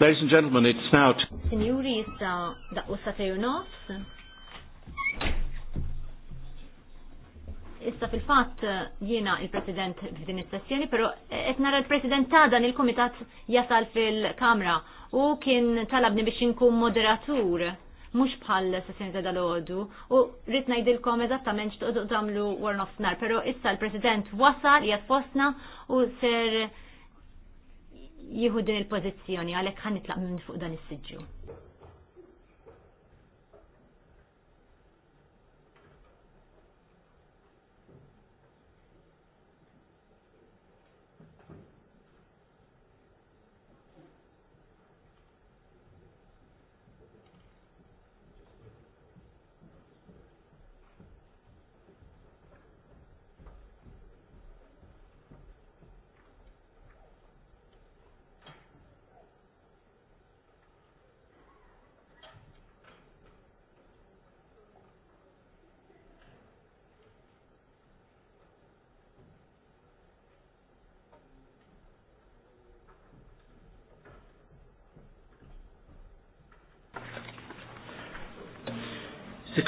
Ladies and gentlemen, it's now... Signori, issa daqqu sateju nofs. Issa fil-fat jiena il-president f'din is-sessjoni, pero qed nara l-president ta' dan il-komitat jasal fil-kamra u kien talabni biex inkun moderatur mhux bħal sessjoni ta' dal u rrid ngħidilkom eżattament x'toqgħdu tagħmlu warnofnar, pero issa l-president wasal qiegħed fostna u ser jieħu din il-pożizzjoni għalhekk nitlaq minn fuq dan is-siġġu.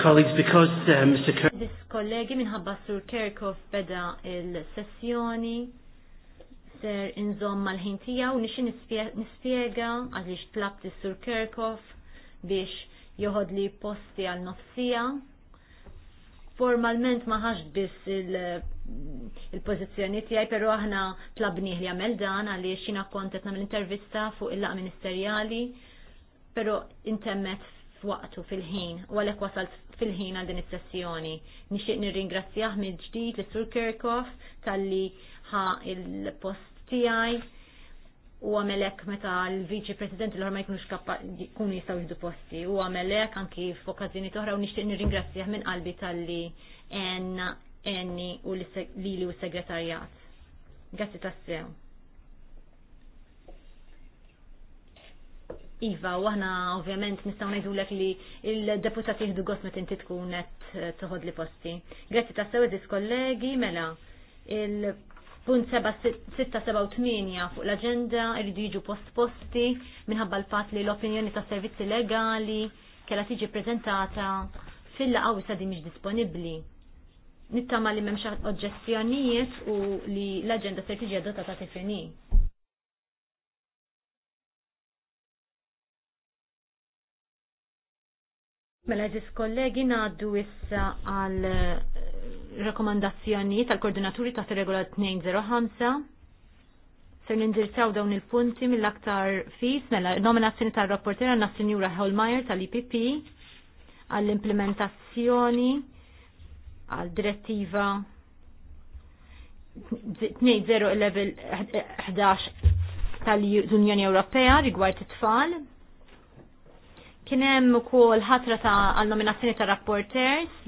colleagues, because uh, Mr. Kirk... Dis kollegi minħabba Sur Kirkov beda il-sessjoni ser inżom mal-ħin u nixi nispiega ix tlabt sur Kirkov biex joħod li posti għal nofsija. Formalment maħax biss il-pozizjoni il tijaj, pero aħna tlabniħ li għamel dan għalix jina kontet namel intervista fuq il-laq ministerjali, pero intemmet f'waqtu fil-ħin u għalhekk wasalt fil-ħin għal din is-sessjoni. Nixtieq nirringrazzjah mill ġdid lis sur Kirkhoff talli ħa il-post tiegħi u għamelek meta l-Viċi President l ma jkunux kun jistaw jihdu posti u għamelek anki f'okkazzjoni toħra u nixtieq nirringrazzjah minn qalbi talli enni u li u s-segretarjat. Grazzi tassew. Iva, u aħna ovvjament nistaw ngħidulek li il deputati jihdu gost meta inti tkun qed toħod li posti. Grazzi ta' sewedis kollegi, mela il-punt 8 fuq l-aġenda irridu jiġu posti minħabba l fat li l-opinjoni ta' servizzi legali kella tiġi prezentata fil-laqgħa wisa di miġ disponibbli. Nittama li m'hemmx oġġezzjonijiet u li l-aġenda ser tiġi adottata tifini. Mela ġis kollegi naddu issa għal eh, rekomandazzjoni tal-koordinaturi taħt regola 205. Ser nindirizzaw dawn il-punti mill-aktar fis, mela nominazzjoni tal-rapportera na Sinjura Holmeyer tal-IPP għall-implementazzjoni għal direttiva 2011 eh, eh, tal-Unjoni Ewropea rigward it-tfal Kien hemm ukoll ħatra ta' għal-nominazzjoni ta' rapporters.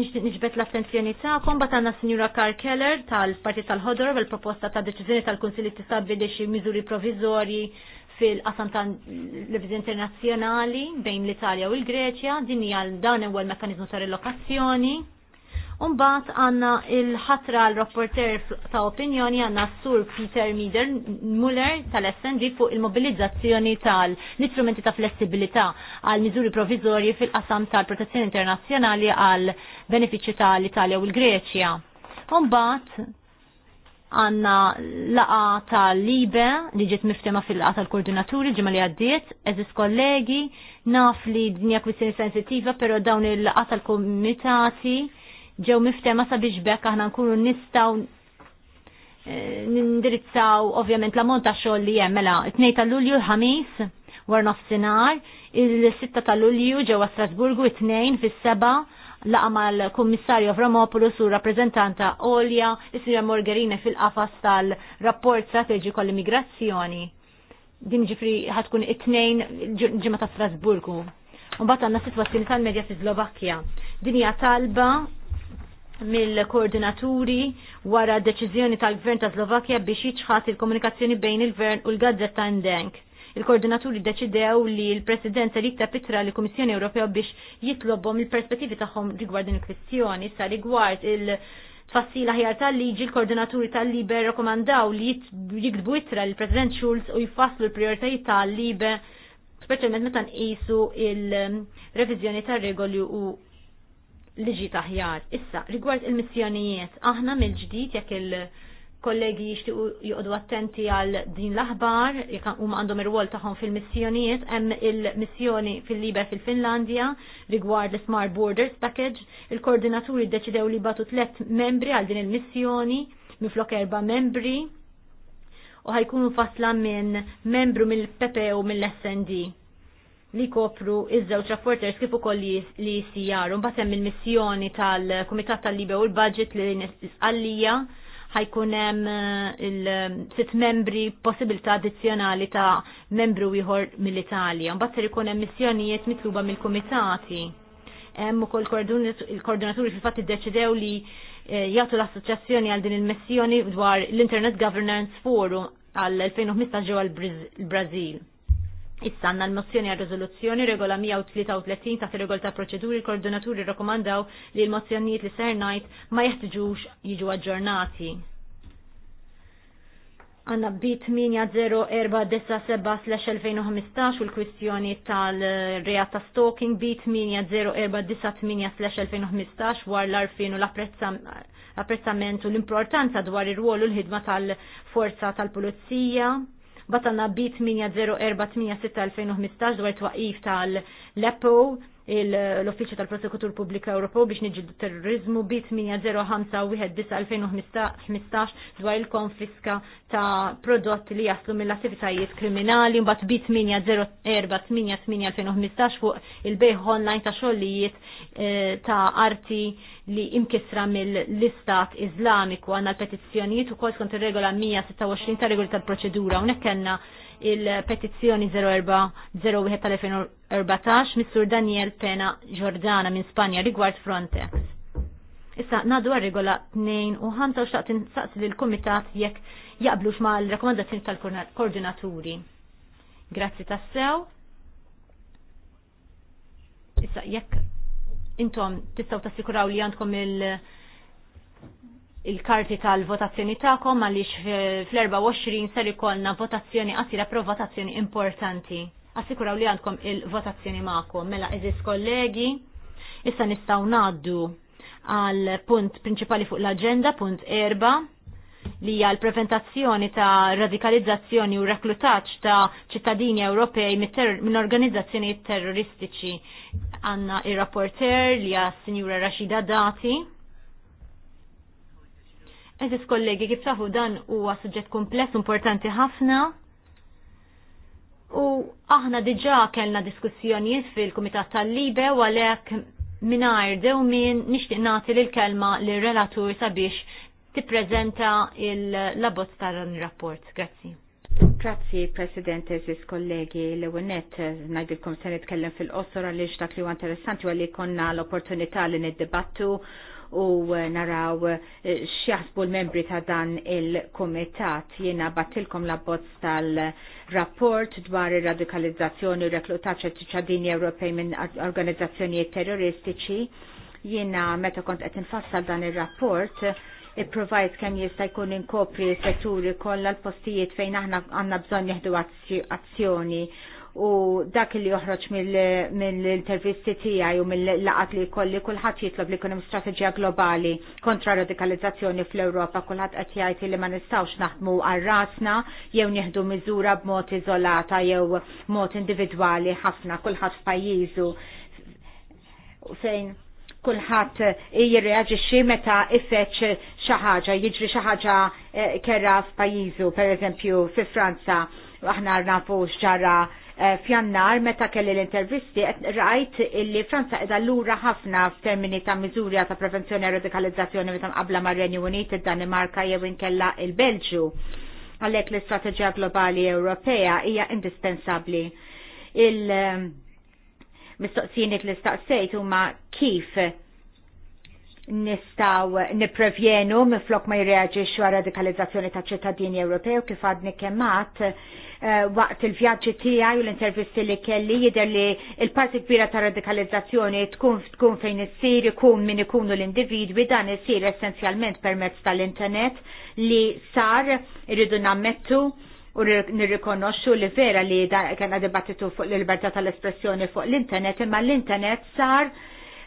Nixbet l-attenzjoni ta' bat għanna Signora Carl Keller tal-Partit tal-Ħodor bil-proposta ta' deċiżjoni tal-Kunsilli tistabili xi miżuri provizori fil-qasam ta' l-Viżi Internazzjonali bejn l-Italja u l-Greċja, din hija dan ewwel mekkaniżmu ta' relokazzjoni. Umbat għanna il-ħatra l-rapporter ta' opinjoni għanna s-sur Peter Mider Muller tal sng fuq il-mobilizzazzjoni tal-istrumenti ta' flessibilità għal miżuri provizorji fil-qasam tal-protezzjoni internazzjonali għal benefiċċju tal-Italja u l-Greċja. Umbat għanna laqa tal-libe li ġiet miftema fil-laqa tal-koordinaturi ġemali għaddiet, eżis kollegi, naf li dinja kwistjoni sensitiva, pero dawn il-laqa tal-komitati ġew miftema sabiex bekk aħna nkunu nistaw eh, nindirizzaw ovvjament l-ammont ta' xogħol li hemm mela tnejn ta' Lulju l-ħamis war nofsinhar, il-6 ta' Lulju ġewwa Strasburgu it-tnejn fis-seba' laqa mal-Kummissarju Avramopoulos u rappreżentanta Olja, is-Sinja Morgerine fil-qafas tal-rapport strateġiku għall-immigrazzjoni. Din ġifri ħatkun it-tnejn ġimgħa ta' Strasburgu. Mbagħad għandna sitwazzjoni tal-medja fi Slovakkja. Din hija talba mill-koordinaturi wara deċiżjoni tal-Gvern ta' Slovakkja biex jiċħat il-komunikazzjoni bejn il-Gvern u l-Gazzetta Ndenk. Il-koordinaturi deċidew li l-Presidenza li tapitra li Kummissjoni Ewropea biex jitlobhom il-perspettivi tagħhom rigward din il kwestjoni sa rigward il- tfassila ħjar tal-liġi l-koordinaturi tal-libe rekomandaw li jikdbu itra l-President Schulz u jfasslu l-prioritajiet tal-libe, specialment meta nqisu il-revizjoni tal-regoli u liġi taħjar. Issa, rigward il-missjonijiet, aħna mill-ġdid jekk il-kollegi jixtiequ joqdu attenti għal din l-aħbar, jekk huma għandhom ir wol tagħhom fil-missjonijiet, hemm il-missjoni fil-Liber fil-Finlandja rigward l-Smart Borders Package, il-koordinaturi ddeċidew li batu tliet membri għal din il-missjoni miflok erba' membri u ħajkunu fasla minn membru mill-Pepe u mill-SND li kopru iż-żewġ rapporters kif ukoll li jsijar. Mbagħad hemm il-missjoni tal-Kumitat tal-Libja u l-Budget li nisqallija ħajkun hemm eh, il-sitt membri possibilità addizzjonali ta' membru ieħor mill-Italja. Mbagħad ser ikun hemm missjonijiet mitluba mill-kumitati. Hemm ukoll il-koordinaturi fil-fatt iddeċidew li eh, jagħtu l-assoċjazzjoni għal din il-missjoni dwar l-Internet Governance Forum għal 2015 ġewwa l-Brażil Issa għanna l-mozzjoni għal rezoluzzjoni regola 133 taħt regol ta' proċeduri koordinaturi rekomandaw li l-mozzjonijiet li ser najt ma jeħtiġux jiġu aġġornati. Għanna B8047-2015 u l-kwistjoni tal-rejat ta' stalking B8049-2015 war l-arfin u l apprezzamentu u l-importanza dwar ir-ruolu l-ħidma tal-forza tal-pulizija. tal forza tal tal forza tal pulizija batanna B8048-2015 dwar twaqif tal-LEPO l-Uffiċċju tal-Prosekutur Pubblika Ewropew biex niġġieldu terrorizmu bi 805 dwar il-konfiska ta' prodotti li jaslu mill-attivitajiet kriminali mbagħad bi 8048 2015 fuq il-bejħ online ta' xogħlijiet eh, ta' arti li imkisra mill-Istat Iżlamiku għandna l-petizzjonijiet ukoll skont ir-regola 126 ta' regoli tal-proċedura hawnhekk kellna il-petizzjoni 0401 tal-2014 Missur Daniel Pena Giordana minn Spanja rigward Frontex. Issa nadu għal-regola 2 u ħanta u xtaqt insaqsi l-komitat jekk jaqblux ma l-rekomendazzjoni tal-koordinaturi. Grazzi tassew. Issa jekk intom tistaw tassikuraw li għandkom il- il-karti tal-votazzjoni ta'kom għaliex fl-24 ser ikollna votazzjoni għasira pro votazzjoni importanti. Assikuraw li għandkom il-votazzjoni ma'kom. Mela eżis kollegi, issa nistaw naddu għal punt prinċipali fuq l-agenda, punt erba, li hija l-preventazzjoni ta' radikalizzazzjoni u reklutaċ ta' ċittadini Ewropej minn organizzazzjoni terroristiċi. Għanna il-rapporter li għas Sinjura Rashida Dati Eżis kollegi kif tafu dan huwa suġġett kompless importanti ħafna. U aħna diġa kellna diskussjonijiet fil-Kumitat tal-Libe u għalhekk minnajr dew min nixtieq nagħti lill-kelma lir-relatur sabiex tippreżenta l labot tal-rapport. Grazzi. Grazzi, President, eżis kollegi, l ewwelnet najdilkom se nitkellem fil qossor għaliex dak li huwa interessanti għalli konna l-opportunità li niddibattu u eh, naraw eh, xjaħsbu l-membri ta' dan il-komitat. Jena battilkom la bozz tal-rapport dwar ir-radikalizzazzjoni u reklutaċa ċittadini Ewropej minn organizzazzjonijiet terroristiċi. Jena meta kont qed infassal dan ir-rapport, i-provajt kem jista jkun inkopri setturi kollha l-postijiet fejn aħna għandna bżonn nieħdu azzjoni u dak li joħroġ mill-intervisti tiegħi u mill-laqat li jkolli kulħadd jitlob li jkun hemm strateġija globali kontra radikalizzazzjoni fl-Ewropa kulħadd qed jgħid li ma nistgħux naħdmu għal rasna jew nieħdu miżura b'mod iżolata jew mod individwali ħafna kulħadd f'pajjiżu fejn kulħadd jirreaġixxi meta ifeċ xi ħaġa, jiġri xi ħaġa eh, kera f'pajjiżu, pereżempju fi Franza aħna nafu x'ġara Eh, fjannar meta kelli l-intervisti rajt illi Franza edha lura ħafna f'termini ta' miżuri ta' prevenzjoni e radikalizzazzjoni meta qabla mar renju Unit, id-Danimarka jew inkella il-Belġu. Għalhekk l-istrateġija globali Ewropea hija indispensabbli. Il- eh, mistoqsijiet li staqsejt huma kif nistaw niprevjenu miflok ma jirreagġiexu għal radikalizzazzjoni ta' ċittadini Ewropew kif għadni kemmat eh, waqt il-vjaġġi tiegħi u l-intervisti li kelli jidher li l-parti kbira ta' radikalizzazzjoni tkun tkun fejn issir ikun min ikunu l-individwi dan issir essenzjalment permezz tal-internet li sar irridu nammettu u nirrikonoxxu li vera li kena dibattitu fuq l-libertà tal-espressjoni fuq l-internet imma l-internet sar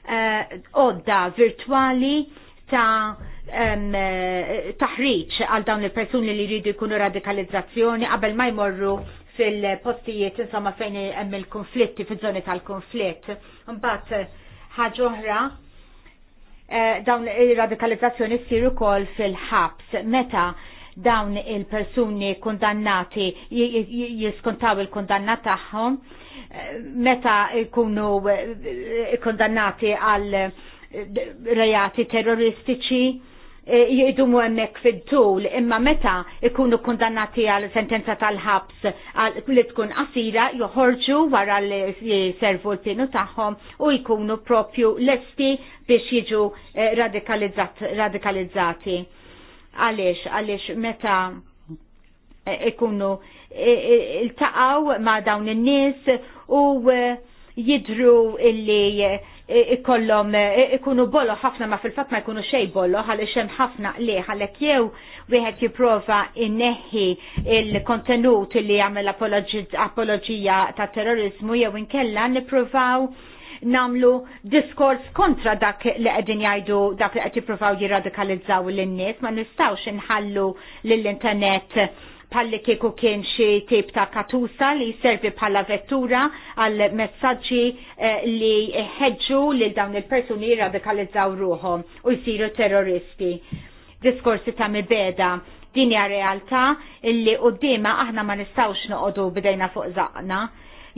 Eh, odda virtuali ta' eh, taħriċ għal dawn il-persuni li jridu jkunu radikalizzazzjoni qabel ma jmorru fil-postijiet insomma fejn hemm il-konflitti fiż-żoni tal-konflitt. Mbagħad eh, ħaġa oħra dawn ir-radikalizzazzjoni ssir ukoll fil-ħabs meta dawn il-persuni kondannati jiskontaw il-kondanna tagħhom eh, eh, eh, meta jkunu kondannati għal rejati terroristiċi jidumu emmek fid-tul, imma meta ikunu kondannati għal sentenza tal-ħabs li tkun qasira joħorġu wara li jiservu l-pinu tagħhom u jkunu propju lesti biex jiġu radikalizzati. Għaliex, għaliex meta e, ikunu e, e, il-taqaw ma dawn in-nies u jidru illi ikollom ikunu bollo ħafna ma fil-fat ma ikunu xej bollo għalix hemm ħafna li għalek jew wieħed jipprova inneħħi il-kontenut li jagħmel apologija ta' terrorizmu jew inkella nippruvaw namlu diskors kontra dak li qegħdin jgħidu dak li qed jippruvaw jirradikalizzaw lin-nies, ma nistgħux inħallu lill-internet palli kieku kien xi tip ta' katusa li servi bħala vettura għal messaġġi eh, li ħeġġu lil dawn il-persuni jirradikalizzaw ruħhom u jsiru terroristi. Diskorsi ta' mibeda din hija realtà u dima aħna ma nistgħux noqogħdu bidejna fuq zaqna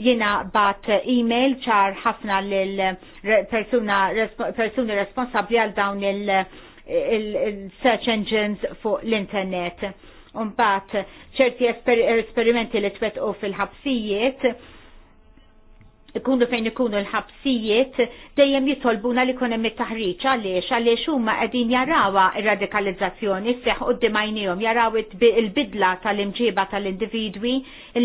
jina bat e-mail ċar ħafna l-persuni responsabli għal dawn il-search engines fuq l-internet. bat ċerti esperimenti li u fil-ħabsijiet ikunu fejn ikunu l-ħabsijiet dejjem jitolbuna li kunem mit-taħriċ għaliex għaliex huma qegħdin jarawa r-radikalizzazzjoni seħ qudiem għajnihom jaraw il-bidla tal-imġiba tal-individwi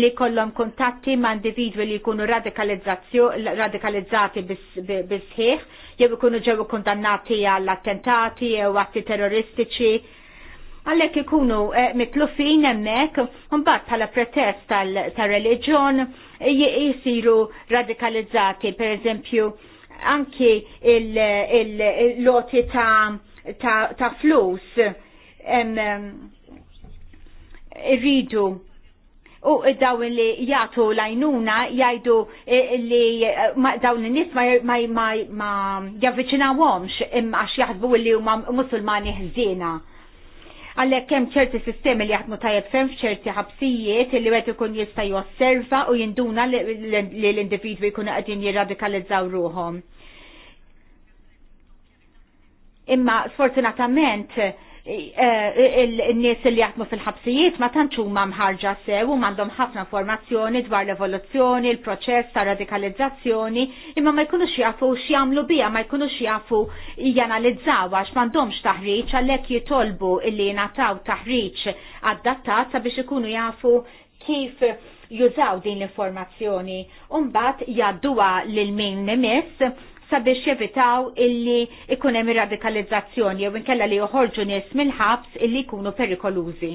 li kollhom kuntatti ma' individwi li jkunu radikalizzati bis-sħiħ jew ikunu ġew kundannati għall attentati jew atti terroristiċi għallek ikunu eh, mitlufin emmek, bat pala pretest tal-reġjon, jisiru radikalizzati, per eżempju, anki il-loti ta, ta, ta flus irridu u dawn li jgħatu lajnuna jgħidu li dawn li nis ma, ma, għomx ma javvicinawomx għax li huma musulmani ħżiena għalhekk hemm ċerti sistemi li jaħdmu tajjeb fem f'ċerti ħabsijiet li wieħed ikun jista' josserva u jinduna li l-individwi jkunu qegħdin jirradikalizzaw ruhom. Imma sfortunatament Eh, eh, il-nies li jaħdmu fil-ħabsijiet ma tantx huma mħarġa sew u m'għandhom ħafna informazzjoni dwar l-evoluzzjoni, il-proċess ta' radikalizzazzjoni, imma ma jkunux jafu x'jagħmlu biha, ma jkunux jafu janalizzaw għax m'għandhomx taħriġ għalhekk jitolbu illi jingħataw taħriġ adattat sabiex ikunu jafu kif jużaw din l-informazzjoni. Umbat jadduwa lil min nemis, sabiex jevitaw illi ikun hemm radikalizzazzjoni jew inkella li joħorġu nies mill-ħabs illi jkunu perikolużi.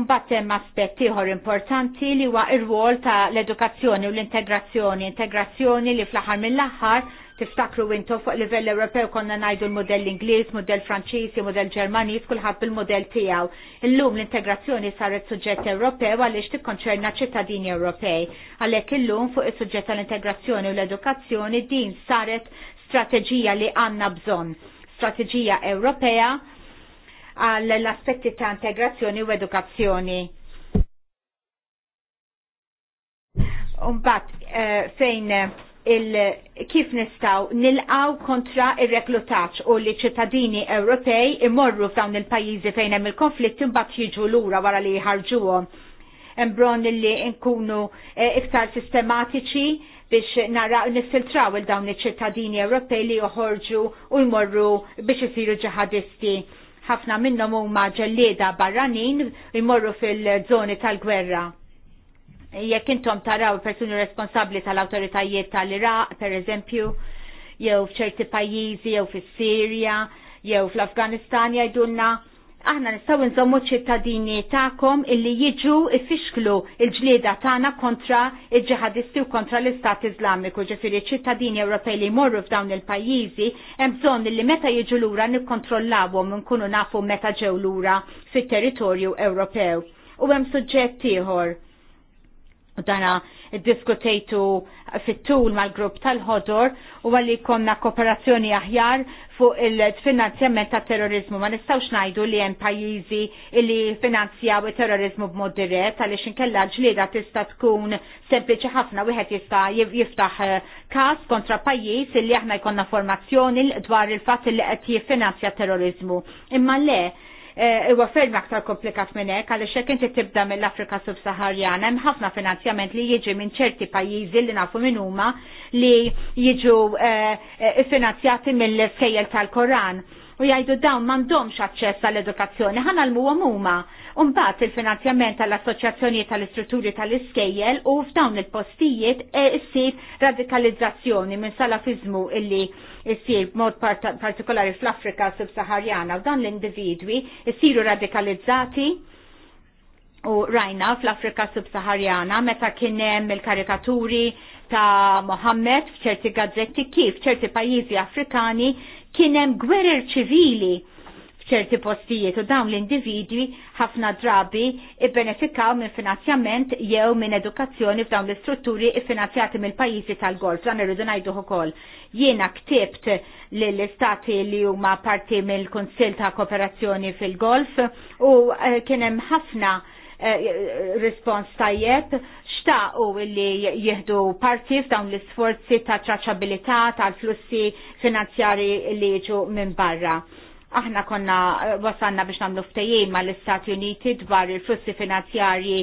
Unbat hemm aspett ieħor importanti li huwa r wol ta' l-edukazzjoni u l-integrazzjoni, integrazzjoni li fl-aħħar mill-aħħar Tiftakru intu fuq livell Ewropew konna najdu l-modell Ingliż, modell Franċiż, modell Ġermaniż, kulħadd bil-modell tiegħu. Illum l-integrazzjoni saret suġġett Ewropew għaliex tikkonċerna ċittadini Ewropej. Għalhekk illum fuq is-suġġett tal-integrazzjoni u l-edukazzjoni din saret strateġija li għandna bżonn. Strateġija Ewropea għall-aspetti ta' integrazzjoni u edukazzjoni. Umbat, eh, fejn eh, kif nistaw nilqaw kontra ir-reklutaċ u li ċittadini Ewropej imorru f'dawn il-pajjiżi fejn hemm il-konflitt imbagħad jiġu lura wara li jħarġuhom. Imbron li nkunu eh, iktar sistematiċi biex naraw nifiltraw il dawn iċ-ċittadini Ewropej li joħorġu u jmorru biex isiru ġihadisti. Ħafna minnhom huma ġellieda barranin jmorru fil-żoni tal-gwerra jekk intom taraw persuni responsabbli tal-awtoritajiet tal-Iraq, per eżempju, jew f'ċerti pajjiżi, jew fis-Sirja, jew fl-Afganistan jgħidulna aħna nistgħu nżommu ċittadini tagħkom illi jiġu ifixklu il-ġlieda tagħna kontra il-ġihadisti u kontra l-Istat Iżlamiku, ġifieri ċittadini Ewropej li jmorru f'dawn il-pajjiżi hemm bżonn illi meta jiġu lura nikkontrollawhom nkunu nafu meta ġew lura fit-territorju Ewropew. U hemm suġġett ieħor dana diskutejtu fit-tul mal-grupp tal-ħodor u għalli konna kooperazzjoni aħjar fuq il-finanzjament ta' terrorizmu. Ma nistawx najdu li hemm pajjiżi li finanzjaw terrorizmu b'mod dirett għaliex inkella ġlieda tista' tkun sempliċi ħafna wieħed jista' jiftaħ eh, każ kontra pajjiż li aħna jkollna formazzjoni dwar il-fatt li qed jiffinanzja terrorizmu. Imma le, Eh, huwa ferm aktar komplikat minn hekk għaliex hekk inti tibda mill-Afrika Subsaharjana hemm ħafna finanzjament li jiġi minn ċerti pajjiżi li nafu minn huma li jiġu eh, eh, finanzjati mill-skejjel tal-Koran u jgħidu dawn m'għandhomx aċċess għall-edukazzjoni ħana l-muhom huma. Umbat il-finanzjament tal-assoċjazzjoni tal-istrutturi tal-iskejjel u f'dawn il-postijiet issir radikalizzazzjoni minn salafizmu illi issir mod partikolari fl-Afrika subsaharjana u dan l-individwi issiru radikalizzati u rajna fl-Afrika subsaharjana meta kienem il-karikaturi ta' Mohammed f'ċerti gazzetti kif ċerti pajjiżi Afrikani kienem gwerer ċivili ċerti postijiet u dawn l-individwi ħafna drabi ibbenefikaw minn finanzjament jew minn edukazzjoni f'dawn l-istrutturi iffinanzjati mill-pajjiżi tal-golf. Dan irridu ngħidu ukoll. Jiena ktibt lill istati li huma parti mill-Kunsill ta' Kooperazzjoni fil-Golf u eh, kien hemm ħafna eh, rispons tajjeb u illi jihdu parti f'dawn l-isforzi ta' traċabilità tal-flussi finanzjari li jiġu minn barra Aħna konna eh, wasanna biex namlu ftejjim mal istati Uniti dwar il-flussi finanzjarji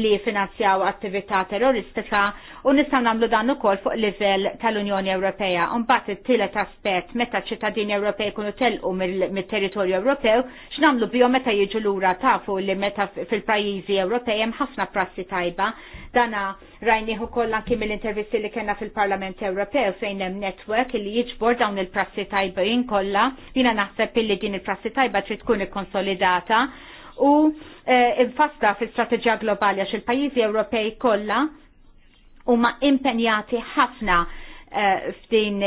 li finanzjaw attività terroristika u nistgħu nagħmlu dan ukoll fuq livell tal-Unjoni Ewropea. Mbagħad it-tielet aspett meta ċittadini Ewropej kunu telqu mit-territorju Ewropew x'namlu bihom meta jiġu lura tafu li meta fil-pajjiżi Ewropej hemm ħafna prassi tajba. Dana rajnieħu kollha anki mill-intervisti li kellna fil-Parlament Ewropew fejn hemm netwerk li jiġbor dawn il-prassi tajbin kollha. Jiena naħseb li din il-prassi tajba trid tkun ikkonsolidata u eh, infasta fil-strateġija globali għax il-pajjiżi Ewropej kollha huma impenjati ħafna eh, f'din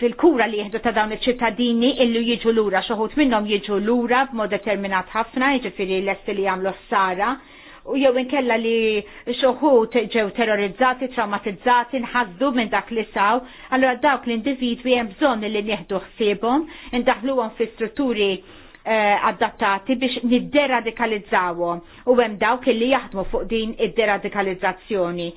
fil-kura li jihdu ta' dawn iċ-ċittadini illu jiġu lura, xoħut minnhom jiġu lura b'mod determinat ħafna, jiġifieri lesti li jagħmlu s-sara u jew inkella li xoħut ġew terrorizzati, traumatizzati, nħazdu minn dak li saw, allora dawk l-individwi hemm bżonn li nieħdu ħsiebhom, indaħluhom fi strutturi eh, adattati biex nidderadikalizzawhom u hemm dawk li jaħdmu fuq din id-deradikalizzazzjoni.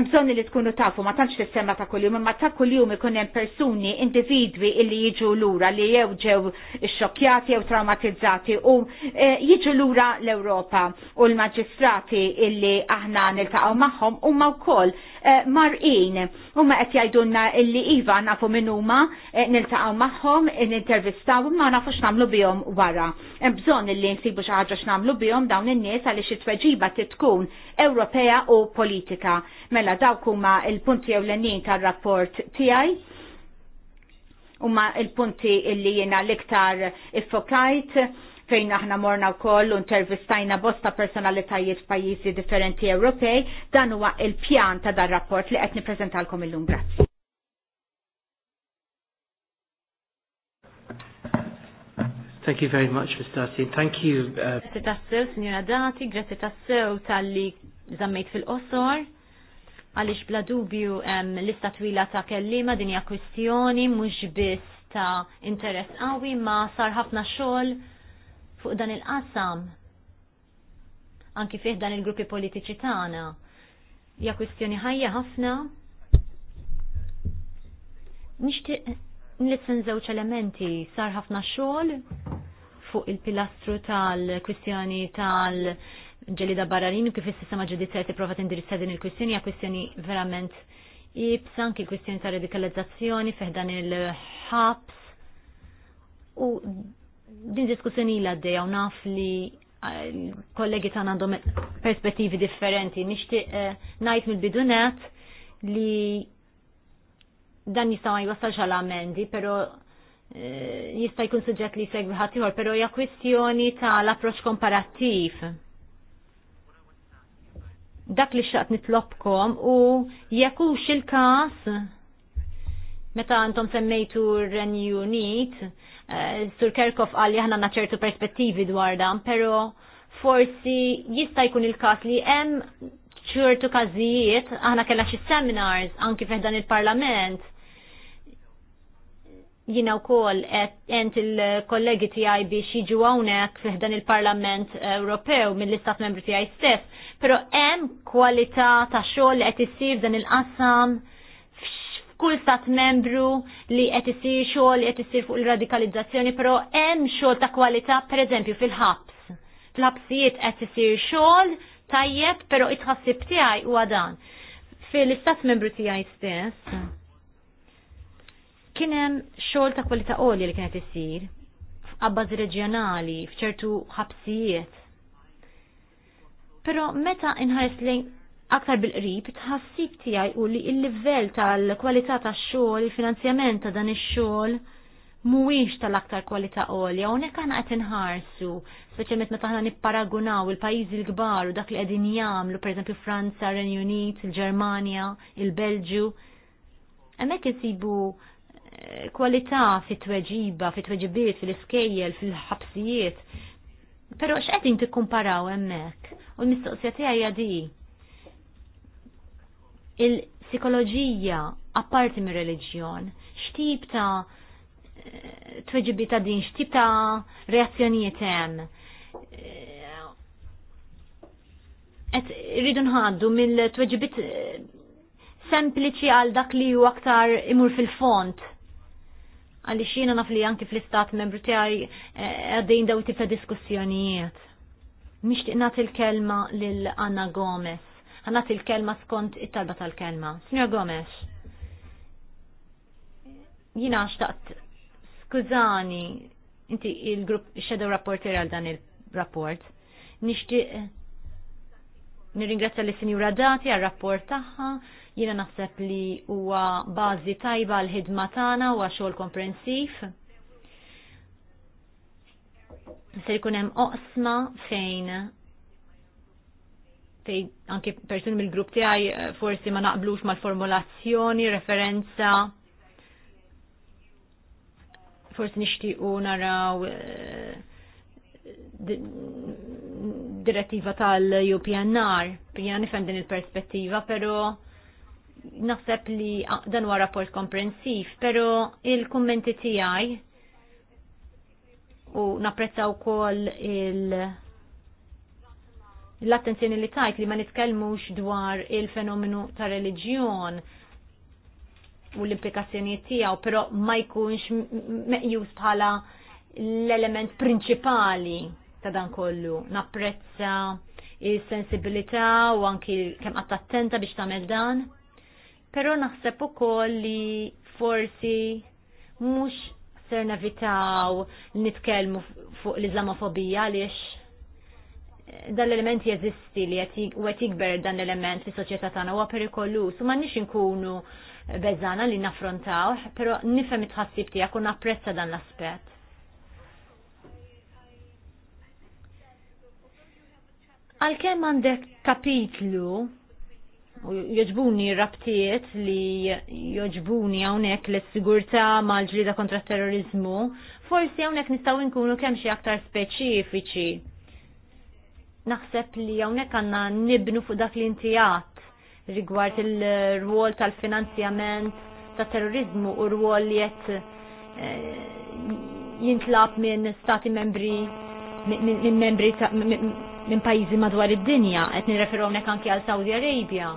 Mżon li tkunu tafu ma tantx tissemma ta' kuljum, imma ta' kuljum ikun hemm persuni, individwi illi jiġu lura li jew ġew xokjati jew traumatizzati u e, jiġu lura l-Ewropa u l-maġistrati illi aħna niltaqgħu magħhom huma wkoll e, marqin. Huma qed jgħidulna illi iva nafu minn huma e, niltaqgħu magħhom, nintervistaw ma nafux nagħmlu bihom wara. Hemm bżonn illi nsibu xi ħaġa x'nagħmlu bihom dawn in-nies għaliex it-tweġiba titkun Ewropea u politika mela, mela dawk huma il-punti ewlenin tar-rapport tiegħi huma il-punti illi jiena l-iktar iffokajt fejn aħna morna wkoll u intervistajna bosta personalitajiet pajjiżi differenti Ewropej, dan huwa il-pjan ta' dar rapport li qed nippreżentalkom illum. Grazzi. Thank you very much, Ms. Darcy. Thank you. Uh, grazie tassew, signora Dati, grazie tassew tal-li zammejt fil-qosor għaliex bla dubju hemm lista twila ta' kellima din hija kwistjoni mhux biss ta' interess qawwi ma sar ħafna xogħol fuq dan il-qasam. Anki fih dan il-gruppi politiċi tagħna. Hija kwistjoni ħajja ħafna. Nixtieq nlissen żewġ elementi sar ħafna xogħol fuq il-pilastru tal-kwistjoni tal-, -kwistjoni tal ġelida barranin u kif is-sistema ġudizzjarja tipprova tindirizza din il-kwistjoni hija kwistjoni verament ibsa, anki kwistjoni ta' radikalizzazzjoni feħdan il-ħabs u din diskussjoni ila għaddejja u naf li eh, kollegi ta' għandhom perspettivi differenti. Nixtieq eh, ngħid mill-bidunet li dan jistgħu ma jwassalx għal amendi, però eh, jista' jkun suġġett li segwi ħadd ieħor, però hija kwistjoni tal approċċ komparattiv dak li xaqt nitlobkom u jekux il-kas meta għantom semmejtu Renew Unit, eh, Sur Kerkov għalli ħana naċertu perspettivi dwar dan, pero forsi jista' jkun il-kas li hemm ċertu każijiet, aħna kella xi seminars anki fehdan il-Parlament. Jina wkoll ent il-kollegi tiegħi biex jiġu hawnhekk fehdan il-Parlament Ewropew mill-istat membri tiegħi stess Pero hemm kwalità ta' xogħol li qed isir dan il-qasam f'kull stat membru li qed isir xogħol li qed isir fuq il-radikalizzazzjoni, però hemm xogħol ta' kwalità pereżempju fil-ħabs. Fil-ħabsijiet qed isir xogħol tajjeb, però it-ħassib tiegħi huwa dan. Fil-istat membru tiegħi stess kien hemm xogħol ta' kwalità għolja li kienet isir f'qabbaż reġjonali f'ċertu ħabsijiet Pero meta inħares lejn aktar bil-qrib, tħassib tiegħi u li il-livell tal-kwalità tax-xogħol, il-finanzjament ta' dan ix-xogħol mhuwiex tal-aktar kwalità għolja, u nek aħna qed inħarsu, speċjalment meta aħna nipparagunaw il-pajjiżi l-kbar u dak li qegħdin jagħmlu pereżempju Franza, Renju Unit, il-Ġermanja, il-Belġju. Hemmhekk insibu eh, kwalità fit-tweġiba, fit-tweġibiet, fil-iskejjel, fil-ħabsijiet Pero x'qegħdin tikkumparaw hemmhekk? U l-mistoqsija tiegħi di. Il-psikoloġija apparti mir-reliġjon, x'tip ta' eh, tweġibi ta' din, x'tip ta' reazzjonijiet hemm? Eh, et rridu nħaddu mill-tweġibit eh, sempliċi għal dak li ju aktar imur fil-font għalli xina naf li anki fl-istat membru tijaj eh, għaddejn daw tifta diskussjonijiet. Mishtiq nat il-kelma lil-Anna Gomez. Għanat il-kelma skont it-talba tal-kelma. Signor Gomez, jina xtaqt, skużani, inti il-grupp shadow rapporter għal dan il-rapport. Nishtiq nirringrazzja li sinjura Dati għal rapport taħħa Jiena naħseb li huwa bażi tajba l-ħidma tagħna huwa xogħol komprensiv. Se jkun hemm oqsma fejn fej anke persuni mill-grupp tiegħi eh, forsi ma naqblux mal-formulazzjoni, referenza forsi nixtiequ naraw eh, direttiva tal-UPNR, jgħan nifem din il-perspettiva, pero naħseb li dan huwa rapport komprensiv, pero il-kummenti tiegħi u napprezza wkoll il- l-attenzjoni li tajt li ma nitkellmux dwar il-fenomenu ta' reliġjon u l-implikazzjonijiet tiegħu, però ma jkunx meqjus bħala l-element prinċipali ta' dan kollu. Napprezza il-sensibilità u anki kemm qatt attenta biex tagħmel dan pero naħseb ukoll li forsi mhux ser nevitaw nitkellmu fuq l-Islamofobija għaliex eh, dan l-element jeżisti li u qed jikber dan l-element fis soċjetà tagħna huwa perikolus u m'għandniex inkunu beżana li naffrontaw, però nifhem it-tħassib tiegħek u napprezza dan l-aspett. Għalkemm għandek kapitlu joġbuni rabtiet li joġbuni għawnek l sigurta mal-ġlida kontra terrorizmu, forsi għawnek nistaw nkunu xi aktar speċifiċi. Naħseb li għawnek għanna nibnu fuq dak li intijat rigward il-rwol tal-finanzjament ta' terrorizmu u rwol li jett eh, jintlab minn stati membri minn membri minn pajizi madwar id-dinja, qed nirreferu hawnhekk anki għal Saudi Arabia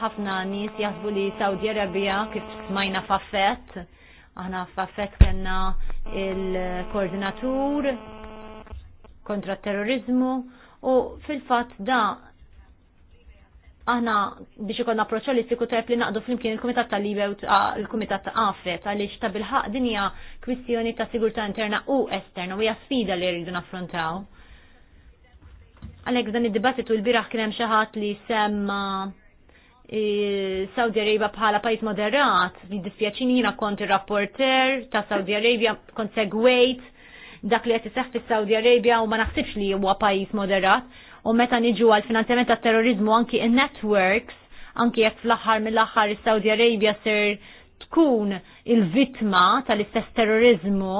ħafna nies jaħbu li Saudi Arabia kif smajna faffet. aħna faffett kena il-koordinatur kontra terrorizmu u fil-fat da aħna biex ikon approċċa li siku li naqdu flimkien il-Kumitat tal libe u il-Kumitat ta' Afet għaliex ta' bilħaq dinja kwistjoni ta' sigurtà interna u esterna u hija sfida li rridu naffrontaw. Għalhekk dan id-dibattitu l-biraħ kien hemm xi ħadd li semma E, Saudi Arabia bħala pajis moderat, jiddispjaċini jina kont il-rapporter ta' Saudi Arabia, kont segwejt dak li jtiseħ fi Saudi Arabia u ma naħsibx li huwa pajis moderat. U meta niġu għal finanzjament ta' terrorizmu anki in-networks, anki jekk fl-aħħar mill-aħħar is-Saudi Arabia ser tkun il-vitma tal-istess terrorizmu,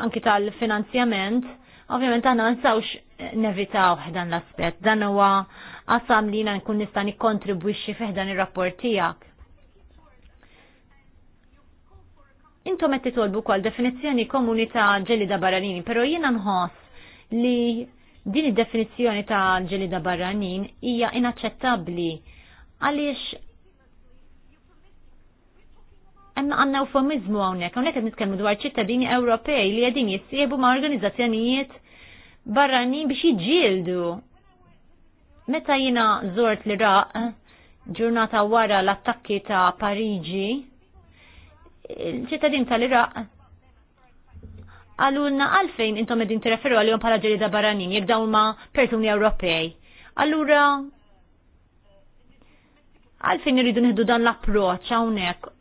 anki tal-finanzjament, ovvjament għanna nsawx nevitaw dan l-aspet. Dan huwa qasam li jina nkun nista' nikkontribwixxi fih dan ir-rapport tiegħek. Intom qed titolbu wkoll definizzjoni komuni ta' ġelida barranini, però jiena nħoss li din id-definizzjoni ta' ġelida barranin hija inaċċettabbli għaliex għanna għanna eufemizmu għawnek, għawnek għed nitkellmu dwar ċittadini Ewropej li għedin jessiebu ma' organizzazzjonijiet barranin biex jġildu Meta jina zort l-Iraq, ġurnata wara l-attakki ta' Pariġi, ċittadin tal-Iraq għalulna għalfejn intom edin t-referu għal-jom pala ġerida barranin, jek dawn ma pertuni Ewropej. Allura, għalfejn irridu nħeddu dan l-approċ għawnek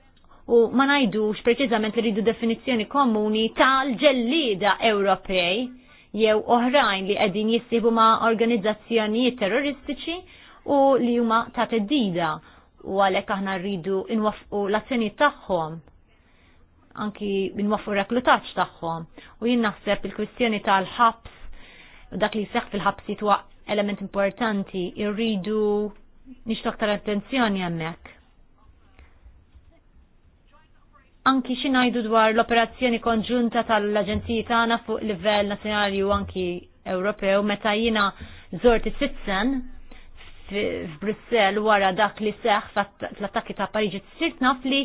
u ma najdux preċizament li rridu definizjoni komuni tal-ġellida Ewropej jew oħrajn li qegħdin jissibu ma' organizzazzjonijiet terroristiċi u li huma ta' teddida u għalhekk aħna rridu inwaffqu l-azzjonijiet tagħhom anki inwaffqu reklutaċ tagħhom u jien naħseb il-kwistjoni tal-ħabs u dak li seħħ fil-ħabsi huwa element importanti irridu nixtok tal attenzjoni hemmhekk anki xinajdu dwar l-operazzjoni konġunta tal-Aġenziji tagħna fuq livell nazzjonali u anki Ewropew meta jiena żorti sitzen f'Brussell wara dak li seħ fl-attakki ta' Pariġi sirt naf li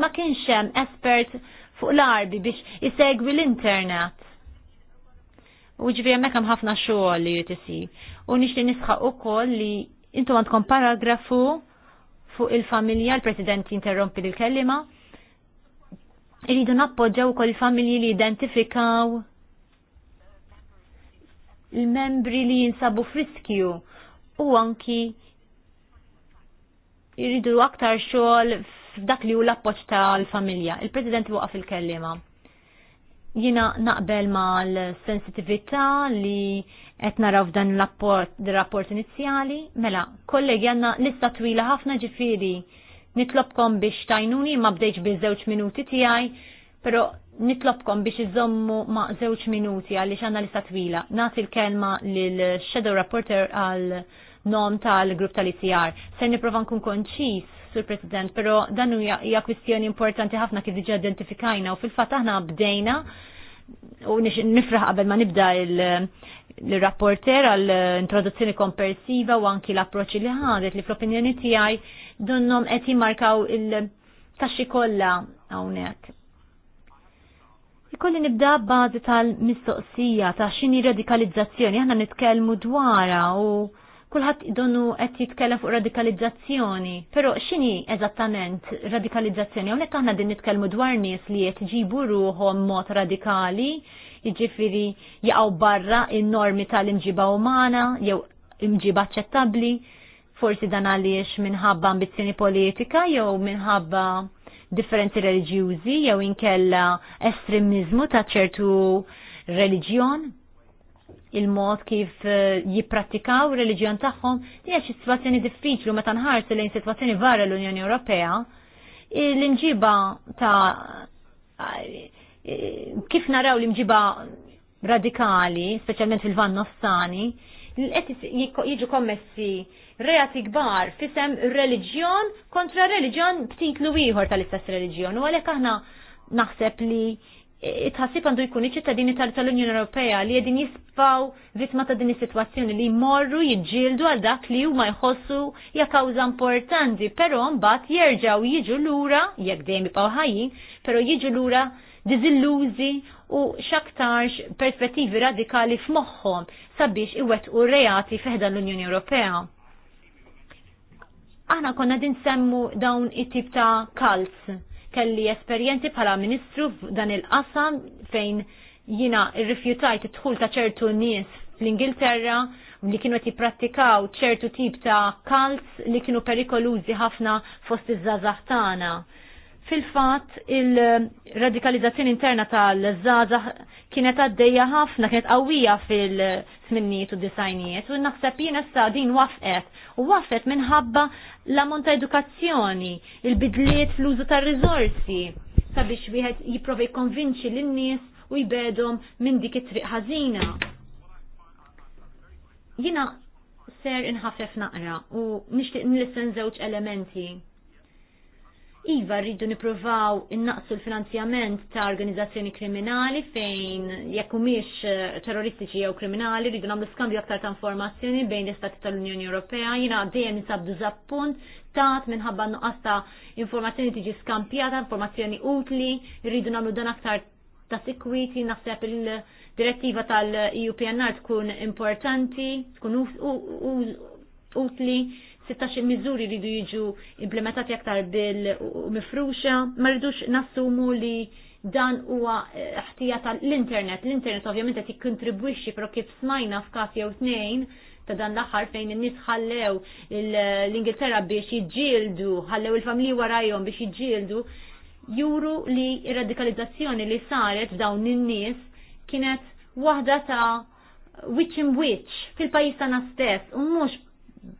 ma kienx hemm espert fuq l-arbi biex isegwi l-internet. U ġviri hemmhekk hemm ħafna xogħol li jrid isir. U nixli nisħaq ukoll li intom għandkom paragrafu fuq il-familja, l-President jinterrompi l-kellima, Irridu nappoġġaw ukoll familji li identifikaw il-membri li jinsabu friskju u anki irridu aktar xogħol f'dak li hu l-appoġġ tal-familja. Il-President waqaf il-kellima. Jina naqbel mal-sensitività li qed naraw f'dan l-rapport inizjali, mela kollegi għandna lista twila ħafna ġifieri nitlobkom biex tajnuni ma bdejx bi żewġ minuti tiegħi, pero nitlobkom biex iżommu ma żewġ minuti għaliex għandna lista twila. Nagħti l-kelma lil Shadow Rapporter għal nom tal-grupp tal-ICR. Se nipprova nkun konċis Sur President, pero dan hija kwistjoni importanti ħafna kif diġa identifikajna u fil-fatt aħna bdejna u nifraħ qabel ma nibda il-rapporter għall introduzzjoni kompersiva u anki l approċċi li ħadet li fl-opinjoni tiegħi dunnom qed jimmarkaw il-taxxi kollha hawnhekk. Ikolli nibda bażi tal-mistoqsija ta' xini radikalizzazzjoni aħna nitkellmu dwara u kulħadd donnu qed jitkellem fuq radikalizzazzjoni, però x'inhi eżattament radikalizzazzjoni? Hawnhekk aħna din nitkellmu dwar nies li qed jġibu ruhom mod radikali, jiġifieri jaqgħu barra in-normi tal-imġiba umana jew imġiba aċċettabbli forsi dan għaliex minħabba ambizzjoni politika jew minħabba differenzi reliġjużi jew inkella estremizmu ta' ċertu reliġjon il-mod kif eh, jipprattikaw reliġjon tagħhom hija xi sitwazzjoni diffiċli meta nħarsu lejn sitwazzjoni barra l-Unjoni Ewropea l-imġiba ta' kif naraw l-imġiba radikali, speċjalment fil-van jiġu kommessi reati kbar fisem reliġjon kontra reliġjon b'titlu ieħor tal-istess reliġjon. U għalhekk aħna naħseb li itħassib għandu jkun iċ-ċittadini tal-Unjoni Ewropea li qegħdin jisfaw vittma ta' din is-sitwazzjoni li jmorru jiġġieldu għal dak li huma jħossu hija kawża importanti, però mbagħad jerġgħu jiġu lura jekk dejjem jibqgħu ħajjin, però jiġu lura diżillużi u xaktarx perspettivi radikali f'moħħom sabiex iwettqu reati feħda l-Unjoni Ewropea. Aħna konna din semmu dawn it-tip ta' kalz. Kelli esperjenzi bħala ministru f'dan il-qasam fejn jina rifjutajt id tħul ta' ċertu nies fl-Ingilterra li kienu qed jipprattikaw ċertu tip ta' kalz li kienu perikolużi ħafna fost iż-żazaħ tagħna Fil-fat, il-radikalizzazzjoni interna tal zaza kienet għaddeja ħafna, kienet qawwija fil-sminniet u disajnijiet, u naħseb jiena sa' din wafqet, u wafqet minħabba l-ammont ta' edukazzjoni, il-bidliet fl-użu tar rizorsi sabiex wieħed jipprova konvinċi lin-nies u jbedhom minn dik it-triq ħażina. Jiena ser inħafef naqra u nixtieq nlisten żewġ elementi Iva rridu nipruvaw innaqsu l-finanzjament ta' organizzazzjoni kriminali fejn jekk mhix eh, terroristiċi jew kriminali rridu nagħmlu skambju aktar ta' informazzjoni bejn l-Istati tal-Unjoni Ewropea. Jina dejjem nisabdu żappunt tat minħabba nuqqas ta' informazzjoni tiġi skampjata, informazzjoni utli, rridu nagħmlu dan aktar ta' sikwiti naħseb il-direttiva tal eupnr tkun importanti, tkun utli 16 miżuri li jiġu implementati aktar bil u mifruxa, ma rridux nassumu li dan huwa eh, ħtija tal-internet. L-internet ovvjament qed jikkontribwixxi pro kif smajna f'każ jew tnejn ta' dan l-aħħar fejn in-nies ħallew l-Ingilterra biex jiġġieldu, ħallew il-familji warajhom biex jiġġieldu, juru li r radikalizzazzjoni li saret f'dawn in-nies kienet waħda ta' which in which fil pajjiż tagħna stess u mhux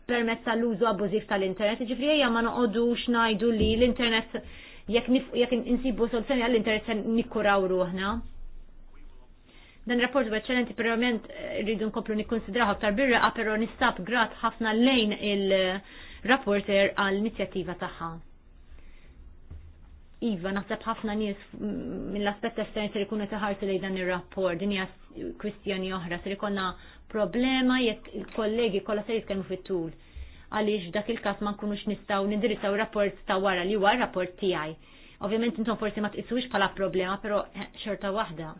permezz tal-użu abbużiv tal-internet, ġifri ejja ma noqogħdux ngħidu li l-internet jekk insibu soluzzjoni għall-internet nikkuraw ruħna. Dan rapport u eċċellenti verament eh, rridu nkomplu nikkonsidraw aktar birra, ah, però nistab grat ħafna lejn il-rapporter għall-inizjattiva tagħha. Iva, naħseb ħafna nies mill-aspett estern ser ikunu taħarsu lejn dan ir-rapport, din hija kwistjoni oħra, ser ikonna problema jekk il-kollegi kollha se jitkellmu fit-tul. Għaliex dak il-każ ma nkunux nistgħu nindirizzaw rapport ta' wara li huwa rapport tiegħi. Ovvjament intom forsi ma tqisux bħala problema, però eh, xorta waħda.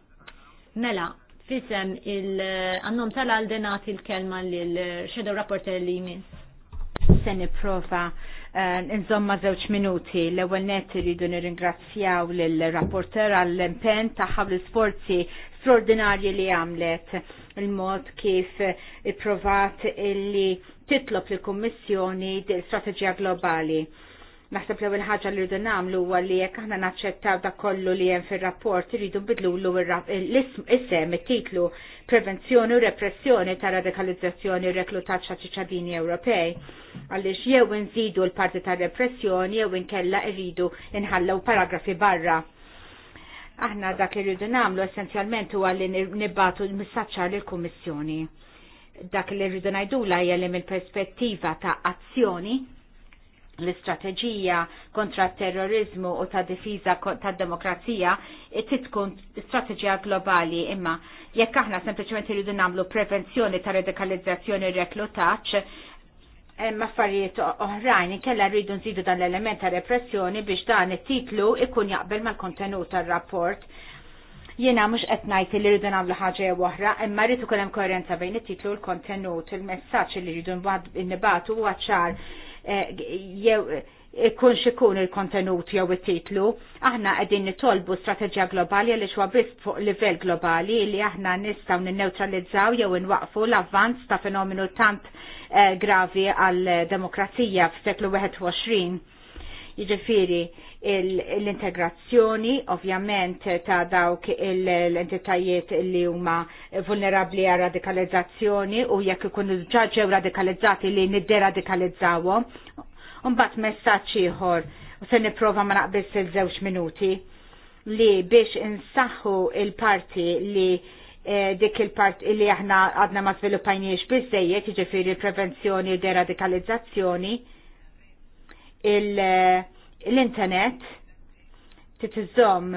Mela, fisem il-annom tal-għaldenat il-kelma lil shadow rapporter li jmiss. Se nipprova Eh, insomma, żewġ minuti. L-ewwel net irridu nirringrazzjaw lill-rapporter għall-impenn tagħha l-isforzi straordinarji li għamlet il-mod kif ipprovat illi titlob l-Kummissjoni strateġija globali Naħseb li ħaġa li rridu nagħmlu huwa li jekk aħna naċċettaw dak kollu li hemm fir-rapport iridu nbidlu l-isem it-titlu Prevenzjoni u Repressjoni ta' Radikalizzazzjoni u Reklutat ta' ċittadini Ewropej. Għaliex jew nżidu l-parti ta' repressjoni jew inkella rridu inħallew paragrafi barra. Aħna dak li rridu nagħmlu essenzjalment huwa li nibbatu l-missaċċar lill-Kummissjoni dak li rridu najdula hija li mill-perspettiva ta' azzjoni l-istrateġija kontra t terrorizmu u ta' difiża ta' demokrazija titkun strateġija globali imma jekk aħna sempliċement irridu nagħmlu prevenzjoni ta' radikalizzazzjoni reklutaċ ma' affarijiet oħrajn inkella rridu nżidu dan l-element ta' repressjoni biex dan it-titlu ikun jaqbel mal-kontenut tar-rapport. Jiena mhux qed ngħid li rridu nagħmlu ħaġa jew oħra, imma rrid ukoll hemm koerenza bejn it-titlu u l-kontenut, il-messaġġ li rridu nibatu huwa ċar Eh, jew ikun xikun il-kontenut jew it-titlu, aħna qegħdin nitolbu strateġija globali li xwa biss fuq livell globali li aħna nistgħu ninneutralizzaw jew inwaqfu l-avvanz ta' fenomenu tant eh, gravi għal demokrazija f'seklu 21. Jiġifieri, l-integrazzjoni ovvjament ta' dawk l-entitajiet li huma vulnerabli għal radikalizzazzjoni u jekk ikunu ġaġew radikalizzati li nidderadikalizzawhom. Mbagħad messaġġ ieħor u se nipprova ma naqbis il-żewġ minuti li biex insaħħu il-parti li eh, dik il-part li aħna għadna ma sviluppajniex bizzejiet, ġifiri prevenzjoni u deradikalizzazzjoni, il- l-internet titizzom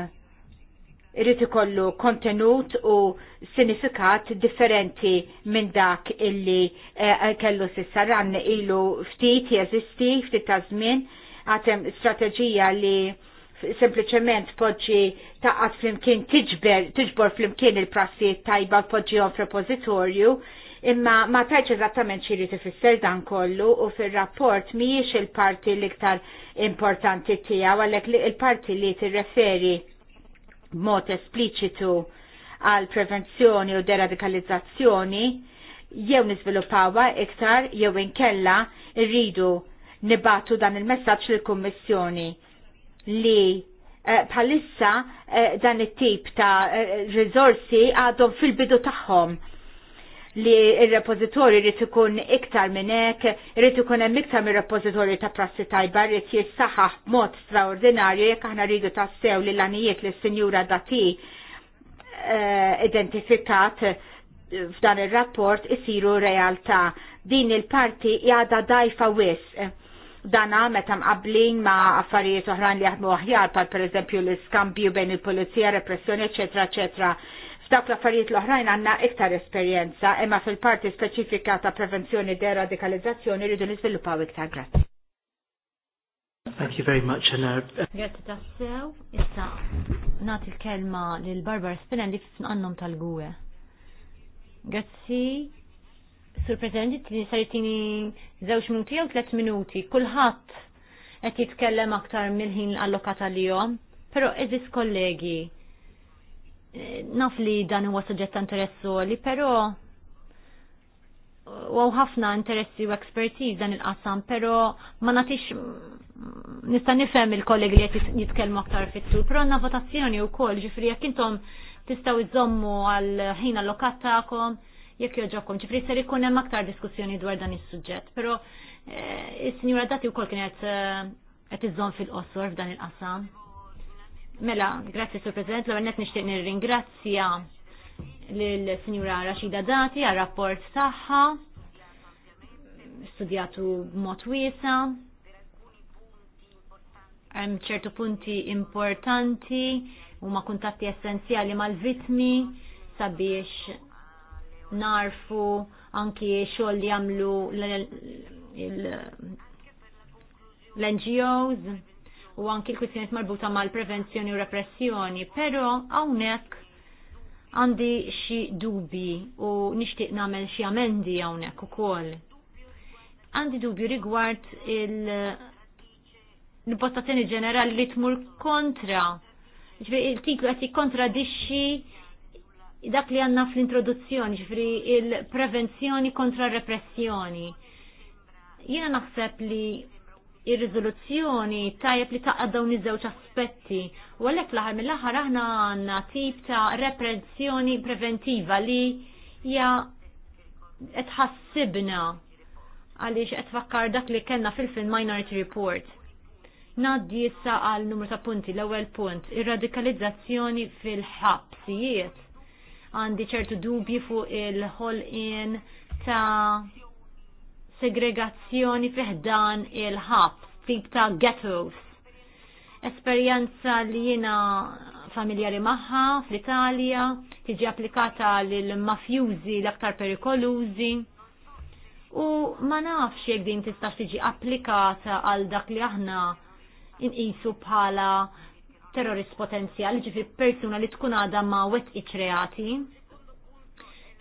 irrit ikollu kontenut u sinifikat differenti minn dak illi eh, kellu sissa ran ilu ftit jeżisti ftit ta' żmien għatem strateġija li sempliciment poġġi taqqat flimkien tiġber, tiġbor flimkien il-prassi tajba on prepozitorju imma ma tajċ eżattament xiri tifisser dan kollu u fil-rapport miex il-parti l-iktar importanti tija, għalek il-parti li tirreferi mod espliċitu għal prevenzjoni u deradikalizzazzjoni jew nizviluppawa iktar jew inkella rridu nibatu dan il-messaċ l-Kummissjoni li palissa eh, eh, dan it-tip ta' eh, rizorsi għadhom fil-bidu tagħhom li il repozitori rrit ikun iktar minn hekk, rrit ikun hemm iktar minn repozitori ta' prassi tajba rrit jissaħħaħ mod straordinarju jekk aħna rridu tassew li l-anijiet li s-sinjura dati uh, identifikat eh, f'dan il-rapport isiru realtà. Din il-parti jgħada dajfa wis. Dana meta mqablin ma' affarijiet oħrajn li jaħdmu aħjar, pal per eżempju l-iskambju bejn il-polizija, repressjoni, eccetera, eccetera F'dawk l-affarijiet l-oħrajn għandna iktar esperjenza, imma fil-parti speċifika ta' prevenzjoni deradikalizzazzjoni rridu niżviluppaw iktar grazzi. Thank you very much, Anna. Grazie tassew. Issa, nati l-kelma lil Barbara Spinelli għannum tal-gwe. Grazzi, Sur President, li saritini zewx minuti jew tlet minuti. Kulħadd qed jitkellem aktar mill-ħin għallokata li jom però eżis kollegi naf li dan huwa suġġett ta' interessu li però u uh, ħafna interessi u expertise dan il-qasam, però ma natix mm, nista' nifhem il-kollegi li qed jitkellmu aktar fit-tul, però għandna votazzjoni wkoll ġifri jekk intom tistgħu iżommu għal ħin allokat tagħkom jekk joġobkom. Ġifri ser ikun hemm aktar diskussjoni dwar dan is-suġġett, però eh, is-sinjura dati wkoll kien eh, qed iżżomm fil-qosor f'dan il-qasam. Mela, grazie Sur President, l għannet nishtiq nir-ringrazzja l-Sinjura Rashida Dati għal rapport saħħa, studjatu b'mod wiesa, għem ċertu punti importanti huma kuntatti essenzjali mal-vitmi sabiex narfu anki xogħol li jagħmlu l-NGOs u anki l-kwistjoniet marbuta mal-prevenzjoni u repressjoni, pero hawnhekk għandi xi dubi u nixtieq nagħmel xi amendi hawnhekk ukoll. Għandi dubju rigward il l-impostazzjoni ġenerali li tmur kontra. Ġifieri il-tiklu jikkontradixxi dak li għandna fl-introduzzjoni, ġifri il-prevenzjoni kontra r repressjoni. Jiena naħseb li ir-riżoluzzjoni tajjeb li taqqa' dawn iż-żewġ aspetti. U għalhekk l-aħħar mill-aħħar aħna għandna tip ta' repressjoni preventiva li hija qed ħassibna għaliex qed fakkar dak li kellna fil-film Minority Report. Naddi issa għal numru ta' punti, l-ewwel punt, ir-radikalizzazzjoni fil-ħabsijiet. Għandi ċertu dubji fuq il ħol in ta' segregazzjoni fiħdan il ħab tip ta' ghettos. Esperjenza li jina familjari maħħa fl-Italja, tiġi applikata lil-mafjużi l-aktar perikolużi. U ma nafx jekk din tista' tiġi applikata għal dak li aħna inqisu bħala terrorist potenzjali, ġifi persuna li tkun għadha ma wet iċreati.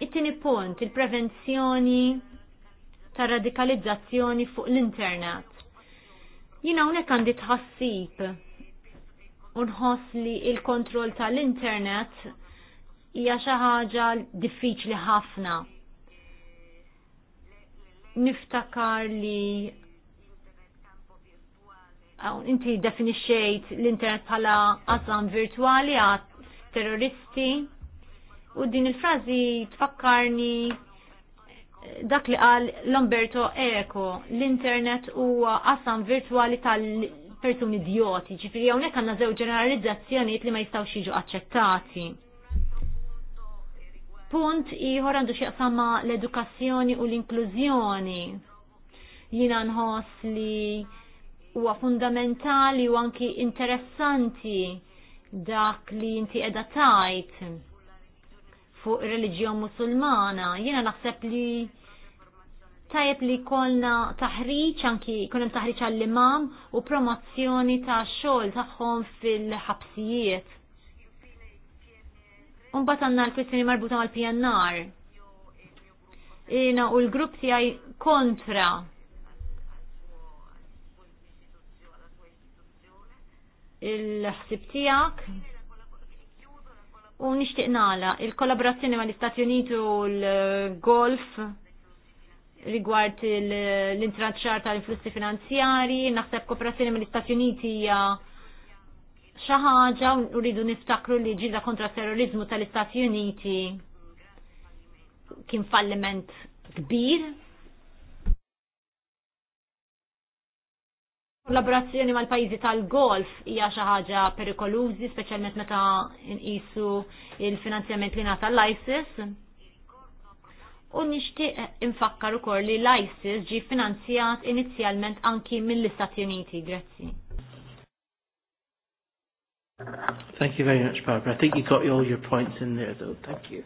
It-tieni punt, il-prevenzjoni ta' radikalizzazzjoni fuq l-internet. Jina unek għandi tħassib unħoss li il-kontroll tal-internet hija xi ħaġa diffiċli ħafna. Niftakar li inti definixxejt l-internet bħala qasam virtwali għat terroristi u din il-frażi tfakkarni dak li qal Lomberto Eco, l-internet huwa qasam virtuali tal-persuni idioti, ġifiri hawnhekk għandna żewġ ġeneralizzazzjonijiet li ma jistgħux jiġu aċċettati. Punt ieħor għandu x'jaqsam l-edukazzjoni u l-inklużjoni. Jiena nħoss li huwa fundamentali u anki interessanti dak li inti qiegħda tajt fuq religjon reliġjon musulmana. Jiena naħseb li tajjeb li kolna taħriġ anki kunem taħriġ għall-imam u promozzjoni ta' xogħol tagħhom fil-ħabsijiet. Unbat għanna l-kwistjoni marbuta mal-PNR. Jiena u l-grupp tiegħi kontra il-ħsib tiegħek u nixtieq il-kollaborazzjoni mal istati Uniti u l-Golf rigward l-intraċċar tal-influssi finanzjari, naħseb kooperazzjoni mill istati Uniti hija xaħġa u rridu niftakru li ġilda kontra terrorizmu tal-Istati Uniti kien falliment kbir Kollaborazzjoni mal-pajjiżi tal-golf hija xi ħaġa perikolużi, speċjalment meta nqisu il-finanzjament li ngħata l-ISIS. U nixtieq infakkar ukoll li l-ISIS ġi finanzjat inizjalment anki mill-Istati Uniti. Grazzi. Thank you very much, Barbara. I think you got all your points in there, though. Thank you.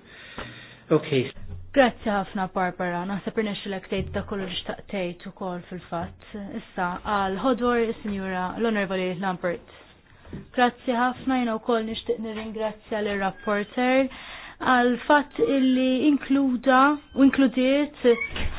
Okay. Grazzi ħafna Barbara, naħseb irnexxilek tgħid ta' kollu li xtaqtejt ukoll fil-fatt. Issa għal ħodwar is-Sinjura l onorvali Lambert. Grazzi ħafna jiena wkoll nixtieq nirringrazzja lir-rapporter għal fatt illi inkluda u inkludiet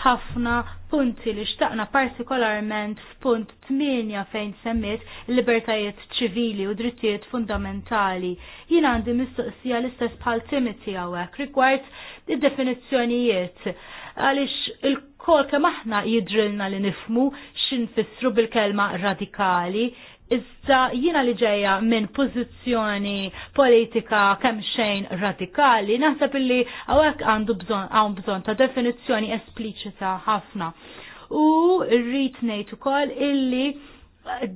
ħafna punti li xtaqna partikolarment f'punt 8 fejn semmiet libertajiet ċivili u drittijiet fundamentali. Jien għandi mistoqsija l-istess bħal Timothy għawek rigward id-definizzjonijiet għaliex il-kol kemm aħna jidrilna li nifmu x'infissru bil-kelma radikali Iżda jina li ġeja minn pozizjoni politika kemm xejn radikali, naħseb illi għawek għandu bżon, għaw bżon ta' definizjoni espliċita ħafna. U rrit nejt ukoll illi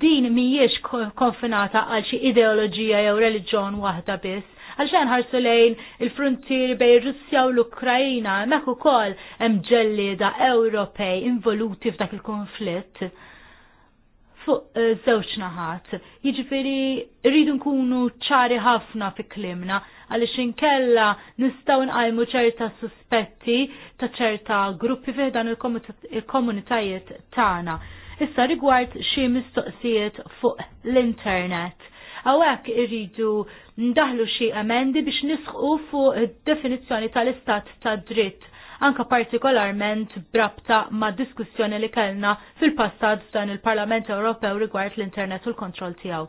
din mhijiex konfinata għal xi ideoloġija jew reliġjon waħda biss, għalxan ħarsu lejn il-frontier bej Russja u l-Ukrajina, mek ukoll hemm emġellida Ewropej involuti f'dak il-konflitt fuq eh, żewġ naħat. Jiġifieri rridu nkunu ċari ħafna fi klimna għaliex inkella nistgħu nqajmu ċerta suspetti ta' ċerta gruppi fih dan il-komunitajiet tagħna. Issa rigward xi mistoqsijiet fuq l-internet. Għawek irridu ndaħlu xie emendi biex nisħu fuq definizzjoni tal-istat ta' dritt anka partikolarment brabta ma' diskussjoni li kellna fil-passat f'dan il-Parlament Ewropew rigward l-internet u l-kontroll tiegħu.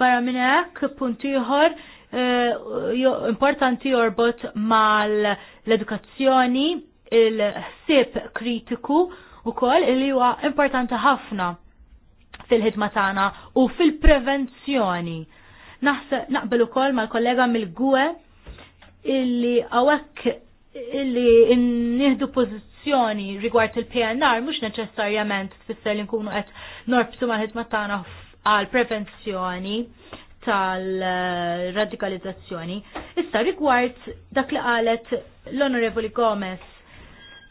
Barra minn hekk punt ieħor eh, importanti jorbot mal-edukazzjoni, il-ħsieb kritiku u koll il huwa importanti ħafna fil-ħidma tagħna u fil-prevenzjoni. Naqbel ukoll mal-kollega mill gwe illi hawnhekk illi nieħdu pożizzjoni rigward il-PNR mhux neċessarjament tfisser li nkunu qed norbtu mal-ħidma tagħna għal prevenzjoni tal-radikalizzazzjoni. Issa rigward dak li qalet l-Onorevoli Gomez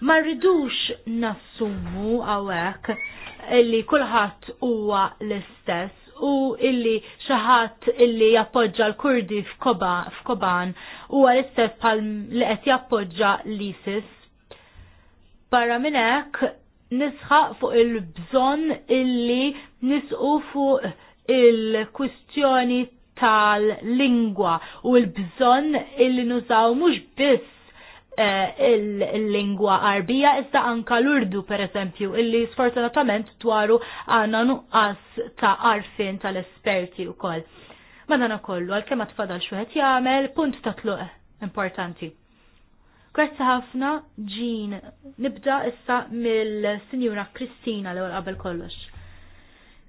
ma rridux nassumu għawek illi kulħadd huwa l-istess u illi xaħat illi jappoġġa l-Kurdi f'Koban u għal-istess pal li qed jappoġġa l-ISIS. Barra minn hekk nisħaq fuq il-bżonn illi nisqu fuq il-kwistjoni tal-lingwa u l-bżonn illi nużaw mhux biss Eh, il-lingwa arbija, iżda anka l-urdu per eżempju, illi sfortunatament dwaru għana nuqqas ta' arfin tal-esperti u koll. Madana kollu, għal kema tfadal xuħet jgħamil, punt ta' tluq importanti. Grazzi ħafna, ġin, nibda issa mill-Sinjura Kristina l-ewel qabel kollox.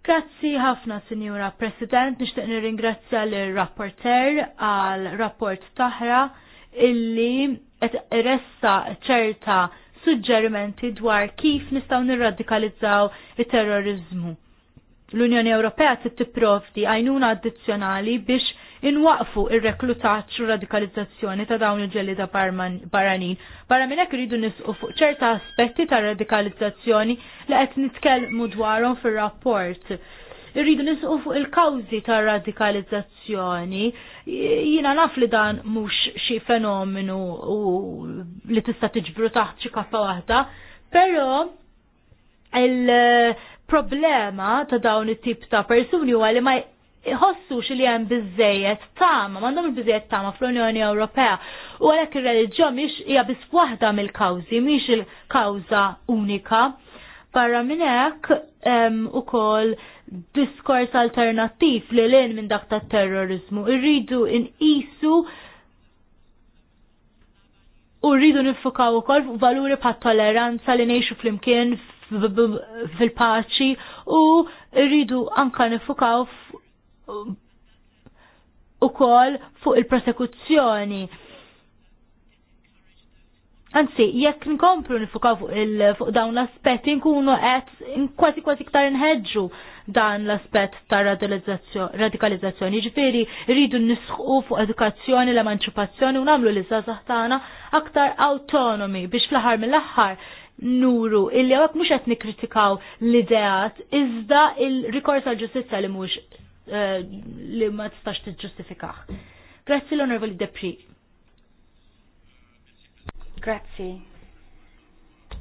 Grazzi ħafna, Sinjura President, nishtiq nirringrazzja l-rapporter għal rapport taħra illi qed ressa ċerta suġġerimenti dwar kif nistgħu nirradikalizzaw it-terrorizmu. L-Unjoni Ewropea trid tipprovdi għajnuna addizzjonali biex inwaqfu ir-reklutaġġ u radikalizzazzjoni ta' dawn il-ġelli ta' barranin. Barra minn hekk iridu nisqu fuq ċerta aspetti ta' radikalizzazzjoni li qed nitkellmu dwarhom fir-rapport irridu nisqu fuq il-kawzi ta' radikalizzazzjoni Jina naf li dan mhux xi fenomenu u li tista' tiġbru taħt xi kaffa waħda, però il-problema ta' dawn it-tip ta' persuni huwa li ma jħossux li hemm biżejjed tama, m'għandhom il-biżejjed tama fl-Unjoni Ewropea. U għalhekk ir-reliġjon mhix hija biss waħda mill-kawżi, mhix il-kawża unika. Barra minn hekk ukoll diskors alternattiv li l minn dak ta' terrorizmu. Irridu in-isu u rridu nifukaw ukoll valuri pa' toleranza li ngħixu flimkien fil-paċi u rridu anka nifukaw ukoll fuq il-prosekuzzjoni. Anzi, jekk nkomplu nifukaw fuq, fuq dawn l-aspetti nkunu qed kważi kważi ktar nħedġu dan l-aspett ta' radikalizzazzjoni. Ġifiri, rridu nisħu fuq edukazzjoni l-emanċipazzjoni u nagħmlu li żgħażagħ tagħna aktar autonomi biex fl-aħħar mill-aħħar nuru illi għak mux għetni kritikaw l-ideat iżda il-rikors għal-ġustizja li mux eh, li ma tistax t-ġustifikax. Grazzi l-Onorevoli Depri. Grazzi.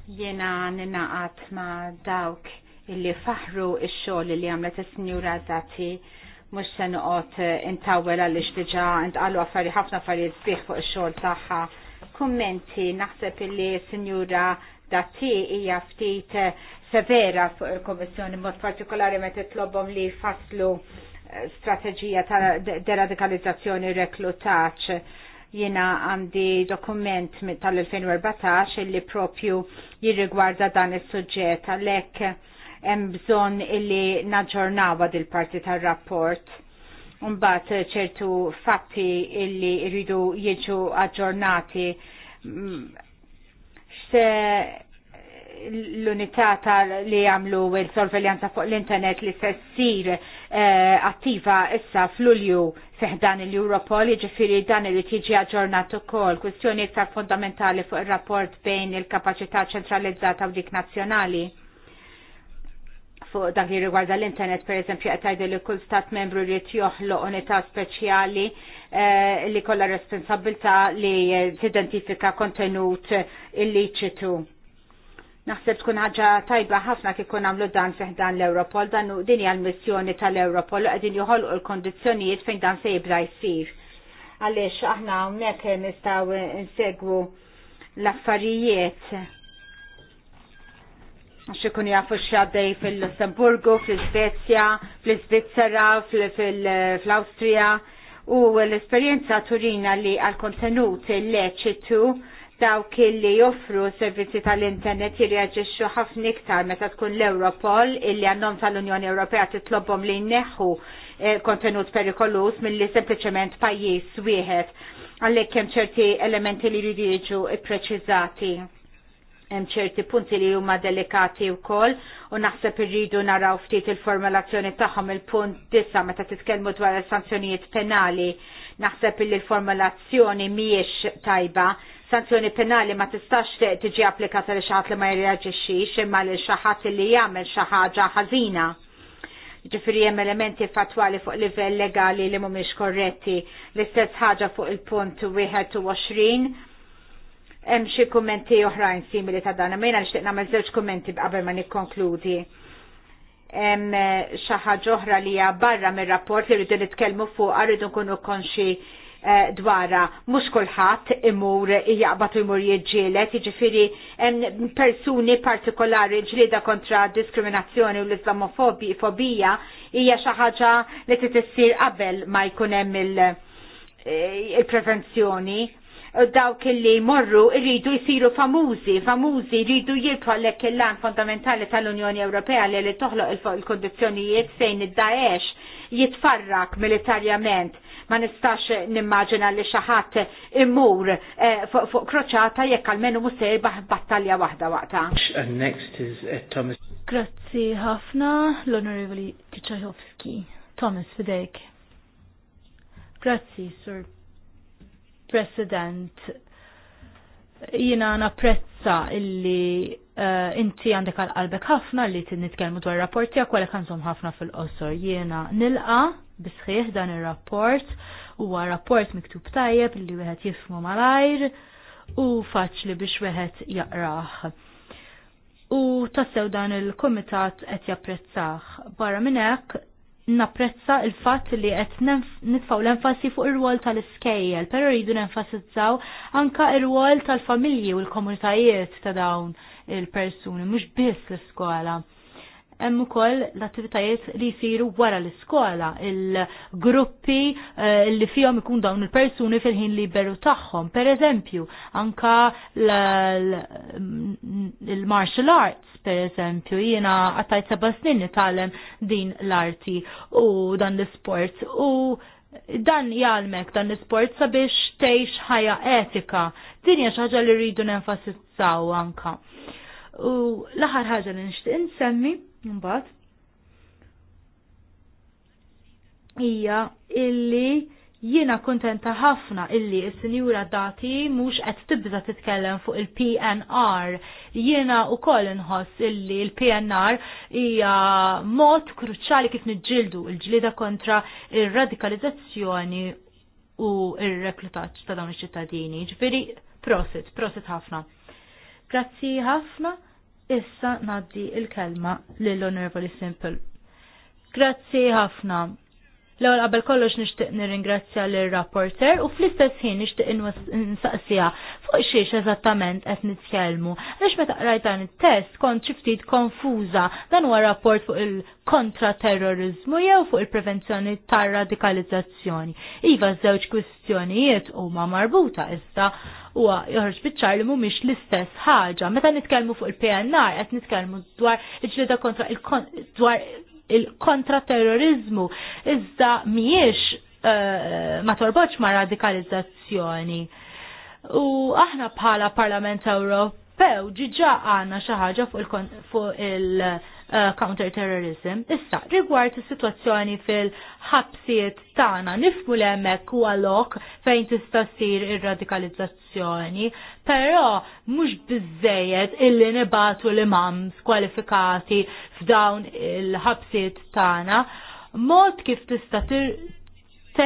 Jena ninaqat ma dawk illi faħru il-xol li għamlet il-Sinjura Zati mux se noqot eh, intawela li xtiġa intqallu għaffari ħafna affarijiet sbieħ fuq il-xol taħħa. Kummenti naħseb illi Sinjura Zati hija ftit eh, severa fuq il-Komissjoni mod partikolari meta titlobhom li faslu eh, strategija ta' deradikalizzazzjoni reklutaċ jina għandi dokument tal-2014 illi propju jirrigwarda dan is il suġġett għalek hemm bżonn illi naġġornawa dil parti tar-rapport. Umbat eh, ċertu fatti illi rridu jiġu aġġornati x'se mm, l-unità li għamlu il-sorveljanza fuq l-internet li se ssir eh, attiva issa fl-ulju seħdan il-Europol, ġifiri dan li tiġi aġġornat ukoll kwistjoni iktar fondamentali fuq ir-rapport bejn il-kapaċità ċentralizzata u dik nazzjonali fuq dak li rigwarda l-internet, per eżempju, għetajdu li kull stat membru li joħloq unità speċjali eh, li kolla responsabilta li t-identifika kontenut illiċitu. Naħseb tkun ħaġa tajba ħafna kif kun għamlu dan fih dan l-Europol, dan din hija l-missjoni tal-Europol, qegħdin joħolqu l-kondizzjonijiet fejn dan se jibda jsir. Għaliex aħna hawnhekk nistgħu nsegwu l-affarijiet xikun jafu xaddej fil-Lussemburgu, fil-Svezja, fil-Svizzera, fil-Austria u l-esperienza turina li għal-kontenut leċitu dawk li joffru servizzi tal-internet jirreġixxu ħafna iktar meta tkun l-Europol illi għannom tal-Unjoni Ewropea titlobhom li jneħħu eh, kontenut perikolus milli sempliċement pajjiż wieħed għalhekk hemm ċerti elementi li jridu jiġu ippreċiżati hemm ċerti punti li huma delikati wkoll u naħseb irridu naraw ftit il-formulazzjoni tagħhom il-punt disa meta titkellmu dwar is sanzjonijiet penali. Naħseb li l-formulazzjoni mhijiex tajba. Sanzjoni penali ma tistax tiġi applikata li xaħat li ma jirreaġixxix imma li xaħat li jagħmel xi ħaġa ħażina. Ġifiri hemm elementi fatwali fuq livell legali li mhumiex korretti. L-istess ħaġa fuq il-punt 21 hemm xi kummenti oħrajn simili ta' dan, mejna nixtieq nagħmel żewġ kummenti qabel ma nikkonkludi. Hemm eh, xi ħaġa oħra li hija barra mir-rapport li rridu nitkellmu fuq rridu nkunu konxi eh, dwara mhux kulħadd imur jaqbad imur jmur jiġġielet, jiġifieri hemm persuni partikolari ġlieda kontra diskriminazzjoni u l-Islamofobija hija xi ħaġa li tessir qabel ma jkun hemm eh, il-prevenzjoni Eh, dawk li morru irridu jisiru famużi, famużi rridu jirtu għallek il-lan fondamentali tal-Unjoni Ewropea li li toħloq il-kondizjonijiet fejn id-Daesh jitfarrak militarjament ma nistax nimmaġina li xaħat immur eh, fuq kroċata jekk almenu musir battalja wahda waqta. Eh, Grazzi ħafna l-Onorevoli Tichajowski. Thomas, fidejk. Grazzi, Sir President, jina napprezza illi uh, inti għandek għal-qalbek ħafna li t-nitkelmu dwar rapport għak għalek għanżom ħafna fil-qosor. Jina nilqa bisħiħ dan il-rapport u rapport miktub tajjeb li wieħed jifmu malajr u faċli biex wieħed jaqraħ. U tassew dan il-komitat qed japprezzah. Barra minn hekk napprezza il-fatt li qed nitfaw l-enfasi fuq ir-rwol tal-iskejjel, però rridu nenfasizzaw anka ir-rwol tal-familji u l-komunitajiet ta' dawn il-persuni, mhux biss l-iskola hemm ukoll l-attivitajiet li jsiru wara l-iskola, il-gruppi eh, li fihom ikun dawn il-persuni fil-ħin liberu tagħhom. Per eżempju, anka l martial arts, per eżempju, jiena għattajt seba' snin nitgħallem din l-arti u dan l-sport u dan jgħalmek dan l isport sabiex tgħix ħajja etika. Din hija xi ħaġa li rridu nenfasizzaw anka. U l-aħħar ħaġa li nixtieq insemmi Mbagħad hija illi jiena kontenta ħafna illi s-sinjura dati mhux qed tibda titkellem fuq il-PNR. Jiena wkoll inħoss illi il-PNR hija mod kruċali kif niġġieldu l-ġlieda kontra ir-radikalizzazzjoni u r reklutaġġ ta' dawn iċ-ċittadini. Ġifieri prosit, prosit ħafna. Grazzi ħafna Issa naddi il-kelma lill honorable Simple. Grazzi ħafna l qabel kollox nixtieq nirringrazzja lir-rapporter u fl-istess ħin nixtieq nsaqsija fuq xiex eżattament qed nitkellmu. Għaliex meta qrajt dan it-test kont xi ftit konfuża dan huwa rapport fuq il-kontraterrorizmu jew fuq il-prevenzjoni tar-radikalizzazzjoni. Iva żewġ kwistjonijiet huma marbuta issa huwa joħroġ biċċar li mhumiex l-istess ħaġa. Meta nitkellmu fuq il-PNR qed nitkellmu dwar il-ġlieda kontra il dwar il-kontraterrorizmu iżda miex uh, eh, ma torboċ ma' radikalizzazzjoni. U aħna bħala Parlament Ewropew ġiġa għanna xaħġa fuq il-, kontraterrorizmu il Eh, counter terrorism. Issa, rigward is-sitwazzjoni fil-ħabsiet tagħna nifmu l hemmhekk huwa lok fejn tista' ssir ir-radikalizzazzjoni, però mhux biżejjed illi nibatu l-imam kwalifikati f'dawn il-ħabsiet tagħna mod kif tista'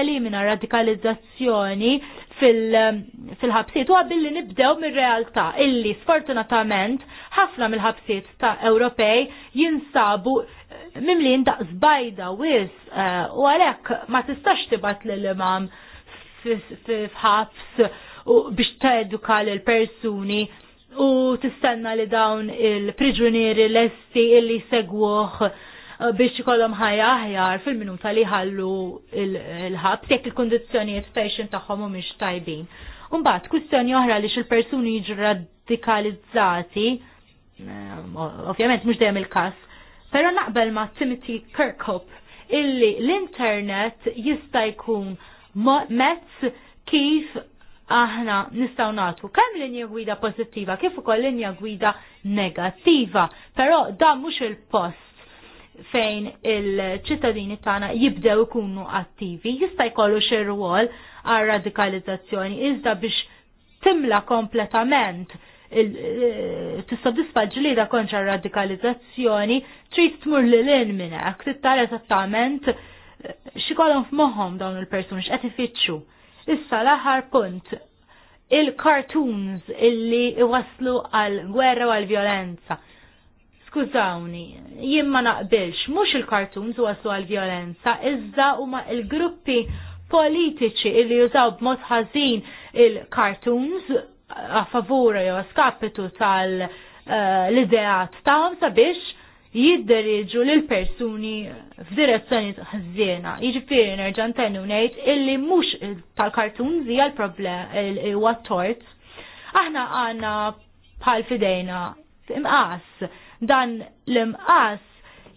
minna radikalizzazzjoni fil-ħabsiet fil u għabilli nibdew mir-realtà illi sfortunatament ħafna mill-ħabsiet ta' Ewropej jinsabu eh, mimlin da' zbajda wis eh, u għalek ma tistax tibat l-imam fħabs biex ta' eduka l-persuni u tistenna li dawn il-priġunieri l-esti illi segwuħ Eh, biex ikollhom ħajja aħjar fil-minuta li ħallu l-ħabs jekk il kundizzjonijiet fejxin tagħhom mhumiex tajbin. Mbagħad kwistjoni oħra li xil-persuni jiġu radikalizzati, eh, ovvjament mhux dejjem il-każ, però naqbel ma' Timothy Kirkhope illi l-internet jista' jkun mezz kif aħna nistaw natu kemm linja gwida pozittiva kif ukoll linja gwida negattiva, però dan mhux il-post fejn il-ċittadini tagħna jibdew ikunu attivi, jista' jkollu xi rwol għal radikalizzazzjoni iżda biex timla kompletament eh, tissodisfa ġlida kontra radikalizzazzjoni trid tmur lil in minn hekk tittara eh, xi kolhom f'moħħom dawn il-persuni x'qed ifittxu. Issa l-aħħar punt il-cartoons illi iwaslu għal gwerra u għal violenza Skużawni, jien ma naqbilx, mhux il-kartuns u għaslu għal-violenza, iżda huma il-gruppi politiċi li jużaw b'mod ħażin il-kartuns a favura jew skapitu tal- ideat ideat tagħhom sabiex jidderiġu lil persuni f'direzzjoni ħżiena. Jiġifieri nerġa' ntennu ngħid illi mhux tal-kartuns hija l-problem huwa tort. Aħna għandna bħal fidejna imqas Dan l-imqas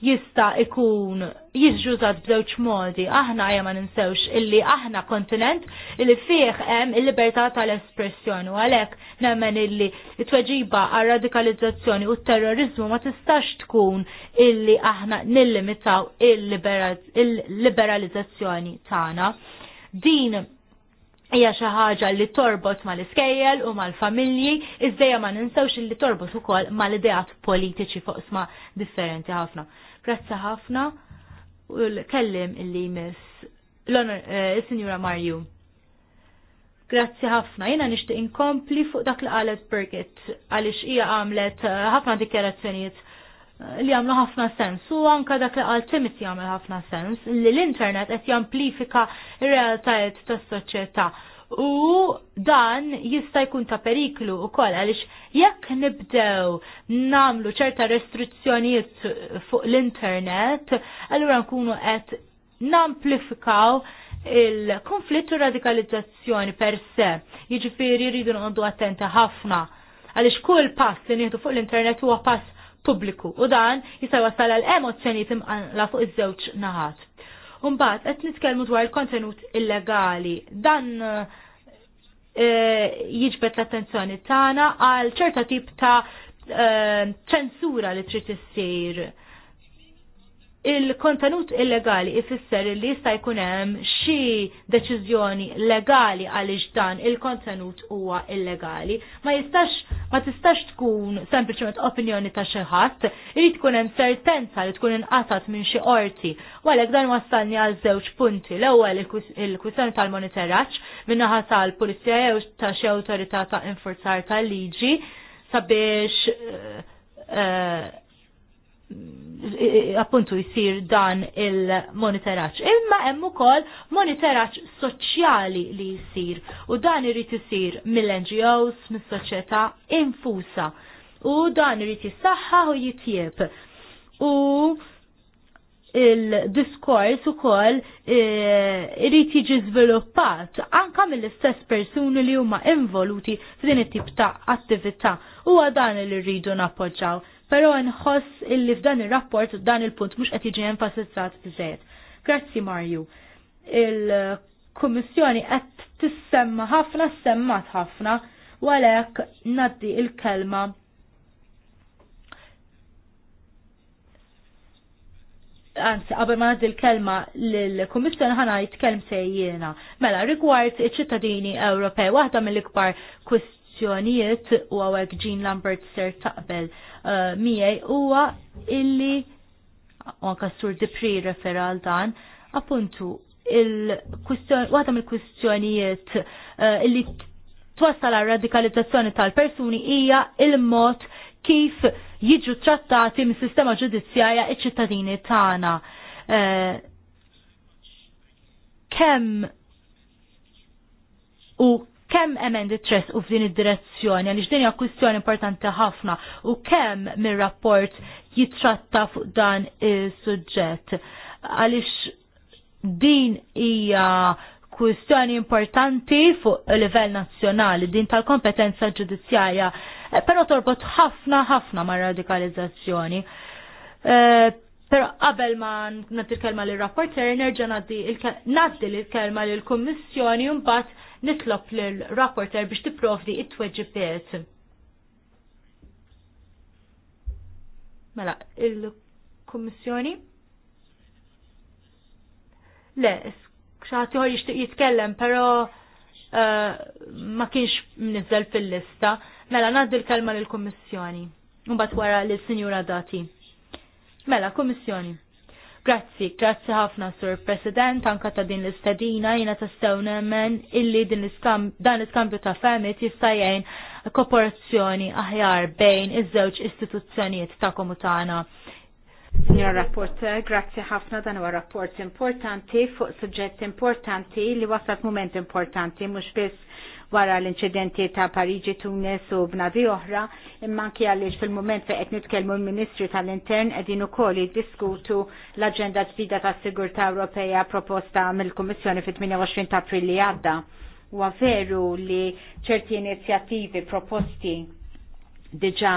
jista' ikun jiġġużat b'żewġ modi. Aħna hija ninsewx illi aħna kontinent illi fih hemm il-libertà tal-espressjoni u għalhekk nemmen illi t-tweġiba għar radikalizzazzjoni u t-terrorizmu ma tistax tkun illi aħna nillimitaw il-liberalizzazzjoni tagħna. Din hija xi ħaġa li torbot mal-iskejjel u mal-familji, iżdejja ma ninsawx li torbot ukoll mal-ideat politiċi fuq sma differenti ħafna. Grazzi ħafna u l-kellim illi miss eh, l-Sinjura Marju. Grazzi ħafna, jena nishtiq inkompli fuq dak li qalet Birgit għaliex hija għamlet eh, ħafna dikjarazzjonijiet li għamlu ħafna sens u anka dak li għal Timit jagħmel ħafna sens li l-internet qed jamplifika r-realtajiet tas-soċjetà. U dan jista' jkun ta' periklu wkoll għaliex jekk nibdew namlu ċerta restrizzjonijiet fuq l-internet, allura nkunu qed namplifikaw il-konflitt u radikalizzazzjoni per se. Jiġifieri rridu nqoddu attenti ħafna għaliex kull pass li nieħdu fuq l-internet huwa pass pubbliku u dan jista' wasal għal emozzjonijiet la fuq iż-żewġ naħat. Umbat, qed nitkellmu dwar il-kontenut illegali. Dan eh, jiġbet l-attenzjoni tagħna għal ċerta tip ta' eh, ċensura li trid issir il-kontenut illegali ifisser li jista' jkun hemm xi deċiżjoni legali għaliex dan il-kontenut huwa illegali. Ma jistax ma tistax tkun sempliċement opinjoni ta' xi ħadd, irid tkun hemm sertenza li tkun inqatat minn xi qorti. Walek dan wassalni għal żewġ punti. L-ewwel il-kwistjoni tal-monitoraġġ min-naħa tal-Pulizija jew ta' xi awtorità ta' infurzar tal-liġi sabiex eh, eh, appuntu jisir dan il-monitoraċ. Imma hemm ukoll monitoraċ soċjali li jisir u dan irid jisir mill-NGOs, mis-soċjetà infusa. U dan irid jissaħħa u jitjieb. U il-diskors ukoll e, irid jiġi żviluppat anka mill-istess persuni li huma involuti f'din it-tip ta' attività. Huwa dan li rridu nappoġġaw pero nħoss illi f'dan ir-rapport u dan il-punt mhux qed jiġi enfasizzat bżed. Grazzi Marju. Il-Kummissjoni qed tissemma ħafna semmat ħafna u għalhekk naddi il-kelma Anzi, qabel ma naddi l-kelma l-Kummissjoni ħanajt jitkelm sejjena. Mela, rigward iċ-ċittadini Ewropej, waħda mill-ikbar kwistjonijiet u għawek Jean Lambert ser taqbel Miej huwa illi anka sur Dipri refera għal dan, appuntu il-kwistjoni, waħda mill-kwistjonijiet eh, illi twassal għal radikalizzazzjoni tal-persuni hija il-mod kif jiġu trattati mis sistema ġudizzjaja iċ-ċittadini tagħna. Eh, kemm u kemm emendi tress u f'din id-direzzjoni għaliex din hija kwistjoni importanti ħafna u kemm mir-rapport jitratta fuq dan is-suġġett. Għaliex din hija kwistjoni importanti fuq livell nazzjonali, din tal-kompetenza ġudizzjarja, eh, però torbot ħafna ħafna ma' radikalizzazzjoni. Eh, però qabel ma nagħti l-kelma lir rapporter nerġa' ngħaddi naddi l-kelma l kummissjoni un mbagħad nitlob l-rapporter biex tipprovdi it-tweġibiet. Mela, il-Kummissjoni? Le, xaħti għor jitkellem, pero uh, ma kienx nizzel fil-lista. Mela, naddu l-kelma l-Kommissjoni. Mbat wara l-Sinjura Dati. Mela, Kommissjoni. Grazzi, grazzi ħafna Sur President, anka ta' din l-istadina jina stawna men illi din dan l-iskambju ta' femmit jista' jgħin kooperazzjoni aħjar bejn iż-żewġ istituzzjonijiet ta' komutana. Signor Rapporteur, grazzi ħafna dan huwa rapport importanti fuq suġġett importanti li wasat moment importanti mhux biss wara l-inċidenti ta' Pariġi, Tunis u b'nadi oħra, imma anki għaliex fil-moment fejn qed nitkellmu l-Ministru tal-Intern qegħdin ukoll jiddiskutu l-aġenda ġdida tas-Sigurtà Ewropea proposta mill-Kummissjoni fit-28 ta' April li għadda. Huwa veru li ċerti inizjattivi proposti diġa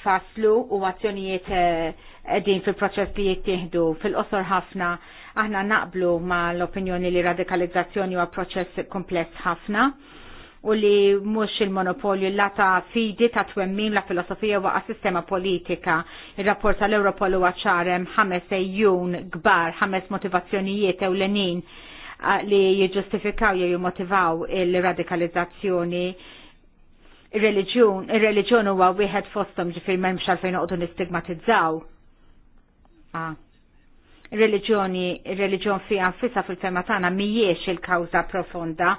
tfaslu u azzjonijiet edin eh, fil-proċess li jittieħdu fil-qosor ħafna aħna naqblu ma l-opinjoni li radikalizzazzjoni huwa proċess kompless ħafna u li mhux il-monopolju l lata fidi ta' twemmin la' filosofija u waqa' sistema politika. Il-rapport tal-Europol huwa għacħarem ħames ejjun kbar, ħames motivazzjonijiet ewlenin li jiġġustifikaw jew jimmotivaw il-radikalizzazzjoni il reġjon il-reġjun huwa wieħed fosthom ġifier m'hemmx għalfejn noqogħdu nistigmatizzaw. Ah. Il-reġjoni, il-reġjon fiha fissa fil-fema tagħna mhijiex il-kawża profonda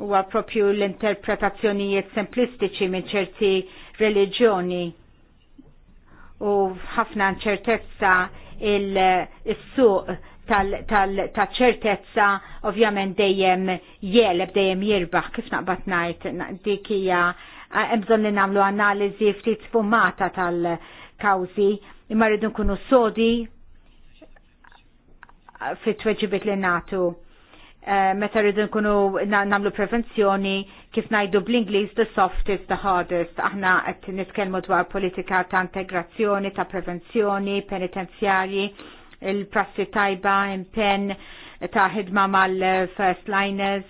huwa propju l-interpretazzjonijiet semplistiċi minn ċerti reliġjoni u ħafna ċertezza il-suq tal-ċertezza tal, ovvjament dejjem jeleb, dejjem jirbaħ, kif naqbad najt dik hija bżonn li nagħmlu analiżi ftit sfumata tal-kawżi, imma rridu nkunu sodi fit-tweġibiet li natu Eh, meta rridu nkunu namlu prevenzjoni kif najdu bl-Inglis the soft is the hardest. Aħna qed nitkellmu dwar politika ta' integrazzjoni, ta' prevenzjoni, penitenzjarji, il-prassi tajba, impen ta' ħidma mal-first liners.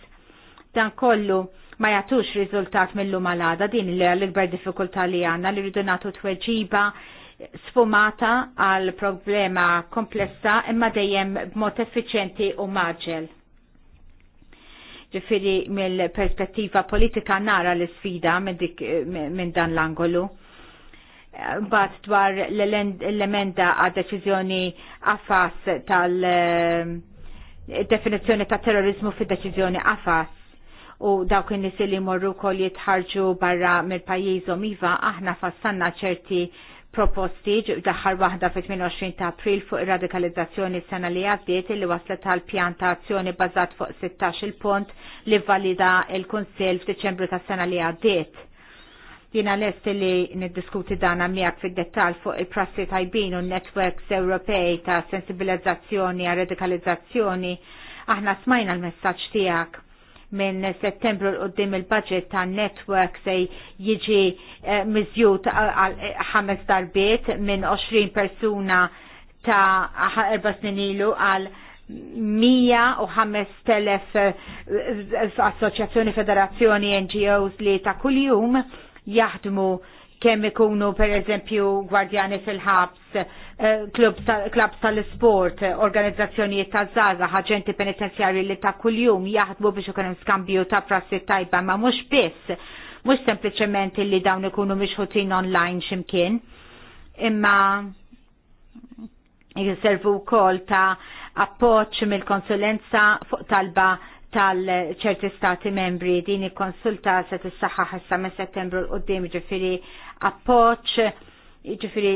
Dan kollu ma jagħtux riżultat mill-lum din din l-ikbar diffikultà li għandna li rridu nagħtu tweġiba sfumata għal problema komplessa imma dejjem b'mod effiċjenti u maġel ġifiri mill-perspettiva politika nara l-sfida minn dan l-angolu. Bat dwar l-emenda għad deċizjoni għafas tal-definizjoni eh, ta' terrorizmu fi deċizjoni għafas u dawk in-nies li morru kol jitħarġu barra mill-pajjiżhom iva aħna fassanna ċerti proposti l wahda waħda fit-28 ta' April fuq ir-radikalizzazzjoni s-sena li għaddiet li waslet tal pjan ta' azzjoni bazzat fuq 16 il-pont li valida il-Kunsill f'Diċembru tas sena li għaddiet. Jina lest li niddiskuti dan miak fid-dettal fuq il-prassi tajbin u networks Ewropej ta' sensibilizzazzjoni għal radikalizzazzjoni aħna smajna l-messaġġ tiegħek minn settembru l-qoddim il-budget ta' network se jiġi eh, mizjut għal ħames darbiet minn 20 persuna ta' erba snin ilu għal 105.000 eh, eh, assoċjazzjoni, federazzjoni, NGOs li ta' kuljum jaħdmu kemm ikunu per eżempju gwardjani fil-ħabs, eh, klabs tal-sport, organizzazzjonijiet ta' zaza, ħagġenti penitenzjarji li ta' kuljum jaħdmu biex ikun skambju ta' prassi tajba ma' mhux biss, mhux sempliċement li dawn ikunu mixħutin online ximkien, imma jiservu wkoll ta' appoċ mill-konsulenza fuq talba tal-ċerti stati membri din ikkonsulta se tissaħħa ħassa me settembru l-qoddim ġifiri appoċ ġifiri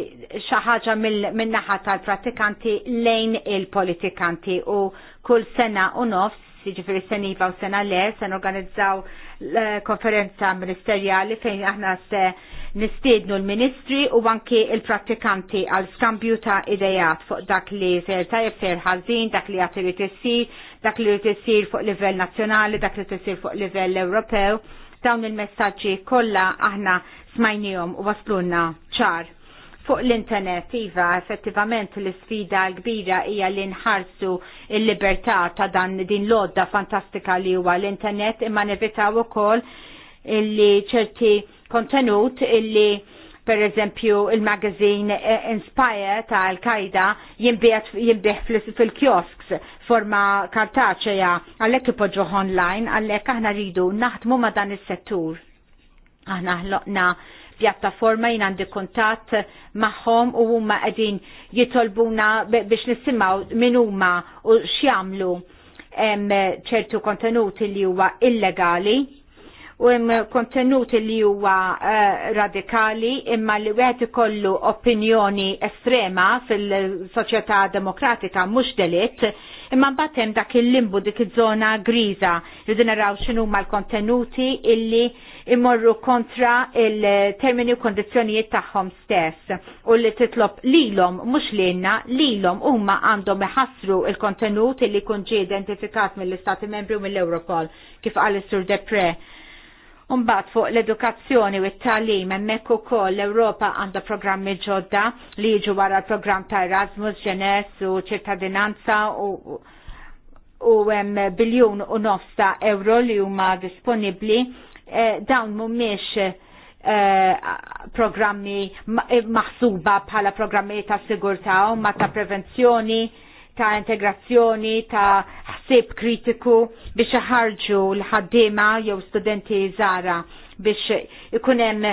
xaħġa minnaħa tal-pratikanti lejn il-politikanti u kull sena u nofs ġifiri seniva u sena le sen organizzaw konferenza ministerjali fejn aħna se nistiednu l-ministri u anki il-prattikanti għal skambju ta' idejat fuq dak li ser ta' jibser ħażin, dak li għatir jtessir, dak li jtessir fuq livell nazzjonali, dak li tissir fuq livell Ewropew. Dawn il-messagġi kollha aħna smajnijom u waslunna ċar. Fuq l-internet, iva, effettivament l-sfida l-kbira hija li nħarsu il-libertà ta' dan din lodda fantastika li huwa l-internet imma nevitaw ukoll li ċerti kontenut illi per eżempju il-magazin eh, Inspire ta' Al-Qaida jimbieħ fil-kiosks forma kartaċeja għallek ipoġġu online għallek aħna rridu naħdmu ma' dan is-settur. Aħna ħloqna pjattaforma jien għandi kuntatt magħhom u huma qegħdin jitolbuna biex nisimgħu min huma u x'jagħmlu ċertu kontenuti li huwa illegali u hemm kontenut li huwa uh, radikali imma li wieħed ikollu opinjoni estrema fil-soċjetà demokratika mhux delitt imma mbagħad hemm dak il-limbu dik iż-żona griża li naraw x'inhu mal-kontenuti illi imorru kontra il-termini u kondizjonijiet tagħhom stess u li titlob lilhom mhux lilna lilhom huma għandhom iħassru il-kontenut li jkun ġie identifikat mill-Istati Membri u mill-Europol kif qal is-Sur Depre Umbat fuq l-edukazzjoni u t-talim emmek u koll l-Europa għanda programmi ġodda li jiġu wara l-program ta' Erasmus, Ġenes u ċittadinanza u u hemm biljun u nofs ta' euro li huma disponibbli eh, dawn mhumiex eh, programmi eh, maħsuba bħala programmi ta' sigurtà u ma ta' prevenzjoni ta' integrazzjoni, ta' ħsib kritiku biex ħarġu l-ħaddima jew studenti zara biex ikunem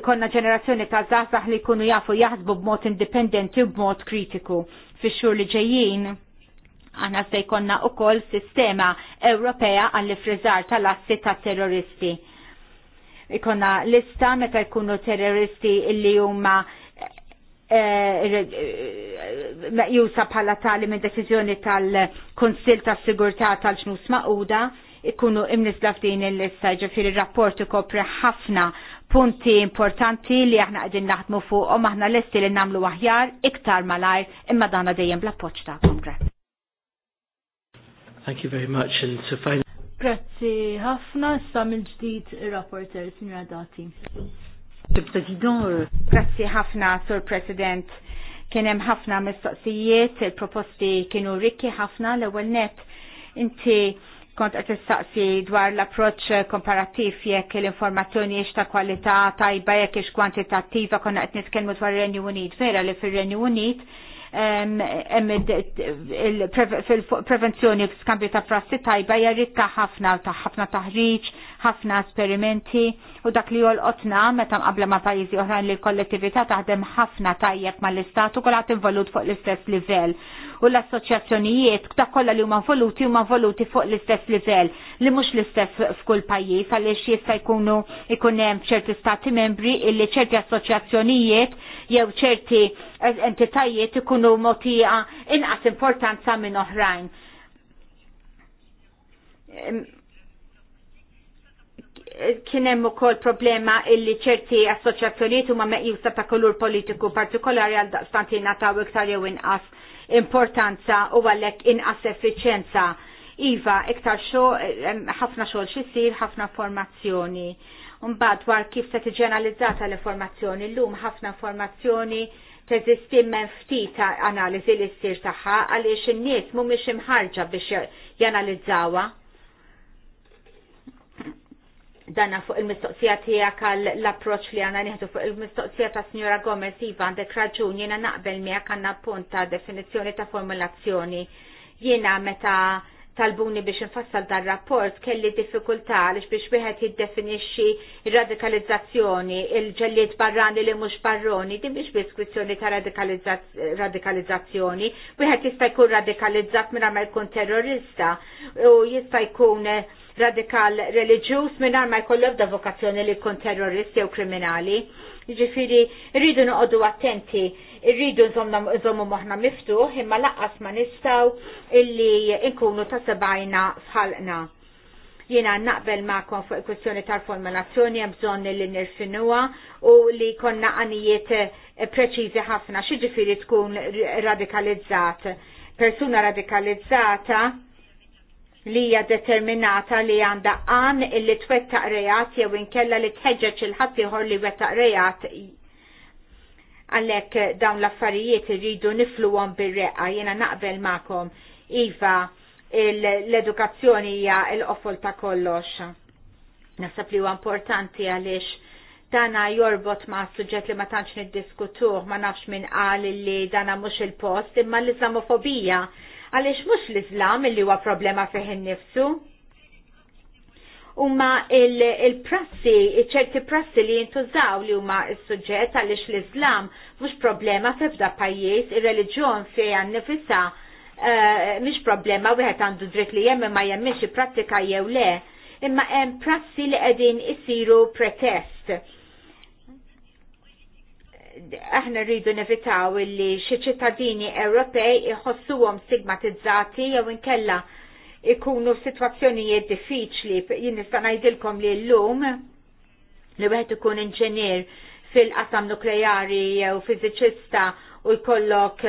ikonna ġenerazzjoni ta' zazax li kunu jafu jaħsbu b'mod indipendenti u b'mod kritiku. Fi xur li ġejjin, għana se jkonna u sistema Ewropea għall ifriżar tal-assi ta' terroristi. Ikonna lista meta jkunu terroristi illi huma Eh, meqjusa bħala tali minn deċiżjoni tal-Konsil tas-Sigurtà tal-ġnus Maquda ikunu imnisla f'din il-lista ġifiri rapport kopri ħafna punti importanti li aħna għedin naħdmu fuq u maħna l-esti li namlu aħjar iktar malajr imma dana dejjem bla poċ ta' Thank you very much and to find Grazzi ħafna sa mill-ġdid rapporter, signora Dati. Euh, Grazzi ħafna, Sur President. Kien hemm ħafna mistoqsijiet, il-proposti kienu rikki ħafna l-ewwel net. Inti kont qed tistaqsi dwar l-approċċ komparattiv jekk l-informazzjoni hiex ta' kwalità tajba jekk ix kwantitattiva konna qed nitkellmu dwar renju Unit. Vera li fir-Renju Unit il prevenzjoni f'skambju skambju ta' prassi tajba jarrikka ħafna ta' ħafna taħriġ, ħafna esperimenti u dak li jolqotna meta qabla ma' pajjiżi oħrajn li l-kollettività taħdem ħafna tajjeb mal-istat u kulħadd involut fuq l-istess livell. U l-assoċjazzjonijiet ta' kollha li huma involuti huma involuti fuq l-istess livell li mhux l-istess f'kull pajjiż għaliex jista' jkunu ikun hemm ċerti stati membri illi ċerti assoċjazzjonijiet jew ċerti entitajiet ikunu motija inqas importanza minn oħrajn kienem u kol problema illi ċerti u huma meqjusa ta' kolur politiku partikolari għal daqstantina ta' iktar jew inqas importanza u għallek inqas effiċenza. Iva, iktar xo, ħafna xogħol xisir, ħafna formazzjoni. Mbagħad dwar kif se tiġenalizzata l-informazzjoni llum ħafna informazzjoni teżisti men ftit analiżi li ssir tagħha għaliex in-nies mhumiex imħarġa biex janalizzawa danna fuq il-mistoqsija tiegħek l-approċ li għandna nieħdu fuq il-mistoqsija ta' Signora Gomez iva għandek raġun jiena naqbel miegħek għandna punt ta' definizzjoni ta' formulazzjoni. Jiena meta talbuni biex nfassal dar rapport kelli diffikultà għaliex biex wieħed jiddefinixxi r radikalizzazzjoni, il-ġellied barrani li mhux barroni, din biex beskrizzjoni ta' radikalizzazzjoni, wieħed jista' jkun radikalizzat minn jkun terrorista u jista' jkun radikal reliġjuż mingħajr ma jkollok da vokazzjoni li jkun terroristi jew kriminali. Jiġifieri rridu noqogħdu attenti, rridu nżommu moħħna miftuħ imma laqqas ma nistaw illi nkunu ta' sebajna fħalqna. Jiena naqbel ma'kom fuq il-kwestjoni tal-formulazzjoni hemm bżonn li nirfinuha u li konna għanijiet eh, preċiżi ħafna, xi tkun radikalizzat. Persuna radikalizzata li hija determinata li għandha għan illi twettaq rejat jew inkella li tħeġġeġ il-ħadd ieħor li wettaq rejat għalhekk dawn l-affarijiet irridu nifluhom bir-reqqa jiena naqbel magħkom iva l-edukazzjoni hija l-qofol ta' kollox. Naħseb li huwa importanti għaliex dana jorbot ma' suġġett li ma tantx niddiskutuh ma nafx min qal li dana mhux il-post imma l-Islamofobija għaliex mhux l-Islam illi huwa problema fih innifsu. Huma il-prassi, il ċerti prassi li jintużaw li huma s-suġġett għaliex l-Islam mhux problema f'ebda pajjiż, ir-reliġjon fejn nifisa uh, eh, mhix problema wieħed għandu dritt li jemm ma jemmix prattika jew le, imma hemm prassi li qegħdin isiru pretest aħna rridu nevitaw li xi ċittadini Ewropej iħossuhom stigmatizzati jew inkella ikunu f'sitwazzjonijiet diffiċli. Jien nista' ngħidilkom li llum li wieħed ikun inġenier fil-qasam nukleari jew fiziċista u jkollok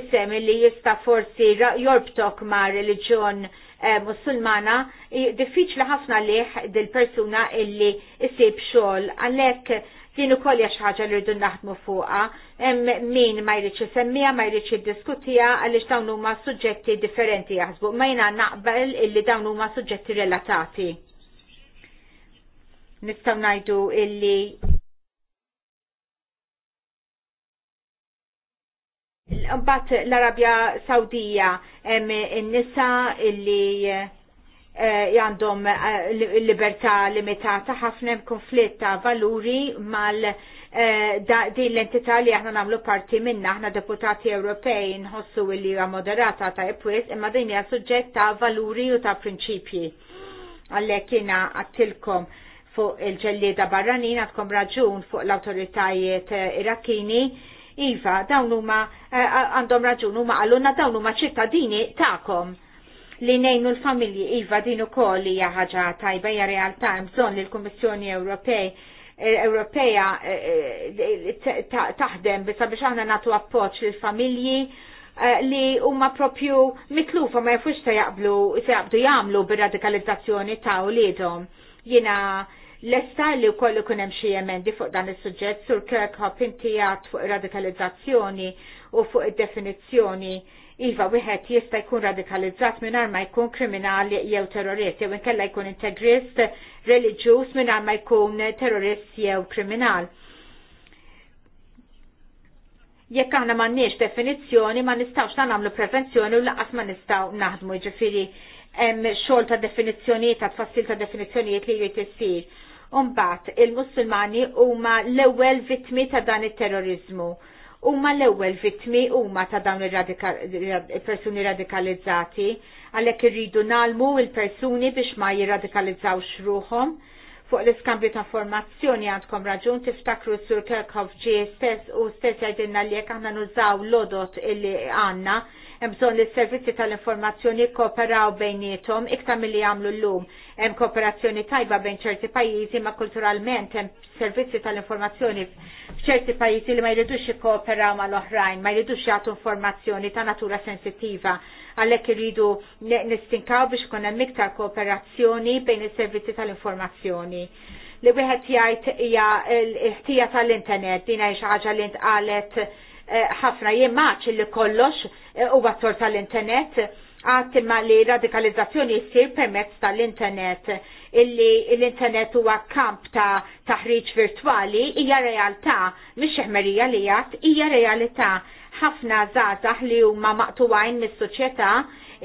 isem li jista' forsi jorbtok ma' reliġjon eh, musulmana, diffiċli ħafna liħ dil-persuna illi isib xogħol għalhekk Din ukoll hija xi ħaġa li rridu naħdmu fuqha, hemm min ma jridx isemmija, ma jridx iddiskutija għaliex dawn huma suġġetti differenti jaħsbu, ma jiena naqbel illi dawn huma suġġetti relatati. Nistgħu ngħidu illi Mbagħad l-Arabja Sawdija hemm in-nisa illi Eh, għandhom eh, libertà limitata ħafna konflitt ta' valuri mal eh, din l-entità li aħna nagħmlu parti minna aħna deputati Ewropej nħossu li huwa moderata ta' epwis, imma din hija suġġett ta' valuri u ta' prinċipji. Għalhekk jiena għattilkom fuq il-ġellieda barranin għadkom raġun fuq l-awtoritajiet Irakkini Iva, dawn huma għandhom raġun huma għallunna dawn huma ċittadini ta'kom li nejnu l-familji iva din ukoll li ħaġa tajba ja realtà hemm bżonn li l-Kummissjoni Ewropej eh, Ewropeja eh, eh, taħdem bisa biex aħna natu appoġġ lill familji li huma propju mitlufa ma jafux se jaqblu se jaqblu jagħmlu bir-radikalizzazzjoni ta' uliedhom. Jiena L-esta li kollu kunem xie emendi fuq dan il-sujġet sur Hopin intijat fuq radikalizzazzjoni u fuq il definizzjoni Iva, wieħed jista' jkun radikalizzat mingħajr ma jkun kriminali jew terrorist, jew inkella jkun integrist reliġjuż mingħajr ma jkun terrorist jew kriminal. Jekk aħna m'għandniex definizzjoni ma nistgħux ta' nagħmlu prevenzjoni u laqas ma nistgħu naħdmu jiġifieri hemm xogħol ta' definizzjonijiet ta' tfassil ta' definizzjonijiet li jrid issir, Umbagħad il-Musulmani huma l-ewwel vittmi ta' dan it-terrorizmu huma l-ewwel vittmi huma ta' dawn il-persuni radikalizzati għalhekk irridu nalmu il-persuni biex ma jirradikalizzawx ruhom. Fuq l-iskambju ta' formazzjoni għandkom raġun tiftakru s-sur Kirkhoff ġie stess u stess għedinna li jek għanna nużaw lodot illi għanna hemm bżonn li s-servizzi tal-informazzjoni kooperaw bejnietom iktar milli jagħmlu llum. Hemm kooperazzjoni tajba bejn ċerti pajjiżi ma' kulturalment hemm servizzi tal-informazzjoni f'ċerti pajjiżi li ma jridux jikkooperaw mal-oħrajn, ma jridux jagħtu informazzjoni ta' natura sensittiva għalhekk iridu nistinkaw biex kun hemm iktar kooperazzjoni bejn is-servizzi tal-informazzjoni li wieħed jgħid hija l-ħtija tal-internet dina xi ħaġa li ntqalet Eh, ħafna jien maċ li kollox eh, huwa għattor tal-internet għat imma li radikalizzazzjoni jissir permezz tal-internet illi l-internet huwa kamp ta' taħriġ virtwali hija realtà mhix ħmerija li jgħat hija realtà ħafna żgħażagħ li huma maqtuwajn mis-soċjetà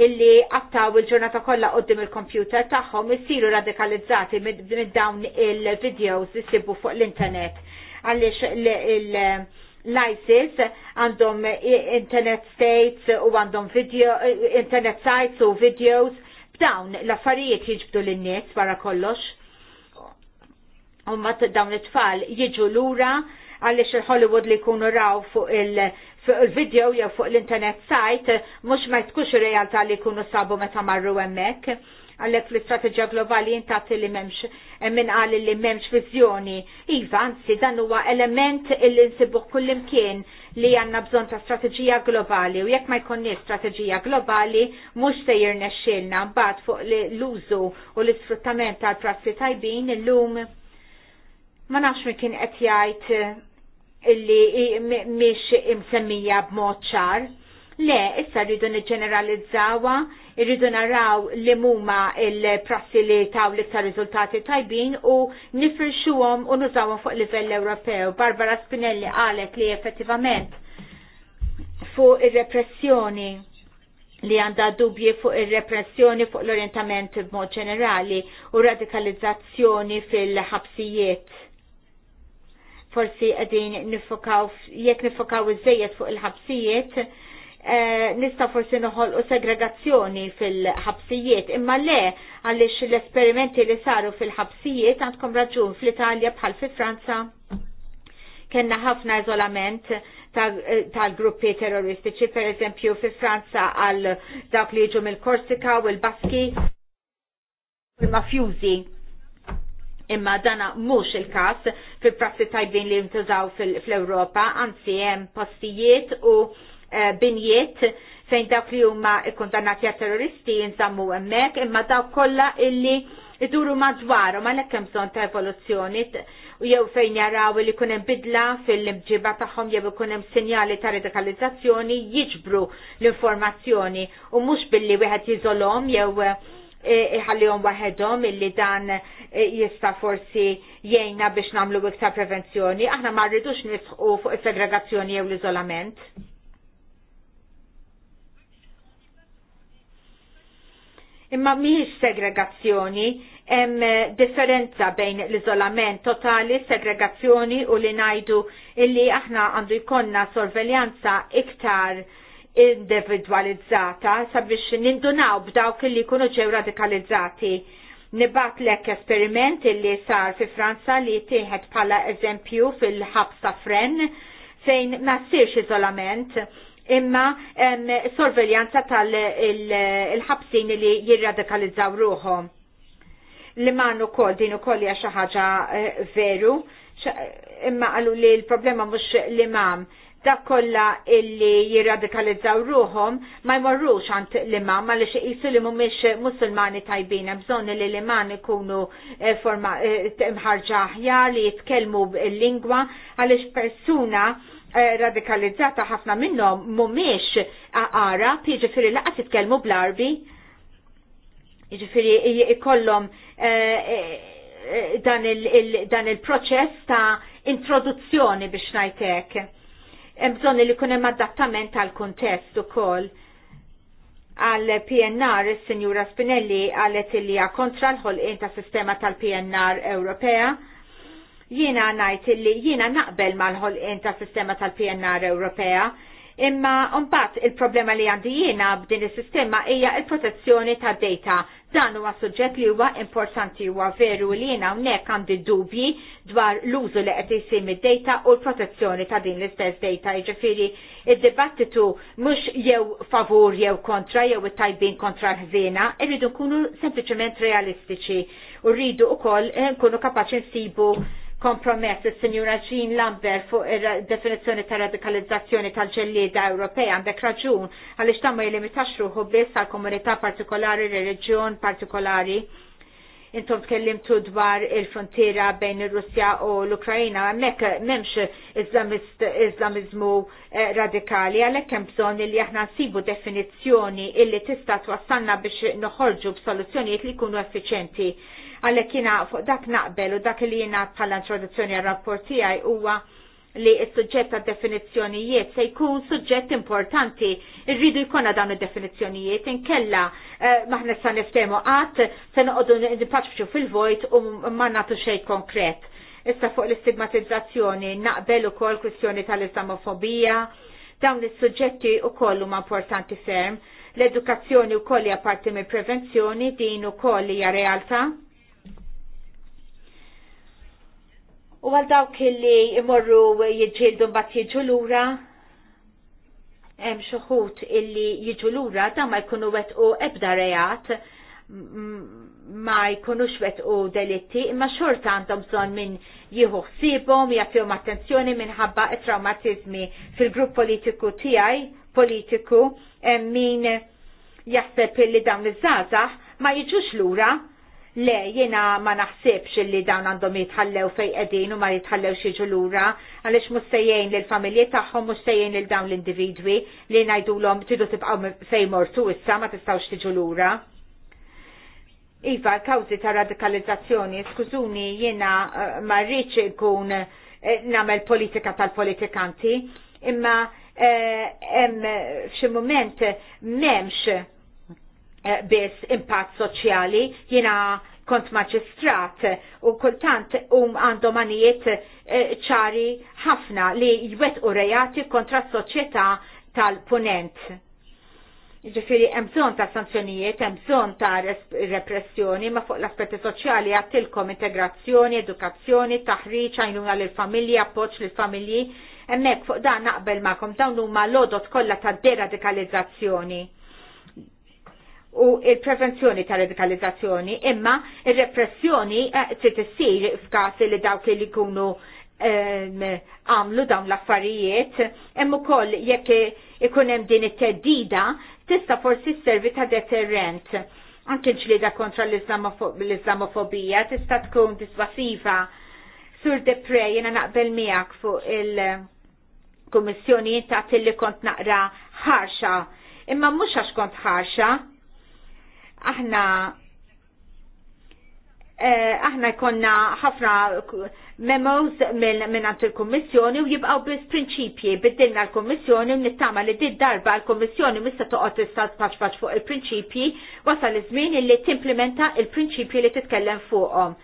illi għattaw il-ġurnata kollha qoddim il-kompjuter tagħhom isiru radikalizzati minn dawn il-videos isibu fuq l-internet għaliex il-, -il l-ISIS e għandhom internet states u għandhom video, internet sites u videos b'dawn l-affarijiet jiġbdu l-nies wara kollox. U mat dawn it-tfal jiġu lura għaliex il-Hollywood li jkunu raw fuq il- fuq il-video jew fuq l-internet site mhux ma jtkunx ir-realtà li jkunu sabu meta marru hemmhekk għallek fl-istrateġija globali jintat li memx eh, minn għal li memx vizjoni. Iva, anzi, dan huwa element illi nsibuħ kullimkien li għanna bżon ta' strateġija globali u jekk ma jkunni strateġija globali mux jirne xilna, mbagħad fuq l-użu u l-isfruttament tal-prassi tajbin illum ma nafx min kien qed jgħid illi miex imsemmija b'mod ċar Le, issa rridu nġeneralizzawa, rridu naraw li muma il-prassi li taw li iktar riżultati tajbin u nifirxuhom u nużawhom fuq livell Ewropew. Barbara Spinelli qalet li effettivament fuq ir-repressjoni li għanda dubji fuq ir-repressjoni fuq l-orientament b'mod ġenerali u radikalizzazzjoni fil-ħabsijiet. Forsi għedin nifokaw, jek nifokaw iż fuq il-ħabsijiet, Eh, nista forsi noħol u segregazzjoni fil-ħabsijiet, imma le għalix l-esperimenti li saru fil-ħabsijiet għandkom raġun fl-Italja bħal fi Franza kena ħafna izolament eh, tal-gruppi ta terroristiċi, per eżempju fi Franza għal dawk li ġu mill-Korsika u l-Baski u l-mafjużi. Imma dana mhux il-kas fil-prassi tajbin li jintużaw fl-Europa, anzi hemm postijiet u Eh, binjiet fejn dawk li huma ikkondannati għal terroristi jinżammu hemmhekk imma dawk kollha illi iduru madwarhom għalhekk hemm bżonn ta' evoluzzjoni jew fejn jaraw li jkun hemm bidla fil-imġiba tagħhom jew ikun hemm sinjali ta' radikalizzazzjoni jiġbru l-informazzjoni u mhux billi wieħed jiżolhom jew eh, iħallihom waħedhom illi dan eh, jista' forsi jgħinna biex nagħmlu iktar prevenzjoni. Aħna ma rridux nisħu fuq is-segregazzjoni jew l-iżolament. imma mhijiex segregazzjoni, hemm eh, differenza bejn l-iżolament totali, segregazzjoni u li ngħidu illi aħna għandu jkollna sorveljanza iktar individualizzata sabiex nindunaw b'dawk illi jkunu ġew radikalizzati. Nibat lek esperiment illi sar fi Franza li tieħed bħala eżempju fil-ħabs ta' Fren fejn ma sirx iżolament imma sorveljanza tal-ħabsin li jirradikalizzaw ruħom. Li mannu kol, dinu kol ja xaħġa eh, veru, imma għallu li l-problema mux li mam, da kolla illi jirradikalizzaw ruħom ma jmorrux għant l-imam ma li xiqisu li mumiex musulmani tajbin bżon li l-imam ikunu eh, eh, mħarġa ħjar li jitkelmu l-lingwa għalix persuna Eh, radikalizzata ħafna minnhom mhumiex aqara, jiġifieri laqas jitkellmu bl-arbi. Jiġifieri ikollhom eh, eh, dan il-proċess ta' introduzzjoni biex ngħidlek. Hemm bżonn li jkun hemm adattament għall kuntest ukoll għal PNR, is-Sinjura Spinelli għalet li hija kontra l-ħolqien ta' sistema tal-PNR Ewropea Jiena najt li jiena naqbel mal-ħolqien ta' sistema tal-PNR Ewropea, imma mbagħad il-problema li għandi jiena b'din is-sistema hija l-protezzjoni tad data. Dan huwa suġġett li huwa importanti huwa veru li jiena hawnhekk għandi dubji dwar l-użu li qed isir mid-data u l-protezzjoni ta' din l-istess data. Jiġifieri id-dibattitu mhux jew favur jew kontra jew it-tajbin kontra l-ħżiena, irridu nkunu sempliċement realistiċi u rridu wkoll nkunu kapaċi nsibu kompromess il-Sinjura Jean Lambert fuq il-definizjoni ta' radikalizzazzjoni tal-ġellieda Ewropea għandek raġun għaliex tamma jilimitax ruħu biss għal komunità partikolari, reġjon partikolari. Intom tkellimtu dwar il-frontiera bejn ir-Russja u l-Ukrajina, hemmhekk m'hemmx Islamiżmu eh, radikali, għalhekk hemm bżonn li aħna nsibu definizzjoni illi tista' twassalna biex noħorġu b'soluzzjonijiet li jkunu effiċenti Għalhekk jiena fuq dak naqbel u dak li jiena bħala introduzzjoni għal rapport tiegħi huwa li s-suġġett definizjonijiet definizzjonijiet se jkun suġġett importanti. Irridu jkollna dawn id-definizzjonijiet inkella eh, maħna sa niftemu qatt se noqogħdu nipaċċu fil-vojt u ma nagħtu xejn konkret. Issa fuq l-istigmatizzazzjoni naqbel ukoll kwistjoni tal-islamofobija, dawn is-suġġetti ukoll huma importanti ferm. L-edukazzjoni wkoll hija parti mill-prevenzjoni din ukoll hija realtà U għal dawk li imorru jġildu mbatt jġu lura, hemm xuħut illi jiġu lura da ma jkunu wetqu ebda rejat ma jkunux wetqu delitti imma xorta għandhom bżonn minn jieħu ħsiebhom jafjom attenzjoni minħabba traumatizmi fil-grupp politiku tiegħi politiku hemm min jaħseb illi dawn iż-żgħażagħ ma jiġux lura Le, jiena ma naħsibx li dawn għandhom jitħallew fej qegħdin u ma jitħallew xie lura għaliex mhux sejjejn lil familji tagħhom mhux sejjejn lil dawn l-individwi li ngħidulhom tridu tibqgħu fej mortu issa ma tistgħux xie lura. Iva, kawzi ta' radikalizzazzjoni, skużuni jiena eh, ma rridx ikun eh, nagħmel politika tal-politikanti, imma eh, hemm f'xi mument m'hemmx Eh, biss impatt soċjali, jiena kont maġistrat u kultant um għandhom għanijiet eh, ċari ħafna li jwet u rejati kontra s-soċjetà tal-punent. Ġifiri, emżon ta' sanzjonijiet, emżon ta' repressjoni, ma fuq l-aspetti soċjali għattilkom integrazzjoni, edukazzjoni, taħriċ, għajnuna l-familji, appoċ l-familji, emmek fuq da' naqbel ma'kom dawn huma ma' lodot kollha ta' deradikalizzazzjoni u il-prevenzjoni ta' radikalizzazzjoni, imma il-repressjoni eh, trid issir f'każ li dawk li jkunu ehm, għamlu dawn l-affarijiet, hemm ukoll jekk ikun hemm din it-teddida tista' forsi sservi ta' deterrent. Anke ġlieda kontra l-Islamofobija tista' tkun diswasiva. Sur Depre jena naqbel miegħek fuq il-Kummissjoni ta' tilli kont naqra ħarxa imma mhux għax kont ħarxa, aħna eh, aħna konna ħafna memos minn għant il-Kommissjoni u jibqaw biss prinċipji biddilna l-Kommissjoni u nittama li did darba l-Kommissjoni mista toqgħod tistat paċ fuq il-prinċipji wasal iż-żmien li timplementa il-prinċipji li titkellem fuqhom.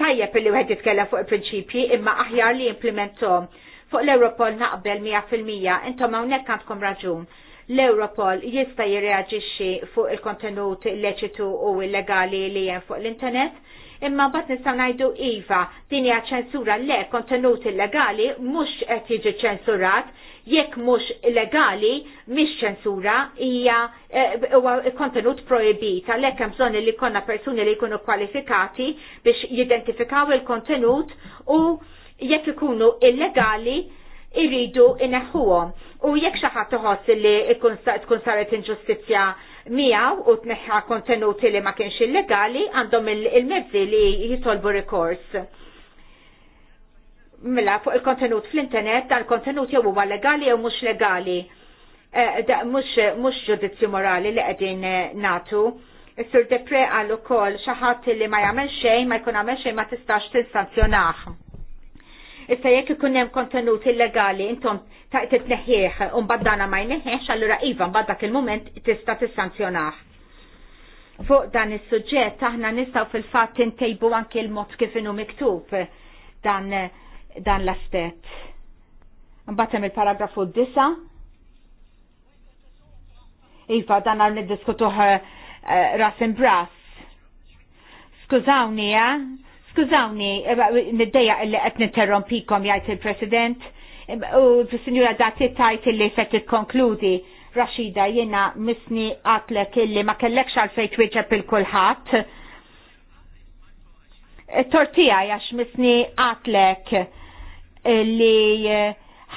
Tajjeb li wieħed jitkellem fuq il-prinċipji imma aħjar li implementom. Fuq l-Europol naqbel 100% intom hawnhekk għandkom raġun l-Europol jista' jirreaġixxi fuq il-kontenut leċitu u illegali li hemm fuq l-internet. Imma mbagħad nistgħu ngħidu iva din hija ċensura le kontenut illegali mhux qed jiġi ċensurat, jekk mhux legali mhix ċensura hija eh, kontenut proibit għalhekk hemm bżonn li jkollna persuni li jkunu kwalifikati biex jidentifikaw il-kontenut u jekk ikunu illegali iridu ineħħuhom. U jekk xi ħadd iħoss li tkun saret inġustizzja miegħu u tneħħa kontenuti li ma kienx illegali għandhom il-mezzi li jitolbu rikors. Mela fuq il-kontenut fl-internet dan kontenut jew huwa legali jew mhux legali. Eh, mhux ġudizzju morali li qegħdin eh, natu. Is-sur Depre għal ukoll xi ħadd li ma jagħmel xejn, ma jkun għamel xejn ma tistax tinsanzjonah Issa jekk ikun hemm kontenut illegali intom taq titneħħieħ u mbagħad ma jneħħiex, allura iva mbagħad dak il-mument tista' tissanzjonah. Fuq dan is-suġġett aħna nistgħu fil-fatt intejbu anke l-mod kif inhu miktub dan dan l-aspett. Mbagħad hemm il-paragrafu 9. Iva, dan għal niddiskutuh eh, ras imbras. Skużawni, eh? Skużawni, e, niddeja illi qed ninterrompikom jgħid il-President e, u s-Sinjura dati tajt illi se tikkonkludi. Rashida jiena misni għatlek illi ma kellekx għalfej twieġeb il-kulħadd. E, tortija għax misni għatlek li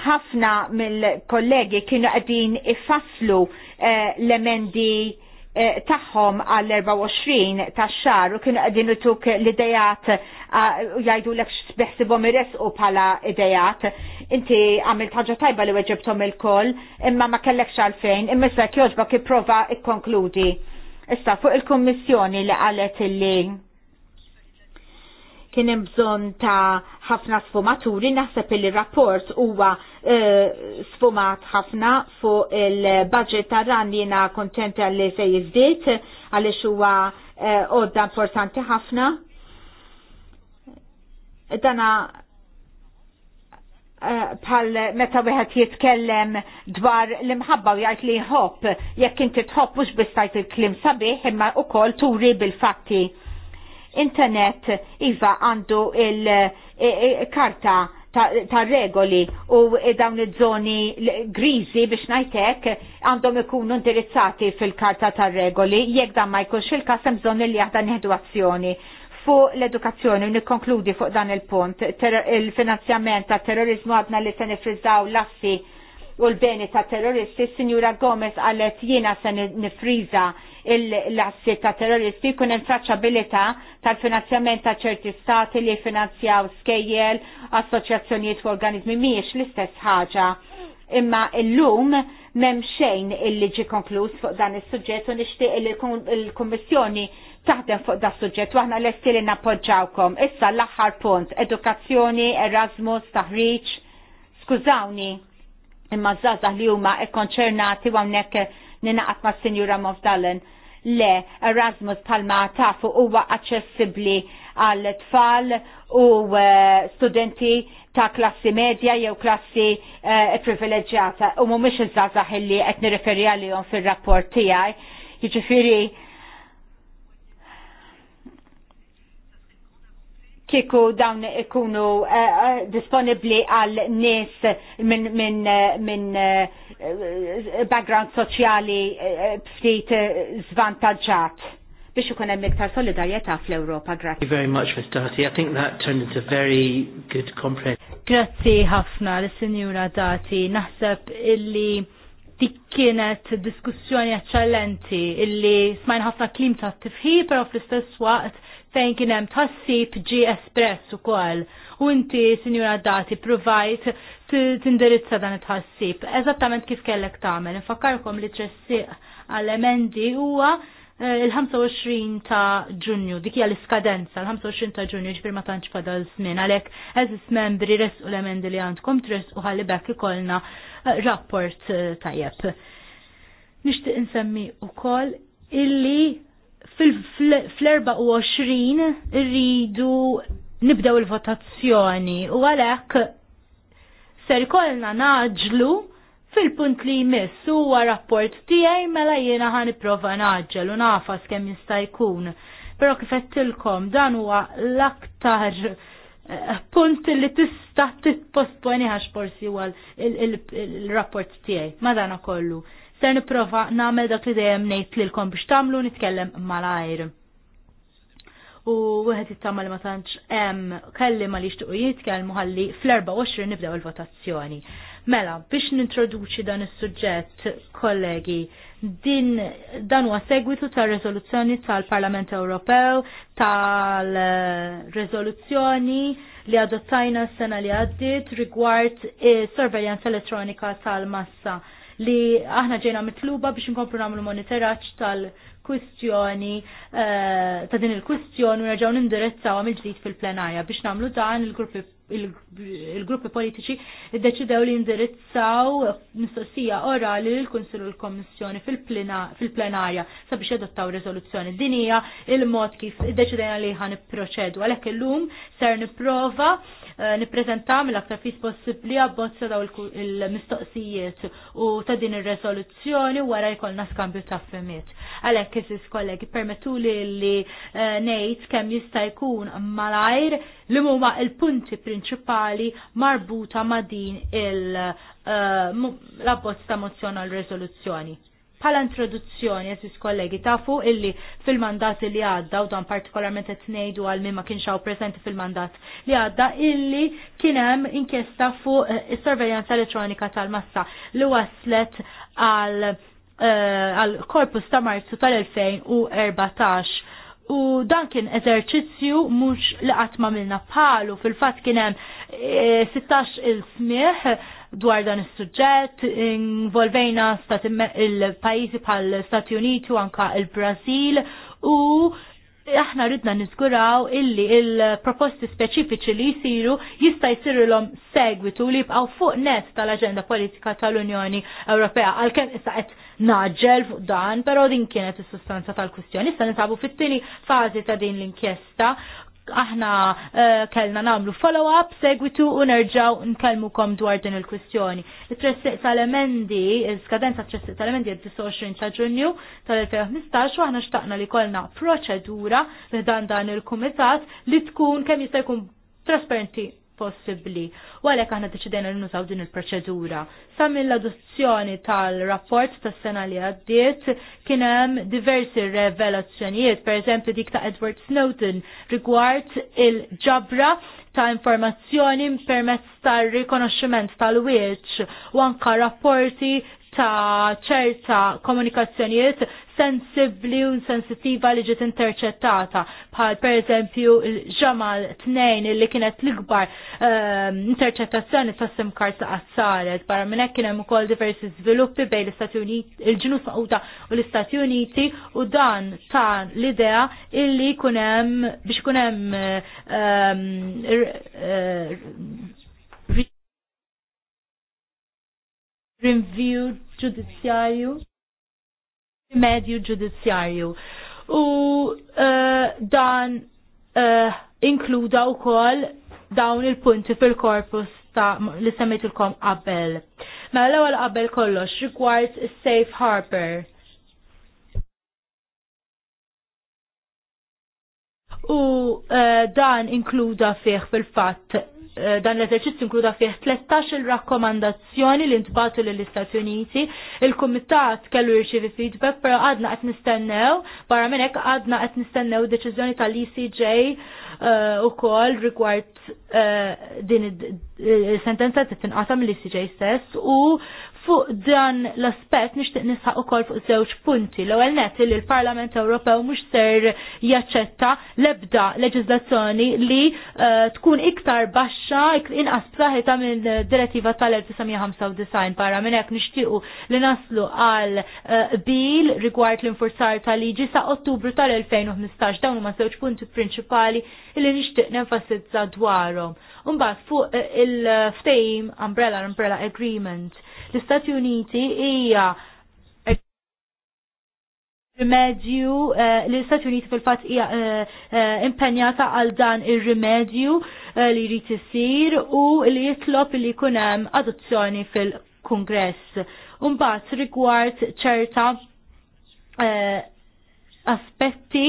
ħafna mill-kollegi kienu għedin ifasslu l-emendi Eh, tagħhom għall-24 tax-xar u kienu qegħdin tuk l-idejat u jgħidu lek x'beħsibhom u bħala idejat. Inti għamil ħaġa tajba li weġibtom il-koll, imma ma kellek għalfejn, imma sa jogħġbok ipprova ikkonkludi. Issa fuq il-Kummissjoni li qalet li kien hemm bżonn ta' ħafna sfumaturi, naħseb li rapport huwa uh, sfumat ħafna fuq il-budget ta' ran li jiena kontenta li se jiżdied għaliex huwa eh, għodda uh, importanti ħafna. Dana eh, bħal meta wieħed jitkellem dwar l-imħabba u jgħid li jħobb, jekk inti tħobb mhux biss tajt il-klim sabiħ imma wkoll turi bil-fatti internet iva għandu il-karta ta', regoli u dawn iż-żoni grizi biex najtek għandhom ikunu indirizzati fil-karta ta' regoli jekk dan ma jkunx il-każ hemm bżonn li jaħda nieħdu azzjoni fuq l-edukazzjoni, nikkonkludi fuq dan il-punt, il-finanzjament ta' terrorizmu għadna li se nifriżaw l-assi u l-beni ta' terroristi, s-Sinjura Gomez għalet jiena se nifriża l-assi ta' terroristi kun hemm traċċabilità tal-finanzjament ta' ċerti stati li finanzjaw skejjel, assoċjazzjonijiet u organizmi mhijiex l-istess ħaġa. Imma l-lum m'hemm xejn il-liġi konkluż fuq dan is-suġġett u nixtieq il-Kummissjoni taħdem fuq da' suġġett aħna lesti li nappoġġawkom. Issa l-aħħar punt, edukazzjoni, Erasmus, taħriġ, skużawni imma zazah li huma ikkonċernati hawnhekk ninaqat ma' Sinjura Mofdalen le Erasmus palma tafu huwa aċċessibbli għal tfal u eh, studenti ta' klassi medja jew klassi uh, privileġġjata u mhumiex iż-żgħażagħ illi qed nirreferi għalihom fir-rapport tiegħi. Jiġifieri kieku dawn ikunu eh, eh, disponibli għal nies minn min, eh, min, background soċjali ftit zvantaġġat biex ikun hemm iktar solidarjetà fl-Ewropa. Grazzi. Thank you very much, Ms. Dati. I think that turned into very good comprehension. Grazzi ħafna l-Sinjura Dati. Naħseb illi dik kienet diskussjoni eccellenti illi smajn ħafna klim ta' tifħi, però fl-istess waqt fejn kien hemm tassib ġi espress ukoll. U inti, sinjura Dati, provajt tindirizza dan it-ħassib. Eżattament kif kellek tagħmel. Infakkarkom li tressiq għall-emendi huwa eh, il-25 ta' ġunju, dik hija l-iskadenza, l-25 ta' ġunju ġbir ma tantx fadal żmien, għalhekk eżis membri u l-emendi li għandkom tress u ħalli bekk ikollna eh, rapport eh, tajjeb. Nixtieq insemmi ukoll illi fl-24 rridu nibdew il-votazzjoni u għalek ser kolna naġlu fil-punt li jmiss huwa rapport tiegħi mela jiena ħan nipprova naġġel u nafas kemm jista' jkun. Però kif dan huwa l-aktar eh, punt li tista' titposponi għax forsi huwa il-rapport tiegħi. Madana kollu ser niprofa namel dak li dejjem ngħid lilkom biex tagħmlu nitkellem malajr. U wieħed jittama li ma tantx hemm kelli ma li jixtuqu jitkellmu ħalli fl-24 nibdew il-votazzjoni. Mela, biex nintroduċi dan is-suġġett, kollegi, din dan huwa segwitu tar rezoluzzjoni tal-Parlament Ewropew tal-rezoluzzjoni li adottajna s-sena li għaddit rigward is-sorveljanza elettronika tal-massa li aħna ġejna mitluba biex nkomplu nagħmlu monitoraġġ tal- kwistjoni uh, eh, ta' din il-kwistjoni u nerġgħu nindirizzaw il ġdid fil-plenarja biex nagħmlu dan il-gruppi il-gruppi politiċi id-deċidew li indirizzaw mistoqsija orali l kunsil u l komissjoni fil-plenarja sabiex jadottaw rezoluzzjoni. Din hija il-mod kif iddeċidejna li ħan proċedu. Għalhekk illum ser nipprova eh, nippreżentaw mill-aktar fis possibbli għabbozza daw il-mistoqsijiet u ta' din ir-rezoluzzjoni wara jkollna skambju ta' femiet. Għalhekk kisis iżis kollegi li li eh, ngħid kemm jista' jkun malajr li huma l-punti prinċipali marbuta ma' din il-abbozz eh, ta' mozzjoni għal riżoluzzjoni. Bħala introduzzjoni, jesis kollegi, tafu illi fil-mandat li għadda, u dan partikolarment qed ngħidu għal min ma kienx hawn fil-mandat li għadda, illi kien hemm inkjesta fuq eh, is-sorveljanza elettronika tal-massa li waslet għal Eh, għal korpus ta' marzu tal-2014 u dan kien eżerċizzju mhux li qatt ma milna bħalu fil-fatt kien hemm 16 eh, il-smieħ dwar dan is-suġġett involvejna il-pajjiżi bħal Stati Uniti u anka il-Brażil u aħna ridna niskuraw illi il-proposti speċifiċi li jisiru jista' jisiru l segwitu li jibqaw fuq net tal-aġenda politika tal-Unjoni Ewropea għalkemm issa qed naġġel fuq dan, però din kienet is-sustanza tal-kwistjoni. Issa nisabu fit-tieni fażi ta' din l-inkjesta aħna eh, kellna namlu follow-up, segwitu u nerġaw kom dwar din il-kwistjoni. Il-tressiq tal-emendi, il-skadenza tressiq tal-emendi il-29 ta' ġunju tal-2015 u aħna xtaqna li kolna proċedura li dan dan il-kumitat li tkun kemm jista' jkun trasparenti possibbli. U għalhekk aħna deċidejna li nużaw din il-proċedura. Sa mill-adozzjoni tal-rapport tas-sena li għaddiet kien hemm diversi revelazzjonijiet, pereżempju dik ta' Edward Snowden rigward il-ġabra ta' informazzjoni permezz tal-rikonoxximent tal-wieċ u anka rapporti ta' ċerta komunikazzjonijiet sensibli u sensitiva li ġiet interċettata bħal per eżempju il-ġamal tnejn li kienet l-ikbar interċettazzjoni ta' sim karta għazzaret barra minn hekk kien hemm ukoll diversi żviluppi bejn l-Istati Uniti il ġinu Mawda u l-Istati Uniti u dan ta' l-idea illi jkun hemm biex kun hemm rinview ġudizzjarju medju ġudizzjarju. U uh, dan uh, inkluda wkoll dawn il-punti fil-korpus ta' li semmetilkom qabel. Mela l-ewwel qabel kollox rigward safe harbor. U uh, dan inkluda fih fil-fatt Eh, dan l-eżerċizzju inkluda fih 13 il-rakkomandazzjoni li ntbatu lill istati Uniti. Il-Kumitat kellu jirċievi feedback, però għadna qed nistennew, barra minn hekk għadna qed nistennew deċiżjoni tal-ECJ eh, ukoll rigward eh, din sentenza tittinqasam l-ECJ stess u Fuq dan l-aspett nixtieq nisħaq ukoll fuq żewġ punti. L-ewwel net li l-Parlament Ewropew mhux ser jaċċetta l-ebda li uh, tkun iktar baxxa inqas b'saħħitha minn direttiva tal-1995 barra minn hekk nixtiequ li naslu għal uh, bil rigward l-infurzar tal-liġi sa' Ottubru tal-2015 dawn huma żewġ punti prinċipali li nixtieq nenfasizza dwarhom Unbat, fuq eh, il-ftejm Umbrella Umbrella Agreement. L-Istati Uniti hija rimedju li eh, l-Istati Uniti fil-fatt hija eh, impenjata għal dan ir-rimedju li jrid isir u li jitlob li jkun hemm adozzjoni fil kongress Unbat, rigward ċerta aspetti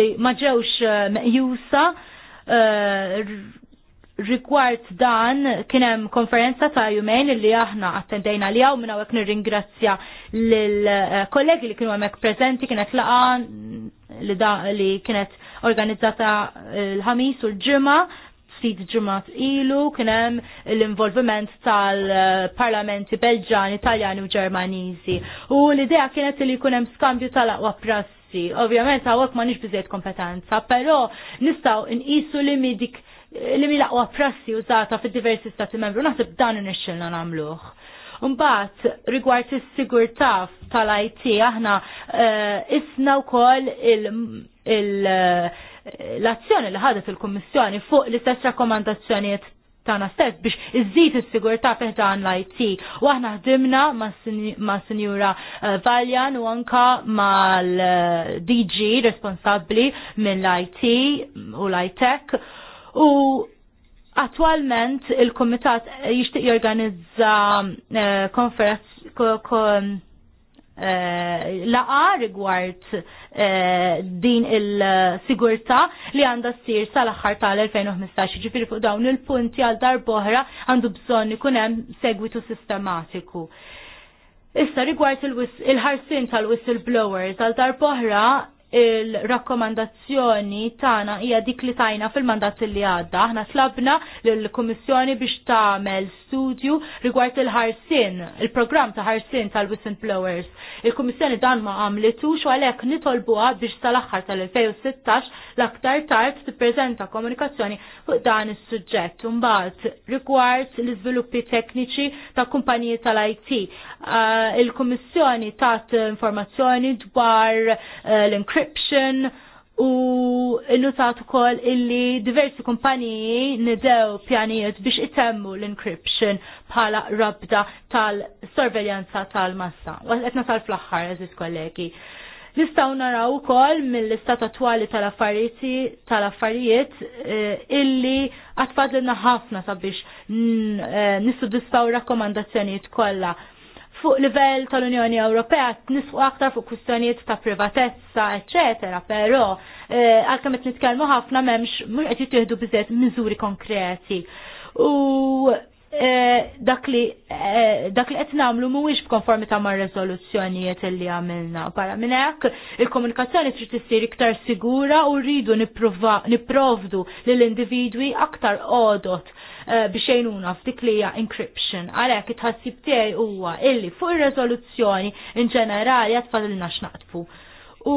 li ma ġewx meqjusa Rikward dan kienem konferenza ta' jumejn li aħna attendejna li għaw minna għek nirringrazzja l-kollegi li kienu għamek prezenti kienet laqa li, li kienet organizzata eh, l-ħamis u l-ġimma ftit ġimgħat ilu kien hemm l-involviment tal-parlamenti Belġani, Italjani u Ġermaniżi. U l-idea kienet li jkun hemm skambju tal-aqwa prassi. Ovvjament hawnhekk nix biżejjed kompetenza, però nistgħu nqisu li midik li mi laqwa prassi użata fi diversi stati membru, naħseb dan nixxilna namluħ. Mbagħad rigward is-sigurtà tal-IT aħna uh, isna wkoll eh, l-azzjoni li ħadet il-Kummissjoni fuq l-istess rakkomandazzjonijiet tana stess biex iżżid is-sigurtà fiħdan l-IT. U aħna ħdimna ma' Sinjura eh, Valjan u anka mal-DG responsabbli mill-IT u l-ITEC U attualment il-komitat jixtieq jorganizza eh, konferenz eh, laqa rigward eh, din il-sigurta li għanda s-sir sal-axħar tal-2015, ġifiri fuq dawn il-punti għal darboħra għandu bżon hemm segwitu sistematiku. Issa rigward il-ħarsin tal-whistleblowers għal darboħra il-rakkomandazzjoni tagħna hija dik li tajna fil-mandat li għadda. Aħna tlabna lill-Kummissjoni biex tagħmel studju rigward il-ħarsin, il-programm ta' ħarsin tal-whistleblowers. Il-Kummissjoni dan ma għamlitux u għalhekk nitolbuha biex tal-aħħar tal-2016 l-aktar tard tippreżenta komunikazzjoni fuq dan is-suġġett. Imbagħad rigward l-iżviluppi tekniċi ta' kumpaniji tal-IT. Uh, Il-Kummissjoni tat informazzjoni dwar uh, l-encryption subscription u notat ukoll illi diversi kumpaniji nidew pjanijiet biex itemmu l-encryption bħala rabda tal-sorveljanza tal-massa. Għetna tal-flaħħar, għaziz kollegi. Nistaw naraw ukoll mill-istat attuali tal-affarijiet tal-affarijiet eh, illi għatfadlina ħafna sabiex eh, nissudisfaw rakkomandazzjonijiet kollha fuq livell tal-Unjoni Ewropea nisqu aktar fuq kwistjonijiet ta' privatezza, eċetera, però eh, għalkemm qed nitkellmu ħafna m'hemmx mhux qed jittieħdu biżejt miżuri konkreti. U eh, eh, dak li qed nagħmlu mhuwiex b'konformità mar-reżoluzzjonijiet li għamilna. Para minn hekk il-komunikazzjoni trid issir iktar sigura u rridu nipprovdu lill individwi aktar għodot Eh, biex jgħinuna f'dik li hija encryption. Għalhekk it-ħassib tiegħi huwa illi fuq ir-reżoluzzjoni in ġenerali għatfadilna x'naqtfu. U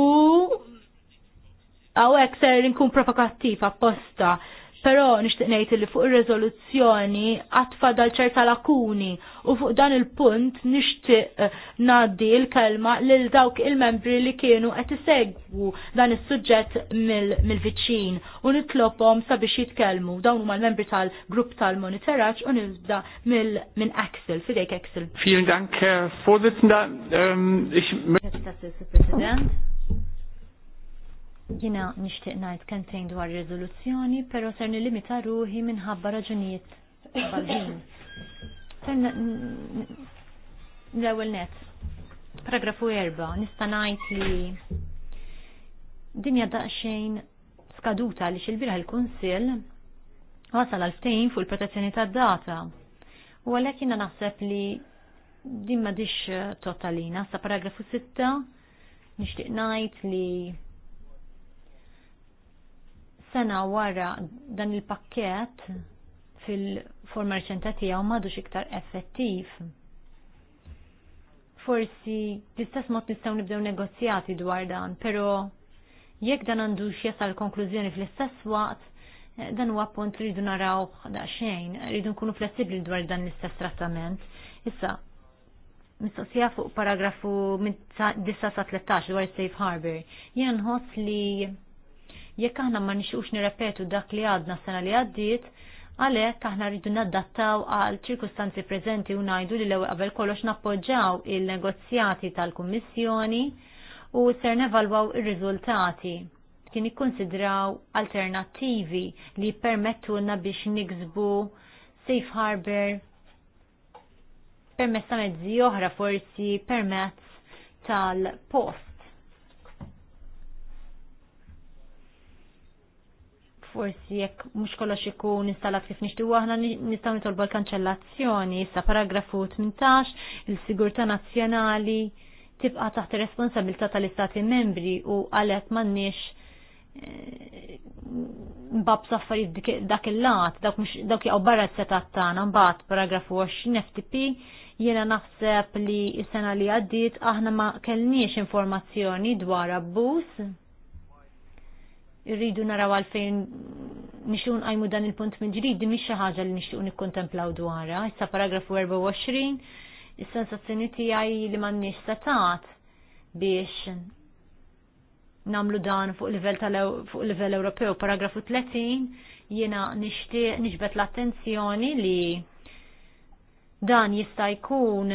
għawek ser nkun provokattiv apposta Però nixtieq nejt li fuq ir rezoluzzjoni għatfa dal ċerta lakuni u fuq dan il-punt nixtieq eh, ngħaddi l-kelma lil dawk il-membri li kienu qed isegwu dan is-suġġett mill-viċin u nitlobhom sabiex jitkellmu dawn huma l-membri tal-grupp tal monitoraċ u nibda minn Axel fidejk Axel. Vielen Dank, Herr Vorsitzender. Ähm, ich Jina nishtiq najt kentejn dwar rezoluzzjoni, pero ser nilimita ruħi minħabba raġunijiet bħal l-ewel net, paragrafu erba, nista najt li dinja daqxejn skaduta li xil l-Kunsil wasal għal-ftejn fuq il-protezzjoni tad data U għalek jina naħseb li din ma dix totalina, sa paragrafu 6 nishtiq najt li sena wara dan il-pakket fil-forma reċenta tiegħu m'għadux iktar effettiv. Forsi l-istess mod nistgħu nibdew negozjati dwar dan, però jekk dan għandux jasal konklużjoni fl-istess waqt, eh, dan huwa punt rridu naraw daqsxejn, rridu nkunu flessibbli dwar dan l-istess trattament. Issa, mistoqsija fuq paragrafu 9 sa 13 dwar safe harbor. Jien nħoss li jekk aħna ma nixux nirrepetu dak li għadna sena li għaddiet, għalhekk aħna rridu naddattaw għal ċirkustanzi prezenti u najdu li l-ewel qabel kollox nappoġġaw il-negozjati tal-Kummissjoni u ser nevalwaw ir-riżultati kien ikkonsidraw alternattivi li permettulna biex niksbu safe harbor permezz ta' mezzi oħra forsi permezz tal-post forsi jekk mhux kollox ikun installat kif nixtiew aħna nistgħu nitolbu l-kanċellazzjoni sa paragrafu 18 il-sigurtà nazzjonali tibqa' taħt ir tal-istati membri u għalhekk m'għandniex eh, mbab saffari dak il-lat, dak jgħu barra t-setat tagħna mbagħad paragrafu 20 FTP jiena naħseb li s-sena li għaddiet aħna ma kellniex informazzjoni dwar abbus irridu naraw għalfejn nixun għajmu dan il-punt minn ġrid, dimmi xaħġa li nixun nikkontemplaw dwarra. Issa paragrafu 24, is-sensazzjoni tiegħi li m'għandniex setat biex namlu dan fuq livell tal fuq Ewropew. Paragrafu 30 jiena nixtieq nixbet l-attenzjoni li dan jista' jkun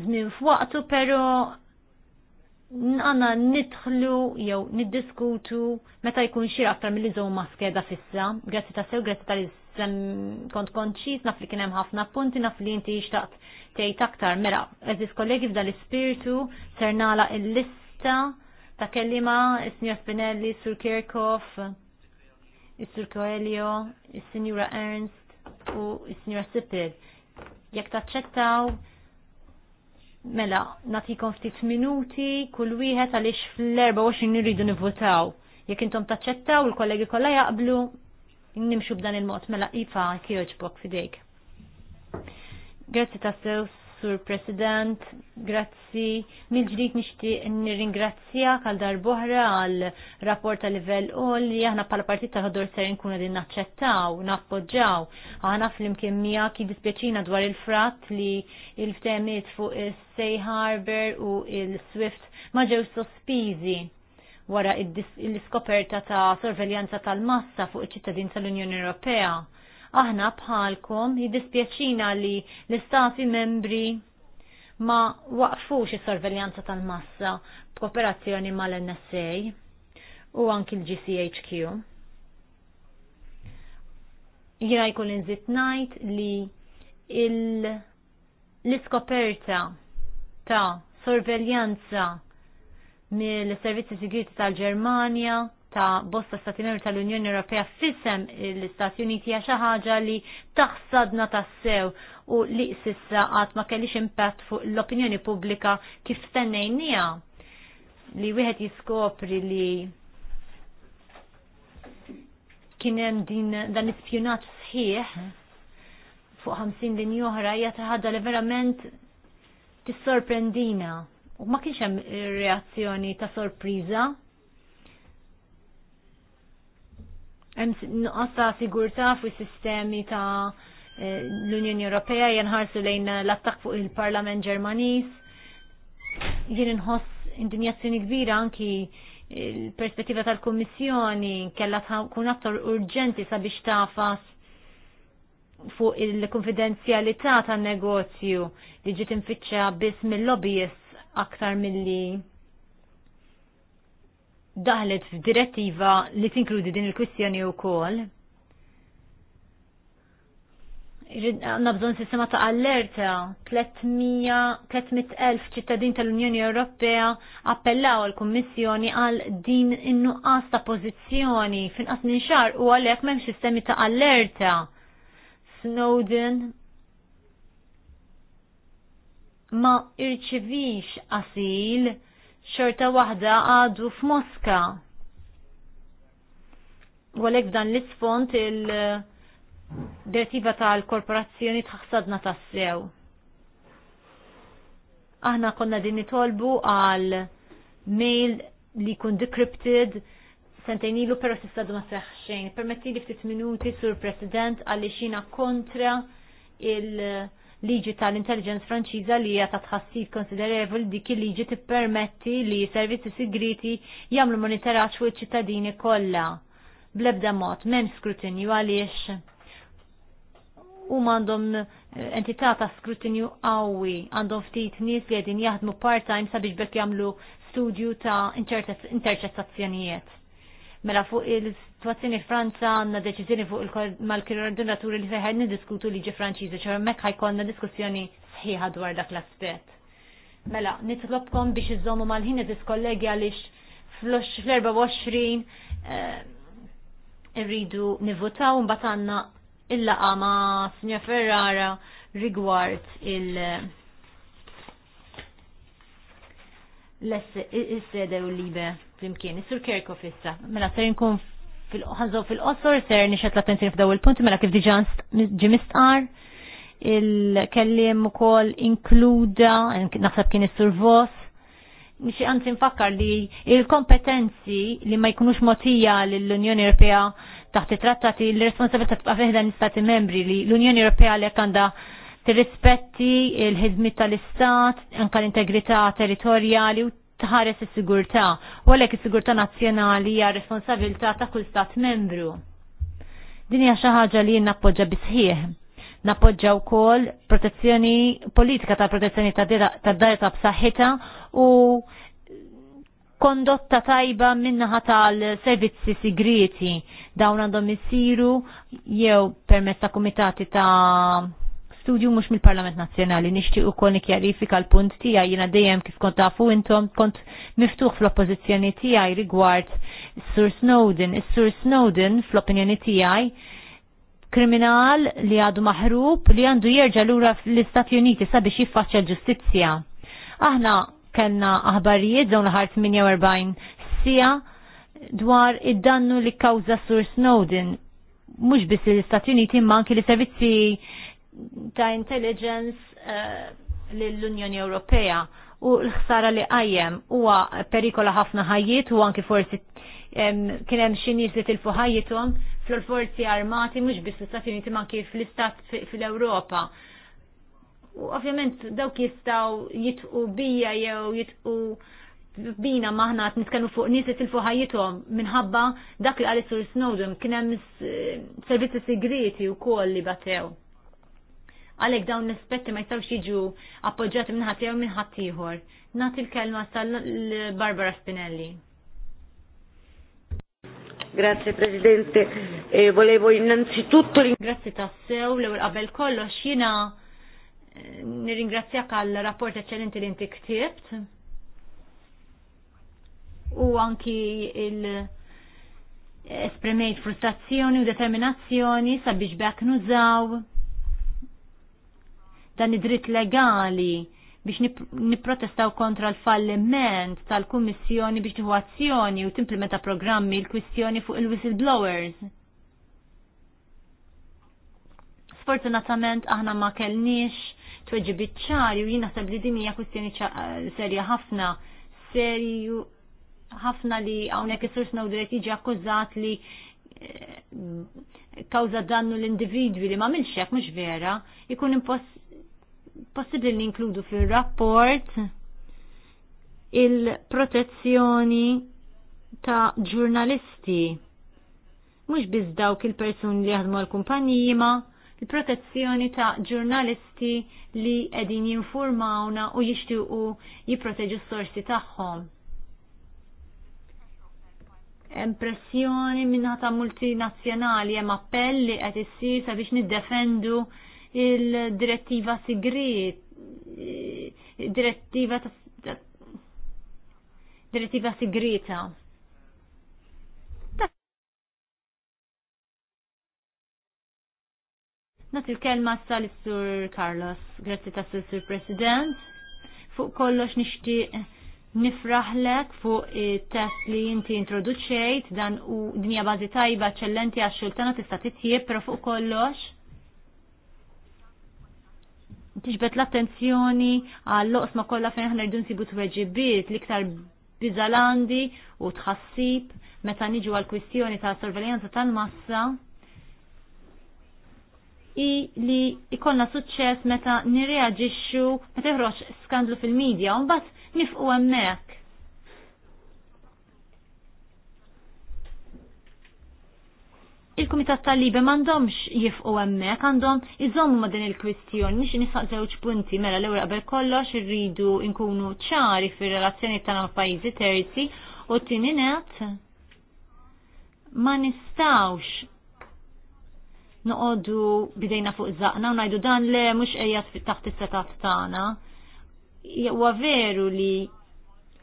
żmien f'waqtu, pero għanna nidħlu jew niddiskutu meta jkun xir aktar mill żomma skeda fissa. Grazzi ta' sew, grazzi li sem kont konċis, naf li kien hemm ħafna punti, naf li jinti jishtaqt tgħid aktar. mera. eżis kollegi f'dan l-ispirtu sernala il lista ta' kellima is-Sinjor Spinelli, Sur Kirchhoff, is-Sur Coelho, is-Sinjura Ernst u il sinjura Sippel. Jekk taċċettaw, Mela, natikom ftit minuti, kull wieħed għaliex fl-24 nirridu nivvotaw. Jekk intom taċċettaw, il-kollegi kollha jaqblu, nimxu b'dan il-mod, mela ifa kjoġbok fidejk. Grazzi tas-sews. Sur President, grazzi. Mil-ġdijt nishti nir-ingrazzja għal boħra għal rapport għal livell u li aħna pala partit ta' ħodur ser nkun din naċċettaw, nappoġġaw. Aħna flim imkien mija ki dispieċina dwar il-frat li il-ftemiet fuq il-Say Harbor u il-Swift maġew sospizi wara il-diskoperta ta' sorveljanza tal-massa fuq il ċittadin tal-Unjoni Ewropea aħna bħalkom jiddispjaċina li l-istati membri ma waqfux is-sorveljanza tal-massa b'kooperazzjoni mal-NSA u anki l-GCHQ. Jira jkun inżit najt li l-iskoperta ta' sorveljanza mill-servizzi sigurti tal-Germania ta' bosta stati membri tal-Unjoni Ewropea fissem l-Istati Uniti xi ħaġa li taħsadna tassew u li sissa għat ma kellix impatt fuq l-opinjoni pubblika kif stennejnija li wieħed jiskopri li kien hemm din dan ispjunat sħiħ fuq 50 din hija ta ħaġa li verament tissorprendina u ma kienx hemm reazzjoni ta' sorpriża hemm nuqqas ta' sigurtà fuq sistemi ta' eh, l-Unjoni Ewropea jenħarsu lejn l-attak fuq il-Parlament Ġermaniż. Jien inħoss indinjazzjoni kbira anki il-perspettiva tal-Kummissjoni kellha tkun aktar urġenti sabiex tafas fuq il-konfidenzjalità tan-negozju li ġiet infittxa biss mill-lobbyist aktar milli daħlet f'direttiva li tinkludi din il-kwistjoni u kol. Għanna bżon sistema ta' allerta 300.000 ċittadin tal-Unjoni Ewropea appellaw għal-Kommissjoni għal din innuqqas ta' pozizjoni finqas minn xar u għalek memx sistemi ta' allerta. Snowden ma irċivix asil xorta waħda għadu f'Moska U għalhekk f'dan l-isfond il-direttiva tal-korporazzjoni tħaħsadna tassew. Aħna konna din nitolbu għal mail li kun decrypted sentajn ilu pero s-istadu ma seħxin. Permetti li ftit minuti sur president għalli xina kontra il- liġi tal-intelligence franċiża li hija ta' tħassib konsiderevoli dik il-liġi tippermetti li servizzi segreti jagħmlu monitoraġġ fuq iċ-ċittadini kollha. Blebda mod m'hemm skrutinju għaliex u għandhom eh, entità ta' skrutinju qawwi għandhom ftit nies li qegħdin jaħdmu part-time sabiex bekk jagħmlu studju ta' interċettazzjonijiet Mela fuq il-situazzjoni Franza għandna deċiżjoni fuq il mal-kirordinaturi li feħed niddiskutu liġi Franċiżi, ċar mekk ħajkonna diskussjoni sħiħa dwar dak l-aspett. Mela, nitlobkom biex iżommu mal-ħin eżis kollegi għaliex fl-24 eh, irridu nivutaw mbagħad għandna il-laqa ma' Sinja Ferrara rigward il- eh, l-sede u libe flimkien. Is-Sur Kerkov fissa. mela ser nkun fil-ħanżu fil-qosor, ser nixet l-attenzjoni f'daw il-punti, mela kif diġan ġimistqar, il-kellim u kol inkluda, naħseb kien is-Sur Vos, nixi għanzi nfakkar li il-kompetenzi li ma jkunux motija l-Unjoni Ewropea taħt it-trattati l-responsabilità tibqa' fiħda l-Istati membri li l-Unjoni Ewropea li għandha tirrispetti il-ħidmit tal-Istat, anka l-integrità territorjali u tħares is-sigurtà, u għalhekk is-sigurtà nazzjonali hija responsabilità ta' kull stat membru. Din hija xi ħaġa li jien nappoġġa bisħieħ nappoġġa kol protezzjoni politika ta' protezzjoni ta' data b'saħħitha u kondotta tajba minnaħa tal-servizzi sigriti dawn għandhom isiru jew permezz ta' kumitati ta' studju mhux mill-Parlament Nazzjonali u koni nikkjarifika l-punt tiegħi jiena dejjem kif kont tafu intom kont miftuħ fl-oppożizzjoni tiegħi rigward Sur Snowden. Is-Sur Snowden fl-opinjoni tiegħi kriminal li għadu maħrub li għandu jerġa' lura fl-Istati Uniti sabiex jiffaċċa l-ġustizzja. Aħna kellna aħbarijiet dawn l-ħar 48 sija dwar id-dannu li kawza Sur Snowden mhux biss l-Istati Uniti ma anki li servizzi ta' intelligence uh, eh, l-Unjoni Ewropea u l-ħsara li għajjem huwa perikola ħafna ħajjiet u anki forsi kien hemm xi nies li tilfu ħajjithom fl-forzi armati mhux biss l-Istati Uniti ma kif l-istat fil-Ewropa. U ovvjament dawk jistgħu jitqu bija jew jitqu bina maħna għat nitkellmu fuq nies li tilfu ħajjithom minħabba dak li għal Snowden kien hemm servizzi segreti wkoll li batew għalhekk dawn l ma jistawx jiġu appoġġjati minn ħadd jew minn ħadd ieħor. Nagħti l-kelma sal-Barbara Spinelli. Grazie Presidente, e volevo innanzitutto Grazie tassew l ewwel qabel kollox jiena eh, nirringrazzjak għal rapport eccellenti li inti ktibt u anki il- esprimejt frustrazzjoni u determinazzjoni sabiex bekk nużaw dan id-dritt legali biex niprotestaw kontra l-falliment tal-Kummissjoni biex tiħu azzjoni u timplementa programmi l-kwistjoni fuq il-whistleblowers. Sfortunatament aħna ma kellniex tweġi bitċari u jien naħseb li din hija kwistjoni serja ħafna serju ħafna li hawnhekk isur snowdrejt jiġi akkużat li eh, kawza dannu l-individwi li ma milxek mux vera, ikun impost possibli ninkludu inkludu fil-rapport il-protezzjoni ta' ġurnalisti. Mux biz dawk il-persuni li jaħdmu l kumpaniji ma il-protezzjoni ta' ġurnalisti li edin jinformawna u jishtiqu jiproteġu s-sorsi tagħhom impressjoni minna ta' multinazzjonali hemm appelli li qed issir sabiex niddefendu il-direttiva sigrit, direttiva ta' direttiva sigrita. Nat il-kelma sal-Sur Carlos, grazzi ta' Sur President. Fuq kollox nishti nifraħlek fuq il-test li inti introduċejt dan u dmija bazi tajba ċellenti għax xultana tista' titjieb, pero fuq kollox tiġbet l-attenzjoni għall-loqsma kollha fejn aħna rridu nsibu tweġibiet l-iktar biżalandi u tħassib meta niġu għal kwistjoni ta' sorveljanza tal-massa i li ikollna suċċess meta nirreaġixxu meta jħroġ skandlu fil-medja u mbagħad nifqu hemmhekk il-Kumitat tal-Libe m'għandhomx jifqu hemmhekk, għandhom iżommu ma' din il-kwistjoni, nix nisaq żewġ punti mela l-ewwel qabel kollox irridu nkunu ċari fir-relazzjoni tagħna għam pajjiżi terzi u t tininet ma nistawx noqodu bidejna fuq zaqna u najdu dan le mux ejjat fit taħt is-setat tagħna. Huwa veru li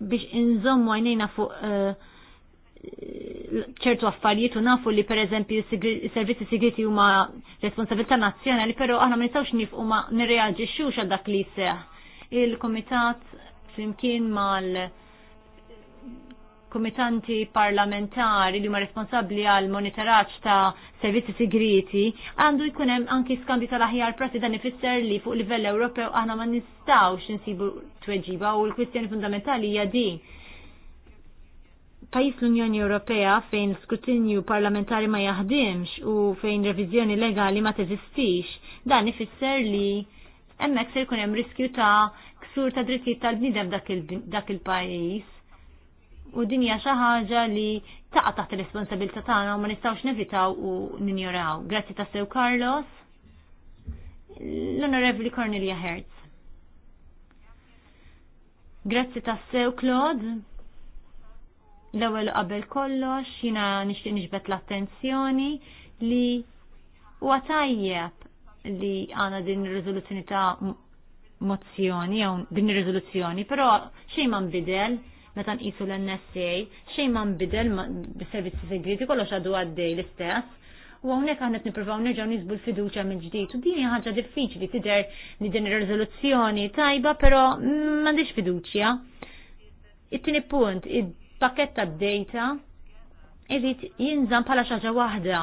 biex inżommu għajnejna fuq uh, ċertu affarijiet u nafu li per eżempju s-servizzi sigriti huma responsabilità nazzjonali, però aħna ma nistgħux nifqu ma nirreaġixxux għal dak li seħ. Il-Kumitat flimkien mal komitanti parlamentari li huma responsabbli għal monitoraġġ ta' servizzi sigriti għandu jkun hemm anki skambju tal-aħjar prati dan ifisser li fuq livell Ewropew aħna ma nistgħux insibu tweġiba u l-kwistjoni fundamentali hija din pajis l-Unjoni Ewropea fejn skrutinju parlamentari ma jaħdimx u fejn revizjoni legali ma teżistix, dan ifisser li hemmhekk se jkun hemm riskju ta' ksur ta' drittijiet tal-bniedem dak il-pajjiż. U din hija xi ħaġa li taqa' taħt ir-responsabilità tagħna u ma nistgħux nevitaw u ninjoraw. Grazzi ta' sew Carlos. L-Onorevoli Cornelia Hertz. Grazzi ta' sew Claude l-ewwel qabel kollox jiena nixtieq nixbet l-attenzjoni li huwa tajjeb li għana din ir-riżoluzzjoni ta' mozzjoni jew din ir-riżoluzzjoni, però xejn ma nbidel meta nqisu l-NSA, xejn ma nbidel bis-servizzi segreti kollox għadu għaddej l-istess. U hawnhekk aħna nippruvaw nerġgħu niżbu l-fiduċja minn ġdid u din ħaġa diffiċli tidher li din ir-riżoluzzjoni tajba, però m'għandix fiduċja. It-tieni punt, id pakket ta' data irrid jinżam bħala xaġa waħda.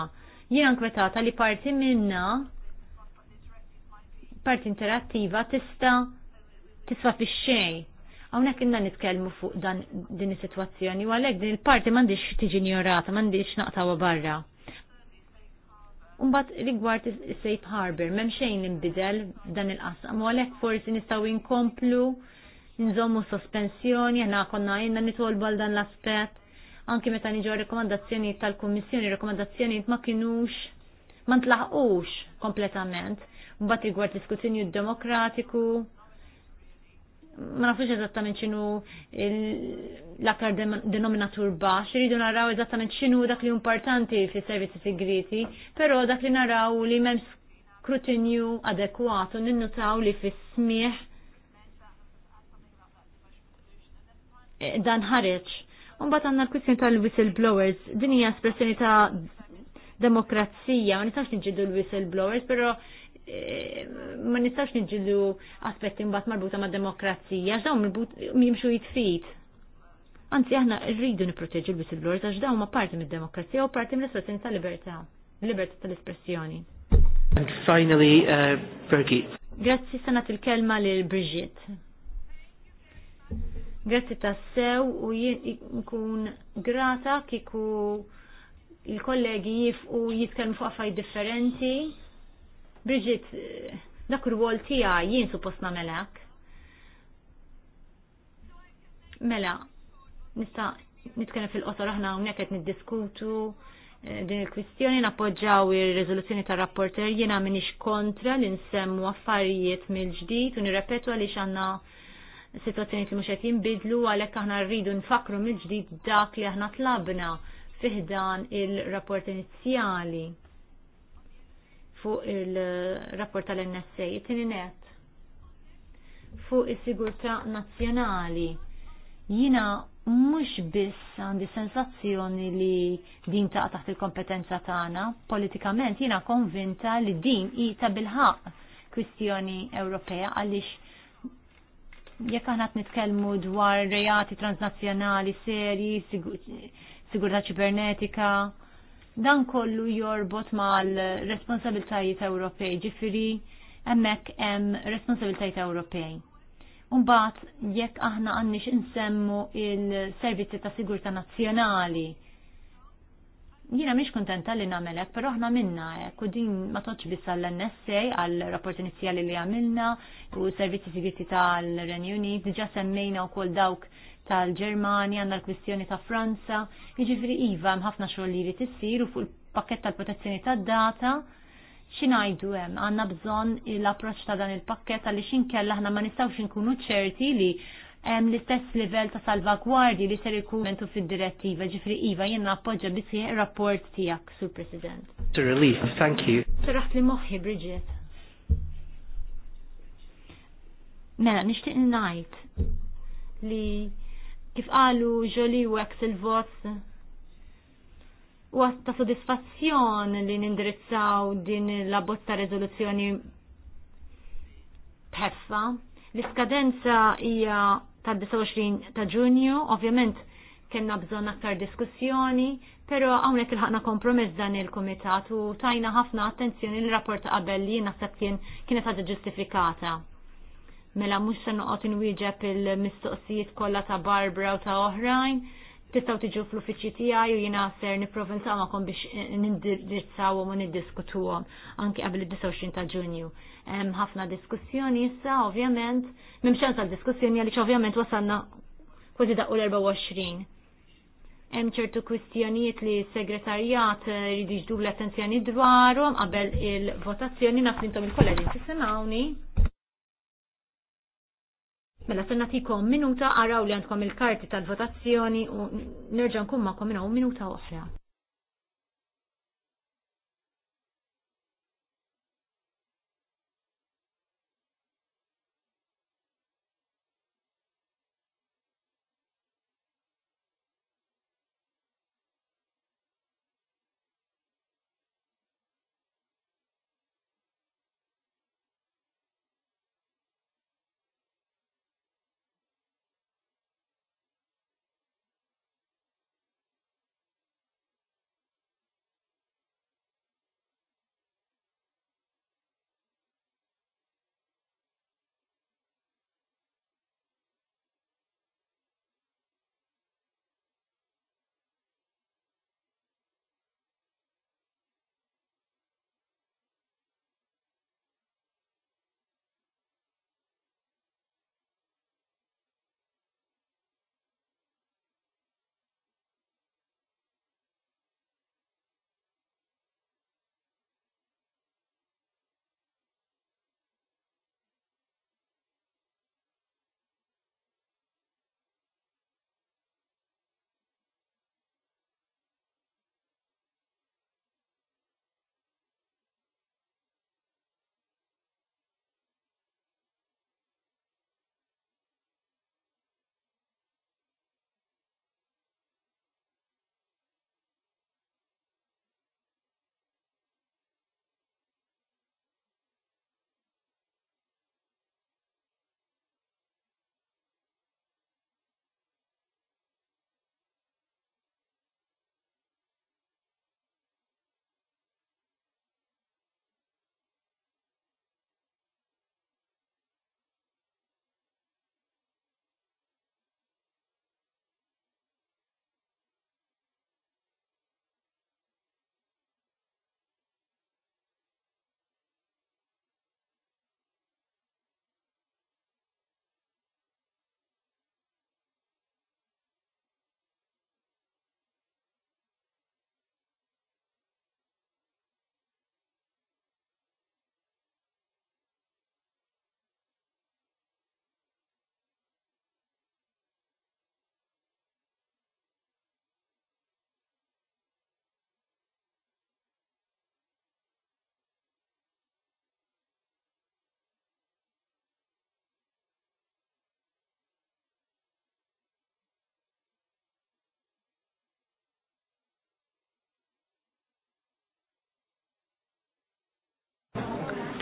Jiena nkwetata li parti minna parti interattiva tista' tiswa fi xej. Hawnhekk inna nitkellmu fuq dan din is-sitwazzjoni u għalhekk din il-parti m'għandix tiġi injorata, m'għandix naqtawa barra. Umbat rigward is-safe harbor, m'hemm xejn inbidel dan il-qasam u għalhekk forsi nistgħu inkomplu nżommu sospensjoni, aħna konna jenna nitolbu għal dan l-aspet, anki meta niġu rekomandazzjoni tal-Kommissjoni, rekomandazzjoni ma kienux, ma ntlaħqux kompletament, mbagħad rigward diskutinju demokratiku, ma nafux eżattament x'inhu l-aktar denominatur baxx, iridu naraw eżattament x'inhu dak li importanti fis servizzi segreti, però dak li naraw li m'hemm skrutinju adekwatu ninnutaw li fi smieħ dan ħareġ. Umbat għanna l-kwistjoni tal-whistleblowers, din hija espressjoni ta' demokrazija, ma nistax nġiddu l-whistleblowers, pero eh, ma nistax nġiddu aspetti mbagħad marbuta ma' demokrazija, x'dawn jimxu jitfit. Anzi aħna rridu nipproteġu l-whistleblowers għax dawn ma' parti mid-demokrazija u parti mill-espressjoni tal-libertà, libertà tal-espressjoni. And finally, uh, Birgit. Grazzi sanat il-kelma lil Brigitte. Grazzi tassew u nkun grata kiku il-kollegi jifqu jitkellmu fuq affaj differenti. Bridget, dak rwol tiegħi jien suppost namelek. Mela, nista' nitkellem fil-qosor aħna hawnhekk qed niddiskutu eh, din il-kwistjoni nappoġġaw ir-riżoluzzjoni tar-rapporter jiena minix kontra li nsemmu affarijiet mill-ġdid u nirrepetu għaliex għandna situazzjoni li mhux qed jinbidlu għalhekk aħna rridu nfakru mill-ġdid dak li aħna tlabna fiħdan il-rapport inizjali fuq il-rapport tal-NSA, it tininet fuq il-sigurta nazjonali. Jina mux biss għandi sensazzjoni li din ta' taħt il-kompetenza tagħna, politikament jina konvinta li din i ta' bilħaq kwistjoni Ewropea għaliex jekk aħna nitkellmu dwar reati transnazzjonali serji, sigurtà ċibernetika, dan kollu jorbot mal-responsabiltajiet Ewropej, ġifiri hemmhekk hemm responsabiltajiet Ewropej. Umbat, jekk aħna għannix insemmu il-servizzi ta' sigurta nazjonali Jina miex kontenta li namelek, pero ħna minna, u din ma toċ bissa l-NSA għal rapport inizjali li għamilna u servizzi sigritti tal-Renjuni, diġa semmejna u kol dawk tal-Germania, għanna l-kwistjoni ta' Franza, jġifri Iva, mħafna xoll li jrid issir u fuq il-pakket tal-protezzjoni tad-data, xinajdu hemm għandna bżonn l-approċċ ta' dan il-pakket għaliex inkella aħna ma nistgħux inkunu ċerti li hemm l-istess livell ta' salvagwardji li ser ikun fid-direttiva ġifri iva jien appoġġa bisih rapport tiegħek sur President. To relief, thank you. Seraħt li moħħi Bridget. Mela, nixtieq ngħid li kif qalu ġoli u il-vots u ta' sodisfazzjon li nindirizzaw din la botta rezoluzzjoni teffa. L-iskadenza hija ta' 29 ta' ġunju, ovvjament kena bżon aktar diskussjoni, pero għawnek il-ħakna kompromess dan il-komitat u tajna ħafna attenzjoni l-rapport qabel li naħseb kien kienet ħaġa ġustifikata. Mela mux se noqgħod inwieġeb il-mistoqsijiet kollha ta' Barbara u ta' oħrajn, tistaw tiġu fl-uffiċċji tiegħi u jina ser nipprovinzawkom biex eh, nindirizzawhom u niddiskutuhom anke qabel id-29 ta' Ġunju. Hemm ħafna diskussjoni issa ovvjament, m'hemmx għal diskussjoni għaliex ovvjament wasalna kważi daqqu l-24 hemm ċertu kwistjonijiet li s-segretarjat eh, jridu l-attenzjoni dwarhom qabel il-votazzjoni naf intom il-kollegi tisimgħuni. Mela se nagħtikom minuta għaraw li għandkom il-karti tal-votazzjoni u nerġa' nkun magħkom minuta oħra.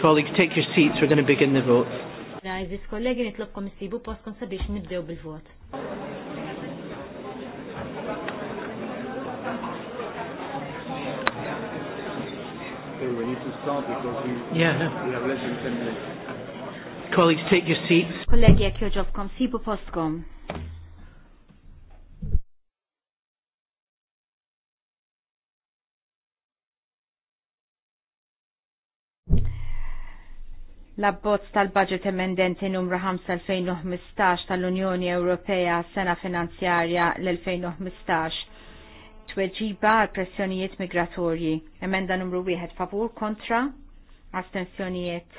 Colleagues, take your seats. We're going to begin the vote. Għazis kollegi nitlobkom istibu postkom sabiex nibdew bil-vot. Colleagues, take your seats. Kollegi, jek joġobkom, sibu postkom. L-abbozz tal-budget emendenti numru 5-2015 tal-Unjoni Ewropea sena finanzjarja l-2015 tweġiba għal pressjonijiet migratorji. Emenda numru 1 favur kontra astensjonijiet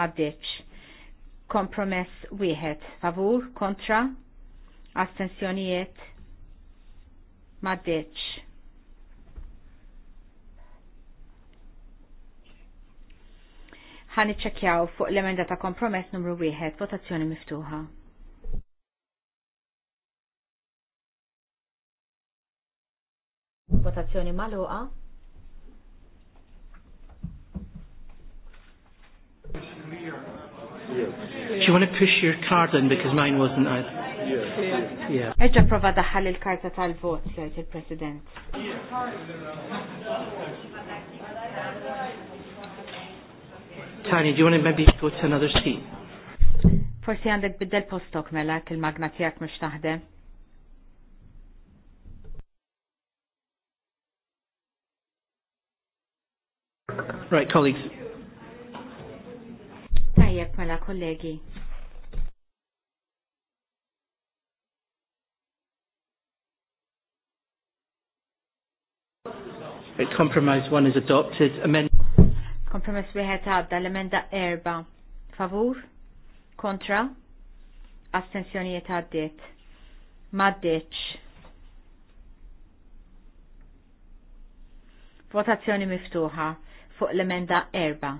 maddeċ. Kompromess 1 favur kontra astensjonijiet maddeċ. ħan iċċekjaw fuq l-emenda ta' kompromess numru 1, votazzjoni miftuħa. Votazzjoni maluqa. Do you want to push your card in because mine wasn't Yeah. Eġġa prova daħħal il-karta tal-vot, jgħid il-President. Tani, do you want to maybe go to another seat? Forsi għandek biddel postok mela kil magna tijak mux taħdem. Right, colleagues. Tajjeb mela kollegi. It compromise one is adopted. Amendment Kompromess wieħed għadda l-emenda erba. Favur? Kontra? Astensjonijiet għaddiet. Maddiċ. Votazzjoni miftuħa fuq l-emenda erba'.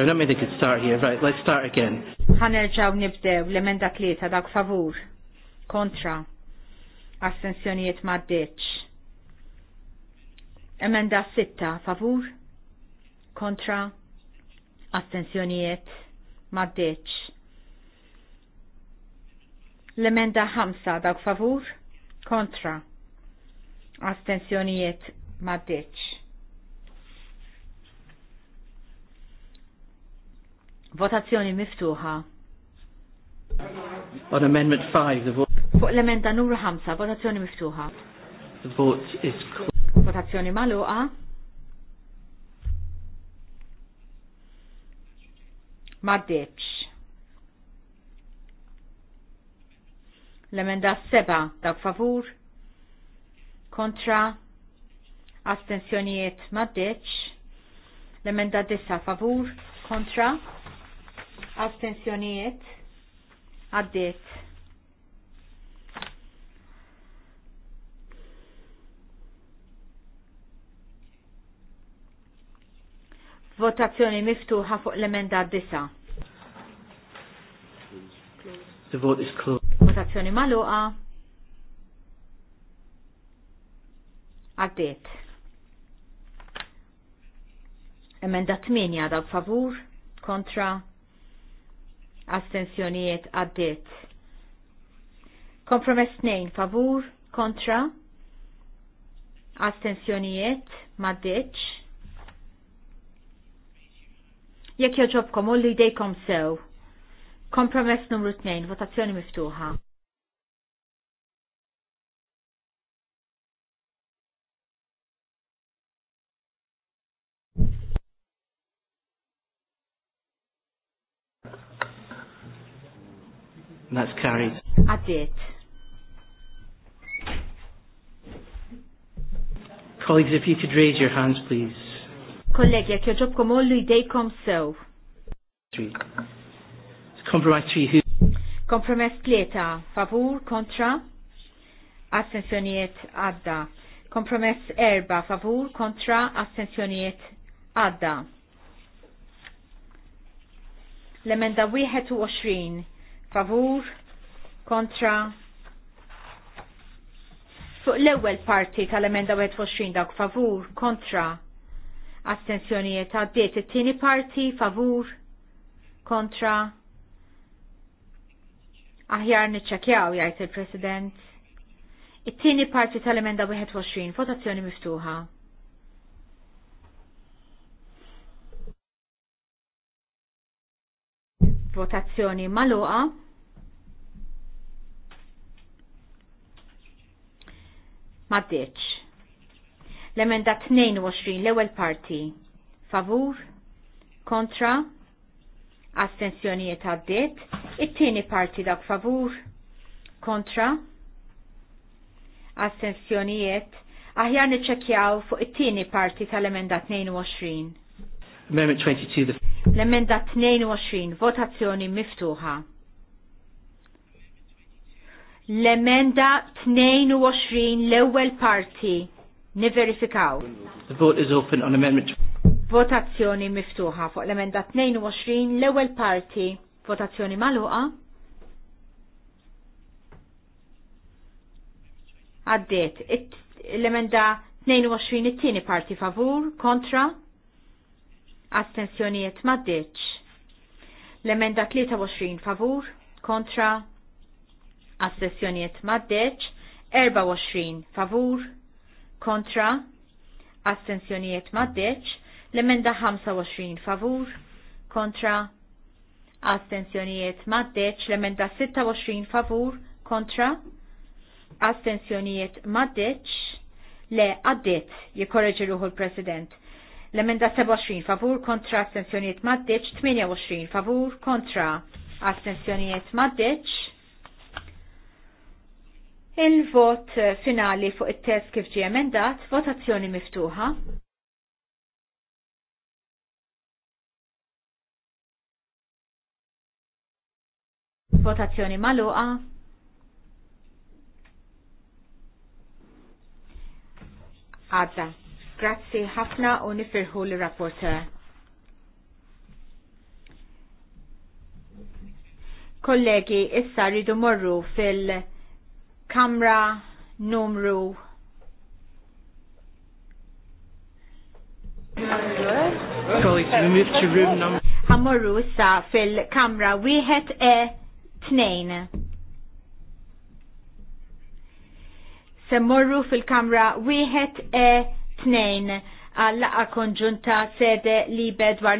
No, let me think it start here. Right, let's start again. Ħanerġaw nibdew l-emenda tlieta dak favur. Kontra. Astensjonijiet ma' Emenda sitta favur. Kontra. Astensjonijiet ma' L-emenda ħamsa dak favur. Kontra. Astensjonijiet ma' Votazzjoni miftuħa. On Amendment 5, the vote. Fuq l-emenda numru 5, votazzjoni miftuħa. The vote is closed. Votazzjoni maluqa. Maddeċ. L-emenda 7, dak favur. Kontra. Astenzjonijiet maddeċ. L-emenda 10, favur. Kontra astensjonijiet għaddiet. Votazzjoni miftuħa fuq l-emenda disa. The vote is closed. Votazzjoni maluqa. Għaddiet. Emenda 8 għadha favur, kontra, astensjonijiet għaddit. Kompromess 2 favur kontra astensjonijiet maddiċ. Jekk joġobkom u li dejkom sew. Kompromess numru 2, votazzjoni miftuħa. That's carried. did. Colleagues, if you could raise your hands, please. Kollegi, jek joġobkom ollu idejkom sew. Three. Compromise three, who? Kompromess tlieta, favur, kontra, Ascensioniet għadda. Kompromess erba, favur, kontra, astensjonijiet għadda. L-emenda 21, favur, kontra. Fuq l-ewwel parti tal-emenda 21 dawk favur, kontra. Astenzjonijiet għaddiet it-tieni parti favur, kontra. Aħjar niċċekjaw jgħid il-President. It-tieni parti tal-emenda 21 votazzjoni miftuħa. votazzjoni maluqa. Maddiċ. L-emenda 22 l-ewel parti. Favur, kontra, astensjonijiet għaddiet, It-tieni parti dak favur, kontra, astensjonijiet. Aħjar niċċekjaw fuq it-tieni parti tal-emenda 22. Amendment 22. L-emenda 22, votazzjoni miftuħa. L-emenda 22, l-ewwel parti. Niverifikaw. The vote is open on amendment. Votazzjoni miftuħa fuq l-emenda 22, l-ewwel parti. Votazzjoni maluqa. Għaddiet. L-emenda 22, it-tieni parti favur, kontra astensjonijiet maddiċ. L-emenda 23 favur kontra astensjonijiet maddiċ, 24 favur kontra astensjonijiet maddiċ, l-emenda 25 favur kontra astensjonijiet maddeċ, l-emenda 26 favur kontra, astensjonijiet maddeċ, le għaddit jikorreġi ruħu l-President, L-emenda 27 favur kontra astensjonijiet maddeċ, 28 favur kontra astensjonijiet maddeċ. Il-vot finali fuq it-test kif ġie emendat, votazzjoni miftuħa. Votazzjoni maluqa. Għadda. Grazzi ħafna u nifirħu l-rapporter. Kollegi, issa rridu morru fil-kamra numru Għamorru issa fil-kamra wieħed e tnejn. Semmorru fil-kamra wieħed e tnejn għall-laqa konġunta sede li bedwar